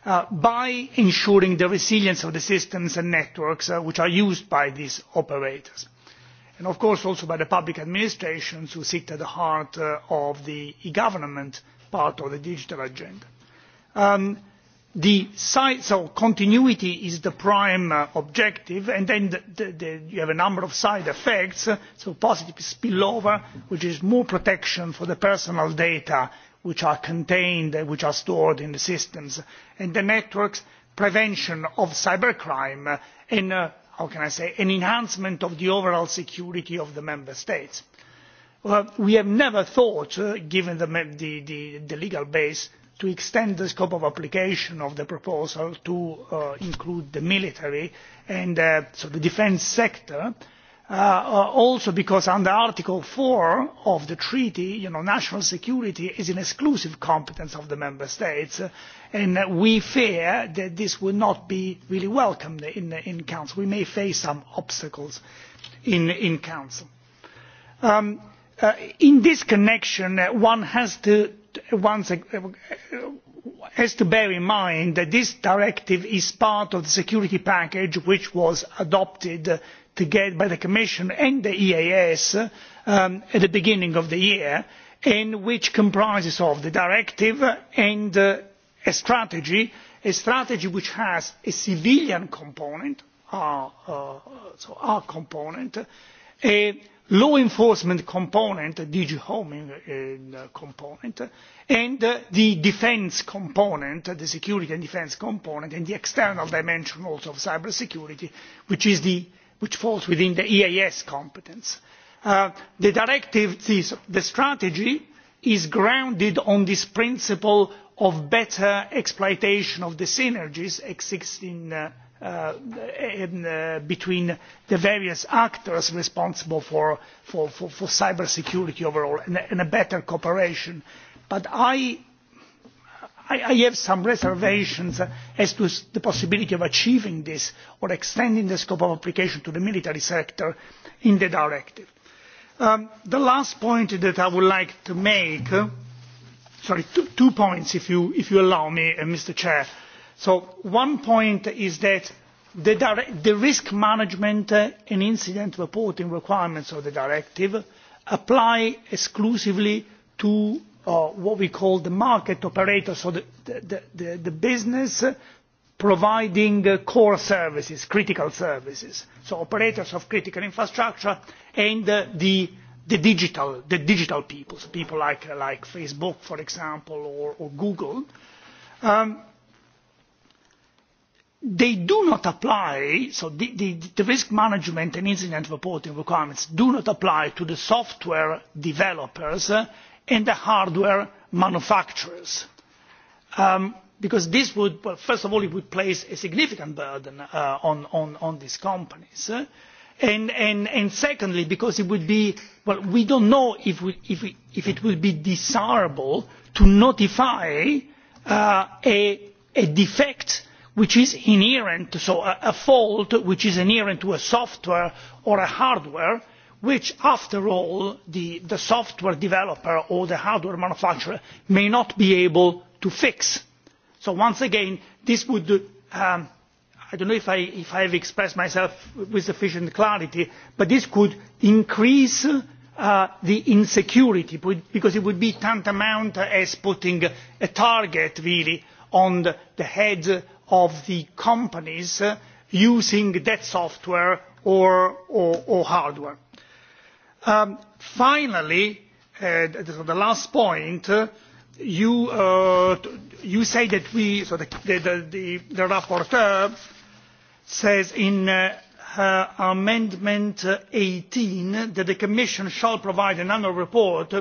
Uh, by ensuring the resilience of the systems and networks uh, which are used by these operators and of course also by the public administrations who sit at the heart uh, of the e government part of the digital agenda. Um, the sites of continuity is the prime uh, objective and then you have a number of side effects uh, so positive spillover which is more protection for the personal data which are contained and uh, which are stored in the systems and the networks prevention of cybercrime and how can i say an enhancement of the overall security of the member states. we have never thought given the legal base to extend the scope of application of the proposal to uh, include the military and uh, so the defence sector uh, also because under article four of the treaty you know, national security is an exclusive competence of the member states and we fear that this will not be really welcomed in, council. we may face some obstacles in, council. Um, in this connection one has to once uh, has to bear in mind that this directive is part of the security package which was adopted uh, together by the commission and the eeas um, at the beginning of the year and which comprises the directive and uh, a strategy a strategy which has a civilian component our component a law enforcement component the dg home uh, component and uh, the defence component the security and defence component and the external dimension also of cyber security which, falls within the eas competence. Uh, the directive the strategy is grounded on this principle of better exploitation of the synergies existing uh, in, uh, between the various actors responsible for, for, for, for cyber security overall and, and a better cooperation. But I, I, I have some reservations as to the possibility of achieving this or extending the scope of application to the military sector in the directive. Um, the last point that I would like to make, uh, sorry, two, two points if you, if you allow me, uh, Mr. Chair so one point is that the, risk management uh, and incident reporting requirements of the directive apply exclusively to uh, what we call the market operator so the, the business providing uh, core services critical services so operators of critical infrastructure and the digital the digital people so people like facebook for example or, google um, they do not apply so the, the, the risk management and incident reporting requirements do not apply to the software developers and the hardware manufacturers um, because this would well, first of all it would place a significant burden uh, on, on, on these companies and, and, and secondly because it would be well we don't know if, we, if, we, if it would be desirable to notify uh, a, a defect which is inherent so a fault which is inherent to a software or a hardware which after all the, the software developer or the hardware manufacturer may not be able to fix. so once again this would um, i do not know if I, if i have expressed myself with sufficient clarity but this could increase uh, the insecurity because it would be tantamount as putting a target really on the heads of the companies uh, using that software or, or, or hardware. Um, finally, uh, the last point, uh, you, uh, you say that we, so the, the, the, the rapporteur says in uh, her amendment 18 uh, that the Commission shall provide an annual report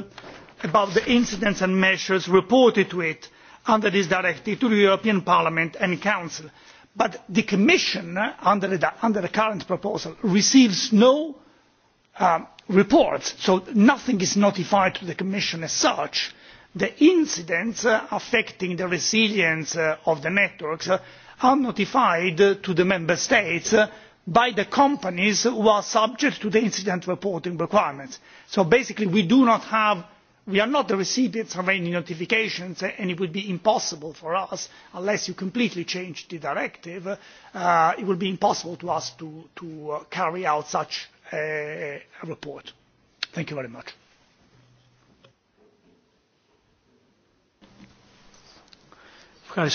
about the incidents and measures reported to it under this directive to the european parliament and council but the commission under the, current proposal receives no um, reports so nothing is notified to the commission as such. the incidents uh, affecting the resilience uh, of the networks uh, are notified to the member states by the companies who are subject to the incident reporting requirements. so basically we do not have we are not the recipients of any notifications and it would be impossible for us unless you completely change the directive uh, it would be impossible for us to, uh, carry out such a, report. thank you very much. Uh,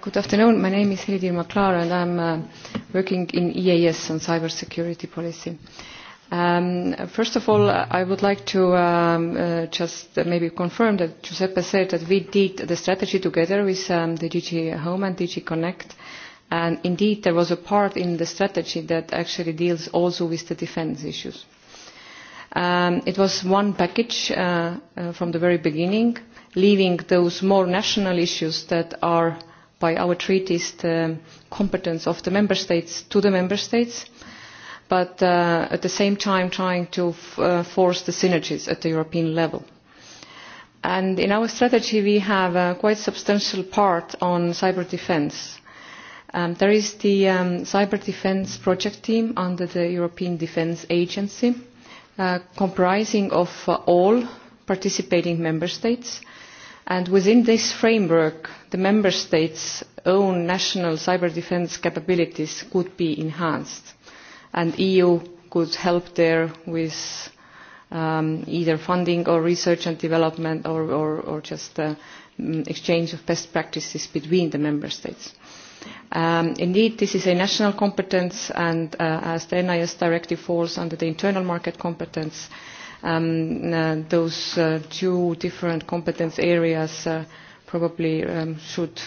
good afternoon. My name is Hildir Maklar and I'm working in EAS on cybersecurity policy. Um, first of all, I would like to um, uh, just maybe confirm that Giuseppe said that we did the strategy together with um, the DG Home and DG Connect. And indeed, there was a part in the strategy that actually deals also with the defense issues. Um, it was one package uh, uh, from the very beginning, leaving those more national issues that are uh, by our treaties the competence of the member states to the member states but uh, at the same time trying to uh, force the synergies at the European level. And in our strategy we have a quite substantial part on cyber defence. Um, there is the um, cyber defence project team under the European Defence Agency uh, comprising of uh, all participating member states – and within this framework the member states' own national cyber defence capabilities could be enhanced and the eu could help there with um, either funding or research and development or, just the uh, mm, exchange of best practices between the member states. Um, indeed, this is a national competence and uh, as the NIS directive falls under the internal market competence, um, uh, those uh, two different competence areas uh, probably um, should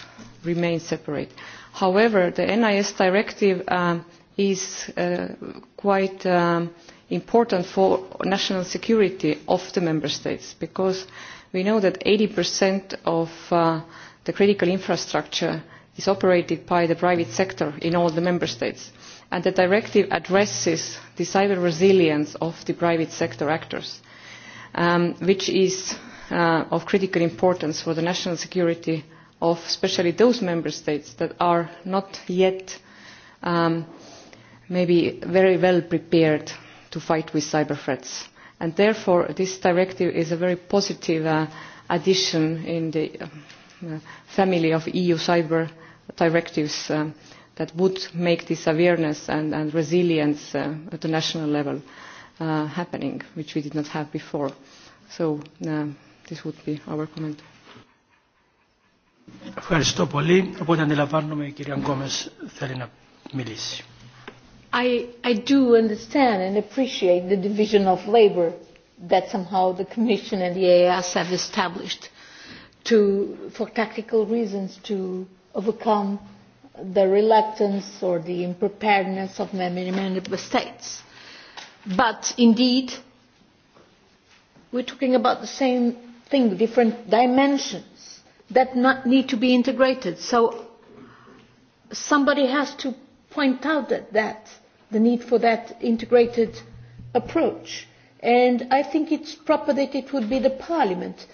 remain separate. However, the NIS directive uh, is uh, quite um, important for national security of the member states because we know that 80% of uh, the critical infrastructure is operated by the private sector in all the member states and the directive addresses the cyber resilience of the private sector actors, um, which is uh, of critical importance for the national security of especially those member states that are not yet um, maybe very well prepared to fight with cyber threats. therefore, this directive is a very positive uh, addition to the uh, family of EU cyber directives um, that would make this awareness and, and resilience uh, at the national level uh, happening, which we did not have before. So uh, this would be our comment. Ευχαριστώ πολύ. Οπότε αντιλαμβάνομαι η κυρία Γκόμες θέλει να μιλήσει. I, I do understand and appreciate the division of labor that somehow the Commission and the AAS have established to, for tactical reasons to overcome the reluctance or the unpreparedness of many member states. But indeed, we're talking about the same thing, different dimensions that not need to be integrated. So somebody has to point out that, that the need for that integrated approach. And I think it's proper that it would be the Parliament,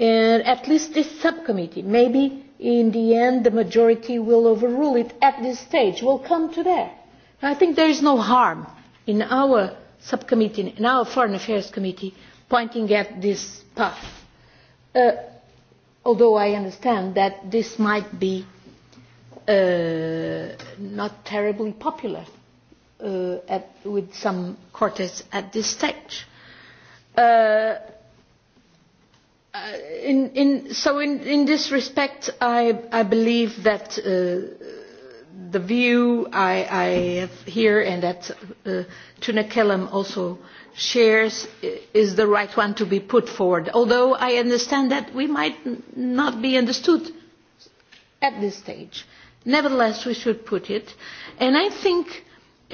and at least this subcommittee, maybe in the end the majority will overrule it at this stage. We'll come to that. I think there is no harm in our subcommittee, in our Foreign Affairs Committee, pointing at this path. Uh, although I understand that this might be uh, not terribly popular uh, at, with some quarters at this stage. Uh, Uh, so in, this respect, I, believe that uh, the view I, have here and that uh, tunne kelam also shares is the right one to be put forward, although I understand that we might not be understood at this stage. Nevertheless, we should put it. And I think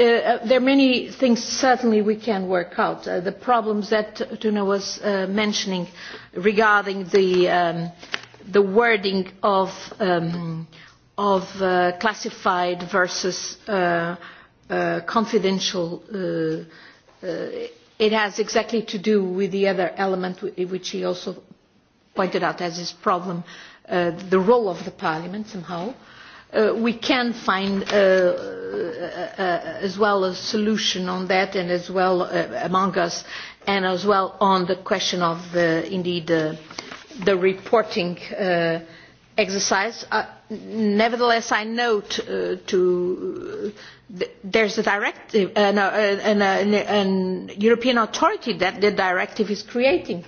Uh, uh, there are many things certainly we can work out. Uh, the problems that tunne was mentioning regarding the, um, wording of, um, classified versus confidential, it has exactly to do with the other element which he also pointed out as his problem, the role of the Parliament somehow. Uh, we can find uh, uh, uh, as well a solution on that and as well uh, among us and as well on the question of indeed the reporting exercise. nevertheless, I note to th there's a directive, uh, an, European authority that the directive is creating.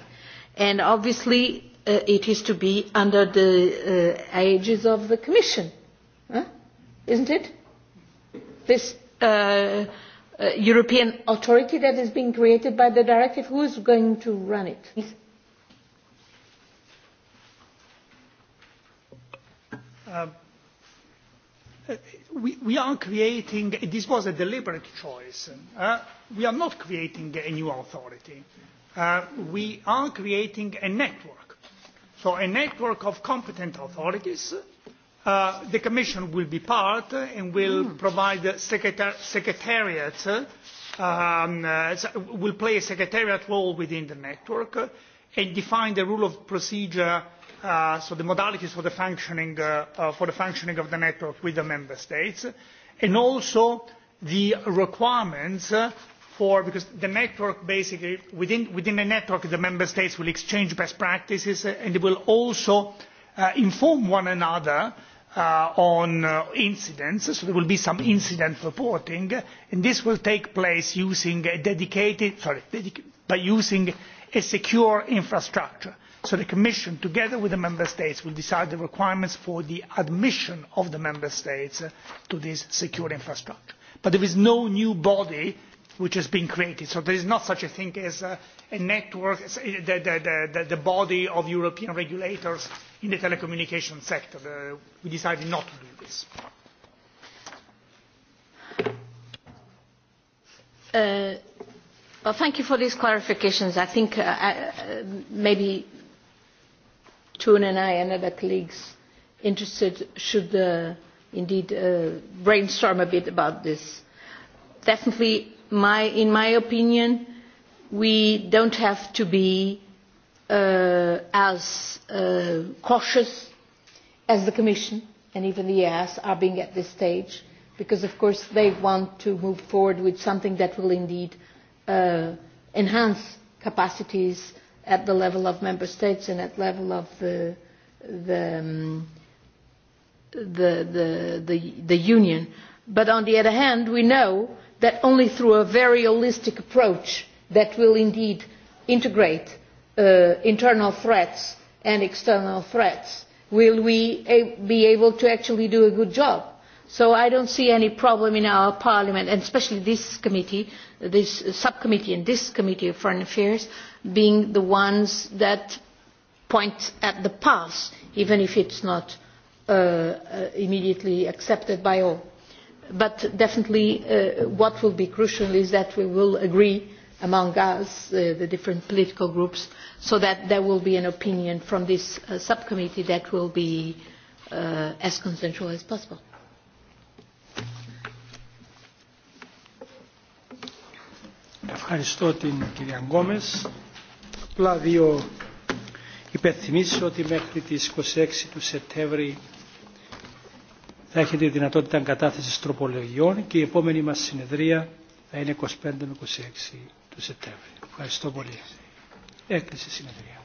And obviously, it is to be under the aegis of the Commission isn't it? This uh, uh, European authority that is being created by the directive, who is going to run it? Uh, we, we are creating, this was a deliberate choice. Uh, we are not creating a new authority. Uh, we are creating a network. So a network of competent authorities Uh, the Commission will be part and will hmm. provide the secretariat, uh, um, uh, will play a secretariat role within the network and define the rule of procedure, so the modalities for the, functioning, for the functioning of the network with the Member States, and also the requirements for, because the network basically, within, within the network, the Member States will exchange best practices and they will also inform one another Uh, on uh, incidents so there will be some incident reporting and this will take place using dedicated sorry by using a secure infrastructure. so the commission together with the member states will decide the requirements for the admission of the member states uh, to this secure infrastructure. but there is no new body which has been created so there is not such a thing as a, network the body of european regulators in the telecommunication sector. Uh, we decided not to do this. Uh, well, thank you for these clarifications. I think uh, uh, maybe Toon and I and other colleagues interested should uh, indeed uh, brainstorm a bit about this. Definitely, my, in my opinion, we don't have to be Uh, as uh, cautious as the Commission and even the EAS are being at this stage, because of course they want to move forward with something that will indeed uh, enhance capacities at the level of member states and at the level of the um, the, the, the, the union. But on the other hand, we know that only through a very holistic approach that will indeed integrate Uh, internal threats and external threats will we be able to actually do a good job? so i do not see any problem in our parliament and especially this committee this subcommittee and this committee on foreign affairs being the ones that point at the past even if it is not uh, uh, immediately accepted by all. but definitely uh, what will be crucial is that we will agree among us uh, the different political groups so that there will be an opinion from this uh, subcommittee that will be uh, as consensual as possible. Ευχαριστώ την κυρία Γκόμες. Απλά δύο υπενθυμίσεις ότι μέχρι τις 26 του Σεπτέμβρη θα έχετε δυνατότητα κατάθεσης τροπολογιών και η επόμενη μας συνεδρία θα είναι 25 με 26 του Σεπτέμβρη. Ευχαριστώ πολύ. Έκλεισε συνεδρία.